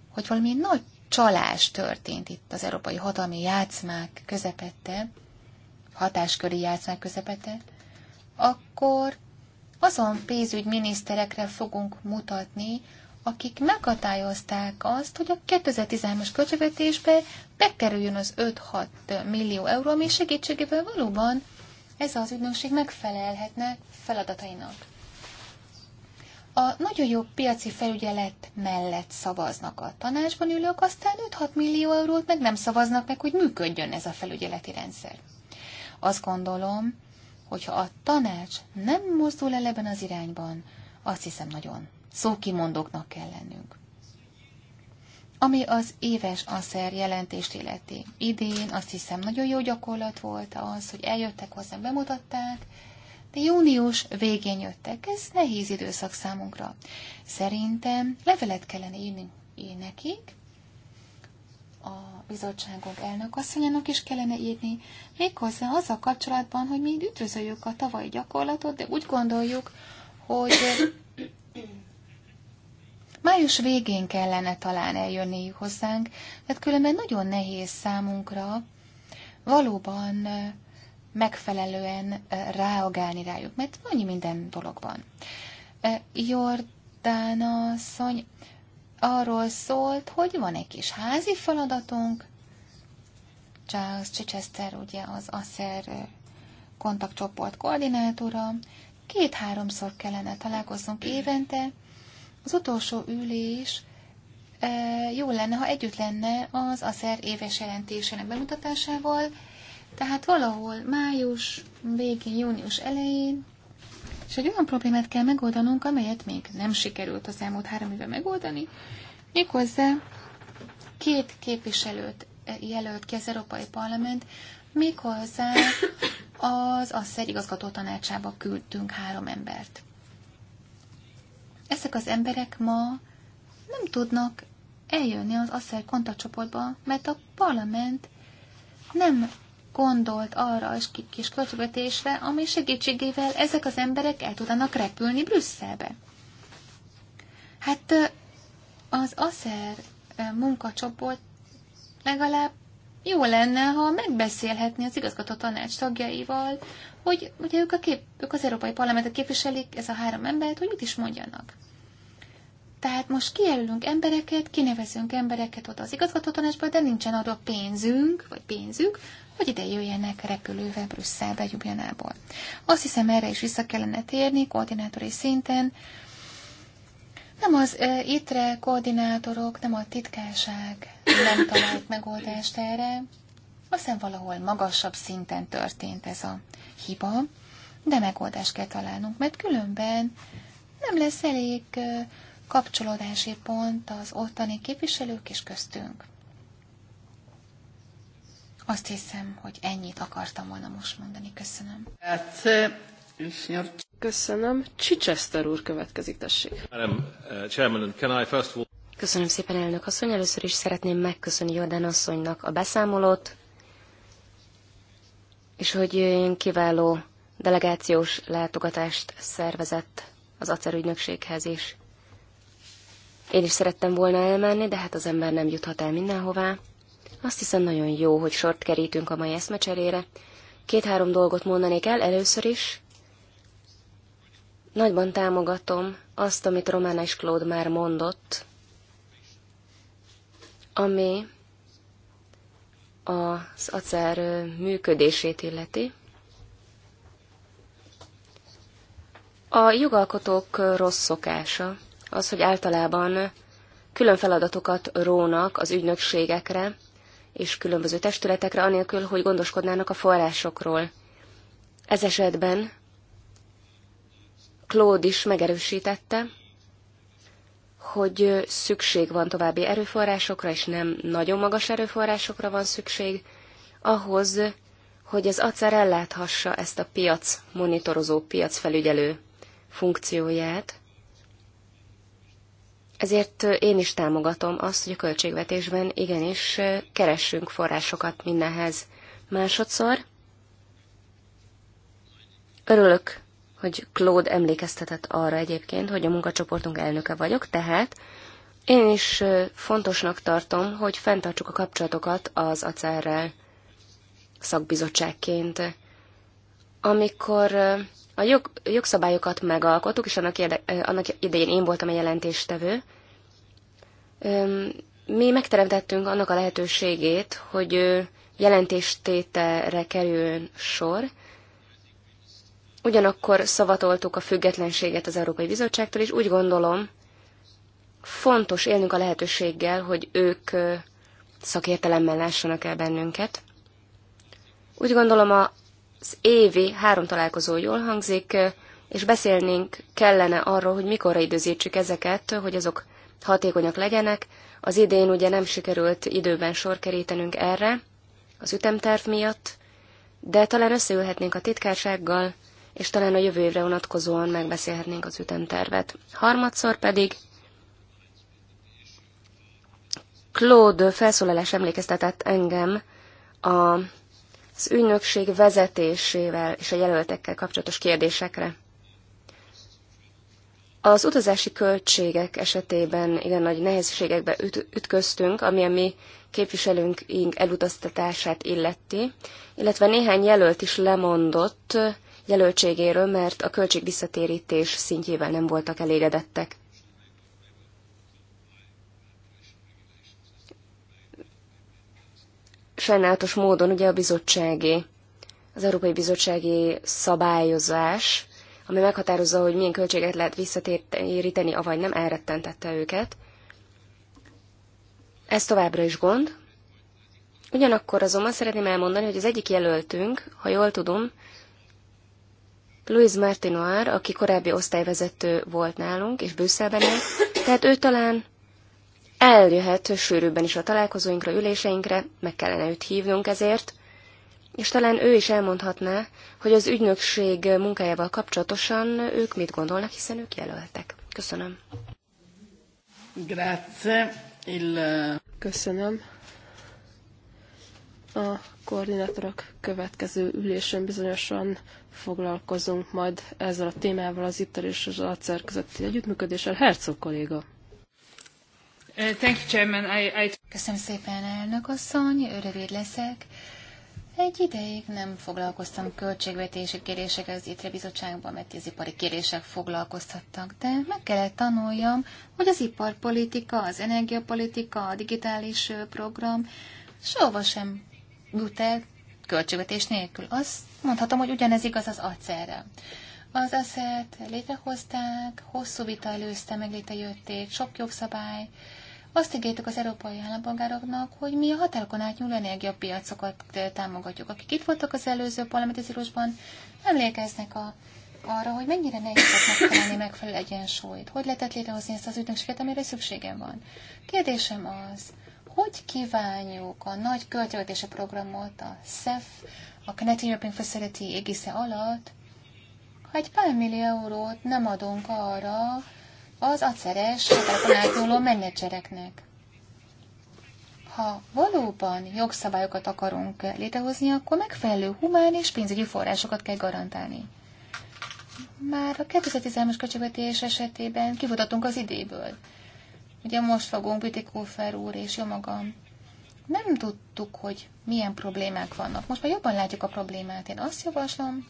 hogy valami nagy csalás történt itt az európai hatalmi játszmák közepette, hatásköri játszmák közepete, akkor azon pénzügyminiszterekre fogunk mutatni, akik megatályozták azt, hogy a 2013-as költségvetésbe bekerüljön az 5-6 millió euró, ami segítségével valóban ez az ügynökség megfelelhetne feladatainak. A nagyon jó piaci felügyelet mellett szavaznak a tanácsban ülők, aztán 5-6 millió eurót meg nem szavaznak meg, hogy működjön ez a felügyeleti rendszer. Azt gondolom, hogyha a tanács nem mozdul el ebben az irányban, azt hiszem nagyon szókimondóknak kell lennünk. Ami az éves aszer jelentést illeti. Idén azt hiszem nagyon jó gyakorlat volt az, hogy eljöttek hozzám, bemutatták, de június végén jöttek. Ez nehéz időszak számunkra. Szerintem levelet kellene írni nekik, a bizottságok elnökasszonyának is kellene írni, méghozzá az a kapcsolatban, hogy mi üdvözöljük a tavalyi gyakorlatot, de úgy gondoljuk, hogy május végén kellene talán eljönni hozzánk, mert különben nagyon nehéz számunkra valóban megfelelően reagálni rájuk, mert annyi minden dolog van. Jordán asszony, arról szólt, hogy van egy kis házi feladatunk. Charles Chichester, ugye az ASZER kontaktcsoport koordinátora, két-háromszor kellene találkoznunk évente. Az utolsó ülés e, jó lenne, ha együtt lenne az ASZER éves jelentésének bemutatásával, tehát valahol május végén, június elején és egy olyan problémát kell megoldanunk, amelyet még nem sikerült az elmúlt három éve megoldani, méghozzá két képviselőt eh, jelölt ki az Európai Parlament, méghozzá az ASZER igazgató tanácsába küldtünk három embert. Ezek az emberek ma nem tudnak eljönni az ASZER kontaktcsoportba, mert a parlament nem gondolt arra a kis költögetésre, ami segítségével ezek az emberek el tudnak repülni Brüsszelbe. Hát az ASZER munkacsoport legalább jó lenne, ha megbeszélhetni az igazgató tanács tagjaival, hogy ugye ők, a kép, ők az Európai Parlamentet képviselik, ez a három embert, hogy mit is mondjanak. Tehát most kijelölünk embereket, kinevezünk embereket oda az igazgató tanácsba, de nincsen arra pénzünk, vagy pénzük, hogy ide jöjjenek repülővel Brüsszelbe, Jubjanából. Azt hiszem, erre is vissza kellene térni koordinátori szinten. Nem az e, ITRE koordinátorok, nem a titkárság nem talált megoldást erre. hiszem, valahol magasabb szinten történt ez a hiba, de megoldást kell találnunk, mert különben nem lesz elég kapcsolódási pont az ottani képviselők és köztünk. Azt hiszem, hogy ennyit akartam volna most mondani. Köszönöm. Köszönöm. Chichester úr következik, tessék. Uh, Köszönöm szépen, elnök asszony. Először is szeretném megköszönni Jordan asszonynak a beszámolót, és hogy kiváló delegációs látogatást szervezett az acer ügynökséghez is. Én is szerettem volna elmenni, de hát az ember nem juthat el mindenhová. Azt hiszem nagyon jó, hogy sort kerítünk a mai eszmecserére. Két-három dolgot mondanék el először is. Nagyban támogatom azt, amit Román és Claude már mondott, ami az acer működését illeti. A jogalkotók rossz szokása az, hogy általában külön feladatokat rónak az ügynökségekre, és különböző testületekre, anélkül, hogy gondoskodnának a forrásokról. Ez esetben Claude is megerősítette, hogy szükség van további erőforrásokra, és nem nagyon magas erőforrásokra van szükség, ahhoz, hogy az acer elláthassa ezt a piac monitorozó, piacfelügyelő funkcióját, ezért én is támogatom azt, hogy a költségvetésben igenis keressünk forrásokat mindenhez. Másodszor örülök, hogy Claude emlékeztetett arra egyébként, hogy a munkacsoportunk elnöke vagyok, tehát én is fontosnak tartom, hogy fenntartsuk a kapcsolatokat az acr szakbizottságként. Amikor a jog, jogszabályokat megalkottuk, és annak, érde, annak idején én voltam a jelentéstevő. Mi megteremtettünk annak a lehetőségét, hogy jelentéstételre kerüljön sor, ugyanakkor szavatoltuk a függetlenséget az Európai Bizottságtól, és úgy gondolom, fontos élnünk a lehetőséggel, hogy ők szakértelemmel lássanak el bennünket. Úgy gondolom a az évi három találkozó jól hangzik, és beszélnénk kellene arról, hogy mikorra időzítsük ezeket, hogy azok hatékonyak legyenek. Az idén ugye nem sikerült időben sor kerítenünk erre, az ütemterv miatt, de talán összeülhetnénk a titkársággal, és talán a jövő évre vonatkozóan megbeszélhetnénk az ütemtervet. Harmadszor pedig Claude felszólalás emlékeztetett engem a az ügynökség vezetésével és a jelöltekkel kapcsolatos kérdésekre. Az utazási költségek esetében igen nagy nehézségekbe üt- ütköztünk, ami a mi képviselőnk elutaztatását illeti, illetve néhány jelölt is lemondott jelöltségéről, mert a költség visszatérítés szintjével nem voltak elégedettek. sajnálatos módon ugye a bizottsági, az Európai Bizottsági szabályozás, ami meghatározza, hogy milyen költséget lehet visszatéríteni, avagy nem elrettentette őket. Ez továbbra is gond. Ugyanakkor azonban szeretném elmondani, hogy az egyik jelöltünk, ha jól tudom, Luis Martinoir, aki korábbi osztályvezető volt nálunk, és Brüsszelben él, tehát ő talán eljöhet sűrűbben is a találkozóinkra, üléseinkre, meg kellene őt hívnunk ezért, és talán ő is elmondhatná, hogy az ügynökség munkájával kapcsolatosan ők mit gondolnak, hiszen ők jelöltek. Köszönöm. Grazie. Il... Köszönöm. A koordinátorok következő ülésen bizonyosan foglalkozunk majd ezzel a témával az ittal és az acer közötti együttműködéssel. Herzog kolléga. Uh, thank you, Chairman. I, I... Köszönöm szépen, elnök asszony, rövid leszek. Egy ideig nem foglalkoztam költségvetési kérésekkel az ITRE bizottságban, mert az ipari kérések foglalkoztattak, de meg kellett tanuljam, hogy az iparpolitika, az energiapolitika, a digitális program soha sem jut el költségvetés nélkül. Azt mondhatom, hogy ugyanez igaz az acerre. Az acert létrehozták, hosszú vita előzte meg létrejötték, sok jogszabály, azt ígértük az európai állampolgároknak, hogy mi a határokon átnyúló energiapiacokat támogatjuk. Akik itt voltak az előző parlamenti emlékeznek a, arra, hogy mennyire nehéz megtalálni megfelelő egyensúlyt. Hogy lehetett létrehozni ezt az ügynökséget, amire szükségem van? Kérdésem az, hogy kívánjuk a nagy költségvetési programot, a SEF, a Connecting European Facility égisze alatt, ha egy pár millió eurót nem adunk arra, az aceres határokon átnyúló menedzsereknek. Ha valóban jogszabályokat akarunk létrehozni, akkor megfelelő humán és pénzügyi forrásokat kell garantálni. Már a 2013-as költségvetés esetében kivutatunk az idéből. Ugye most fogunk Bütikófer úr és jó magam. Nem tudtuk, hogy milyen problémák vannak. Most már jobban látjuk a problémát. Én azt javaslom,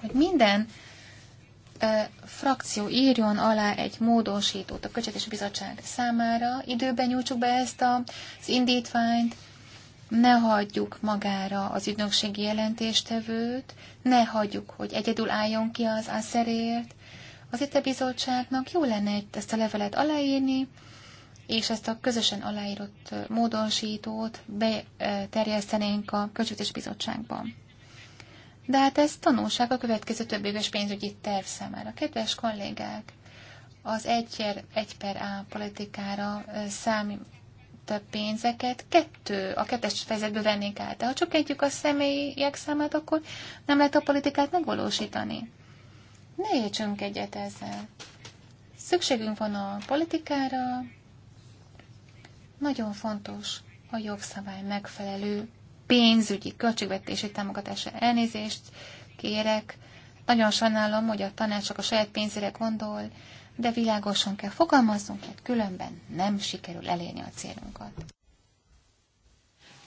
hogy minden frakció írjon alá egy módosítót a Köcsetés Bizottság számára, időben nyújtsuk be ezt az indítványt, ne hagyjuk magára az ügynökségi jelentéstevőt, ne hagyjuk, hogy egyedül álljon ki az ászerért. Az itt a bizottságnak jó lenne ezt a levelet aláírni, és ezt a közösen aláírott módosítót beterjesztenénk a Költségvetési Bizottságban de hát ez tanulság a következő több éves pénzügyi terv számára. Kedves kollégák, az egy, egy per A politikára számít a pénzeket, kettő, a kettes fejezetből vennénk át. De ha csökkentjük a személyek számát, akkor nem lehet a politikát megvalósítani. Ne értsünk egyet ezzel. Szükségünk van a politikára, nagyon fontos a jogszabály megfelelő pénzügyi költségvetési támogatása elnézést kérek. Nagyon sajnálom, hogy a tanács csak a saját pénzére gondol, de világosan kell fogalmaznunk, mert különben nem sikerül elérni a célunkat.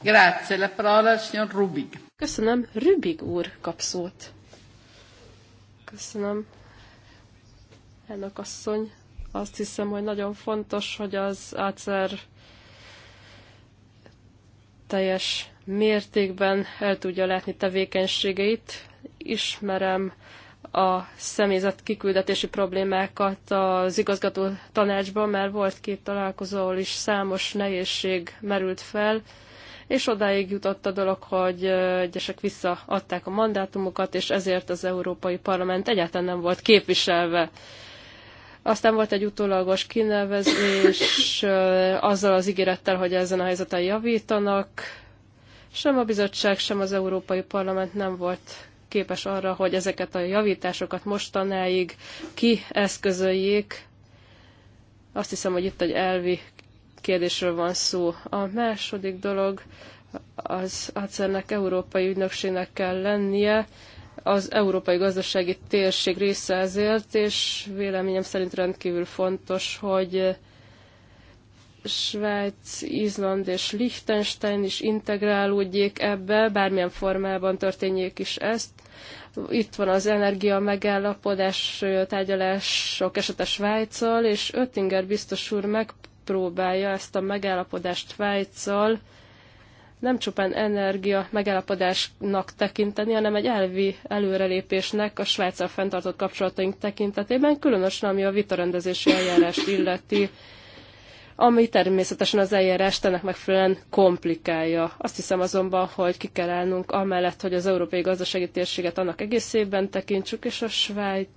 Grazie, la parola signor Rubig. Köszönöm, Rubig úr kap szót. Köszönöm, elnök asszony. Azt hiszem, hogy nagyon fontos, hogy az átszer teljes mértékben el tudja látni tevékenységeit. Ismerem a személyzet kiküldetési problémákat az igazgató tanácsban, mert volt két találkozó, ahol is számos nehézség merült fel, és odáig jutott a dolog, hogy egyesek visszaadták a mandátumukat, és ezért az Európai Parlament egyáltalán nem volt képviselve. Aztán volt egy utólagos kinevezés azzal az ígérettel, hogy ezen a helyzeten javítanak. Sem a bizottság, sem az Európai Parlament nem volt képes arra, hogy ezeket a javításokat mostanáig kieszközöljék. Azt hiszem, hogy itt egy elvi kérdésről van szó. A második dolog, az acer európai ügynökségnek kell lennie, az európai gazdasági térség része ezért, és véleményem szerint rendkívül fontos, hogy Svájc, Izland és Liechtenstein is integrálódjék ebbe, bármilyen formában történjék is ezt. Itt van az energia megállapodás tárgyalások esete Svájccal, és Öttinger biztos úr megpróbálja ezt a megállapodást Svájccal nem csupán energia megállapodásnak tekinteni, hanem egy elvi előrelépésnek a Svájccal fenntartott kapcsolataink tekintetében, különösen ami a vitarendezési eljárást illeti, ami természetesen az eljárást ennek megfelelően komplikálja. Azt hiszem azonban, hogy ki kell állnunk amellett, hogy az európai gazdasági térséget annak egészében tekintsük, és a Svájc,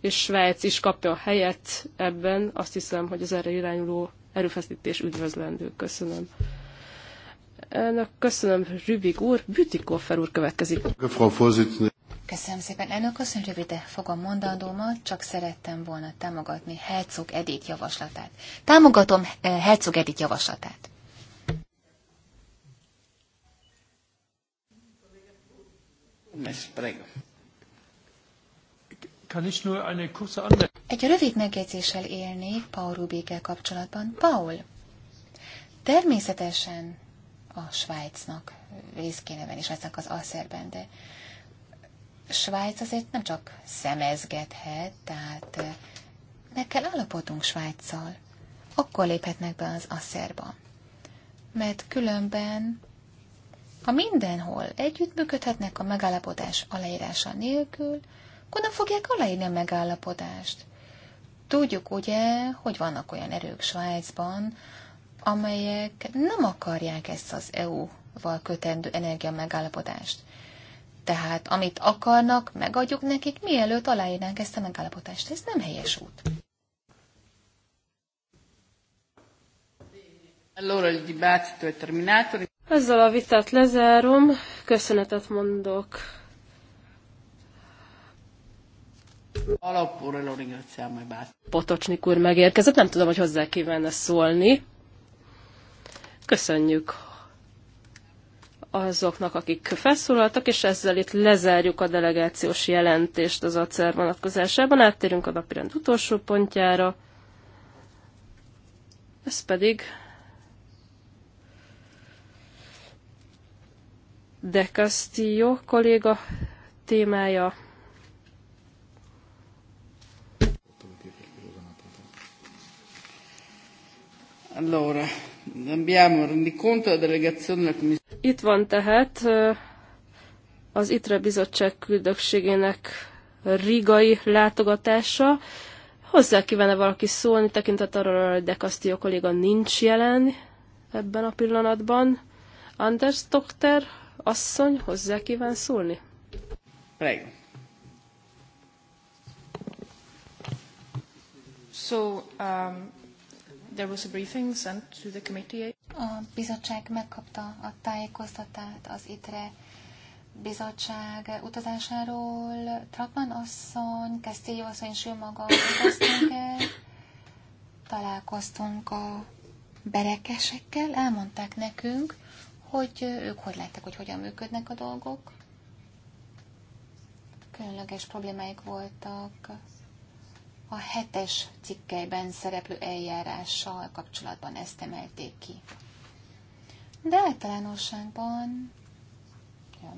és Svájc is kapja a helyet ebben. Azt hiszem, hogy az erre irányuló erőfeszítés üdvözlendő. Köszönöm. Elnök, köszönöm, Rübig úr. Bütikoffer úr következik. Köszönöm szépen, elnök asszony, rövide fogom mondandómat, csak szerettem volna támogatni Herzog Edith javaslatát. Támogatom eh, Herzog Edith javaslatát. Egy rövid megjegyzéssel élnék Paul Rubékkel kapcsolatban. Paul, természetesen a Svájcnak részt és venni, Svájcnak az alszerben, de Svájc azért nem csak szemezgethet, tehát meg kell állapodnunk Svájccal. Akkor léphetnek be az asszerba. Mert különben, ha mindenhol együttműködhetnek a megállapodás aláírása nélkül, akkor nem fogják aláírni a megállapodást. Tudjuk ugye, hogy vannak olyan erők Svájcban, amelyek nem akarják ezt az EU-val kötendő energiamegállapodást. Tehát amit akarnak, megadjuk nekik, mielőtt aláírnánk ezt a megállapodást. Ez nem helyes út. Ezzel a vitát lezárom. Köszönetet mondok. Potocsnik úr megérkezett, nem tudom, hogy hozzá kívánna szólni. Köszönjük azoknak, akik felszólaltak, és ezzel itt lezárjuk a delegációs jelentést az acer vonatkozásában. Áttérünk a napirend utolsó pontjára. Ez pedig De Castillo kolléga témája. Allora, itt van tehát az ITRE bizottság küldökségének rigai látogatása. Hozzá kívánne valaki szólni, tekintet arra, hogy De Castillo kolléga nincs jelen ebben a pillanatban. Anders Dokter asszony hozzá kíván szólni? Prego. So, um, There was a briefing sent to the committee. A bizottság megkapta a tájékoztatát az ITRE bizottság utazásáról. Trakman asszony, Castillo asszony és ő maga utaztunk el. Találkoztunk a berekesekkel, elmondták nekünk, hogy ők hogy látták, hogy hogyan működnek a dolgok. Különleges problémáik voltak a hetes cikkelyben szereplő eljárással kapcsolatban ezt emelték ki. De általánosságban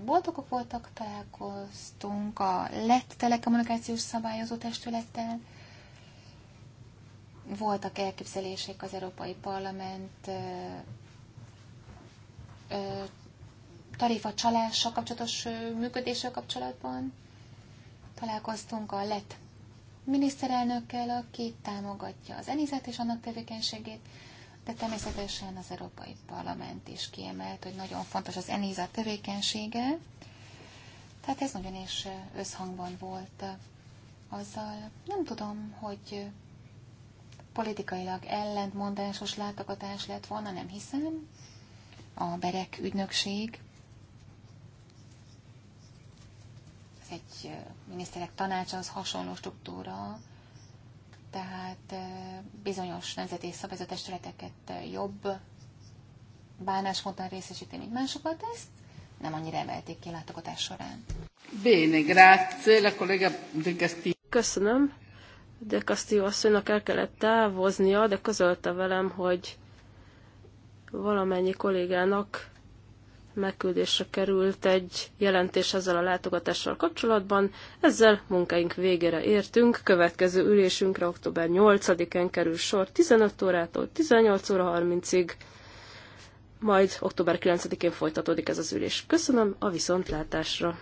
boldogok voltak, találkoztunk a lett telekommunikációs szabályozó testülettel, voltak elképzelések az Európai Parlament tarifa csalással kapcsolatos működéssel kapcsolatban. Találkoztunk a lett miniszterelnökkel, aki támogatja az Enizet és annak tevékenységét, de természetesen az Európai Parlament is kiemelt, hogy nagyon fontos az Eniza tevékenysége. Tehát ez nagyon is összhangban volt azzal. Nem tudom, hogy politikailag ellentmondásos látogatás lett volna, nem hiszem. A Berek ügynökség egy miniszterek tanácsa az hasonló struktúra, tehát bizonyos nemzeti szabályzatos területeket jobb bánásmódban részesíti, mint másokat, ezt nem annyira emelték ki látogatás során. Bene, grazie, la collega de Castillo. Köszönöm. De Castillo asszonynak el kellett távoznia, de közölte velem, hogy valamennyi kollégának megküldésre került egy jelentés ezzel a látogatással kapcsolatban. Ezzel munkáink végére értünk. Következő ülésünkre október 8-án kerül sor 15 órától 18 óra 30-ig, majd október 9-én folytatódik ez az ülés. Köszönöm a viszontlátásra!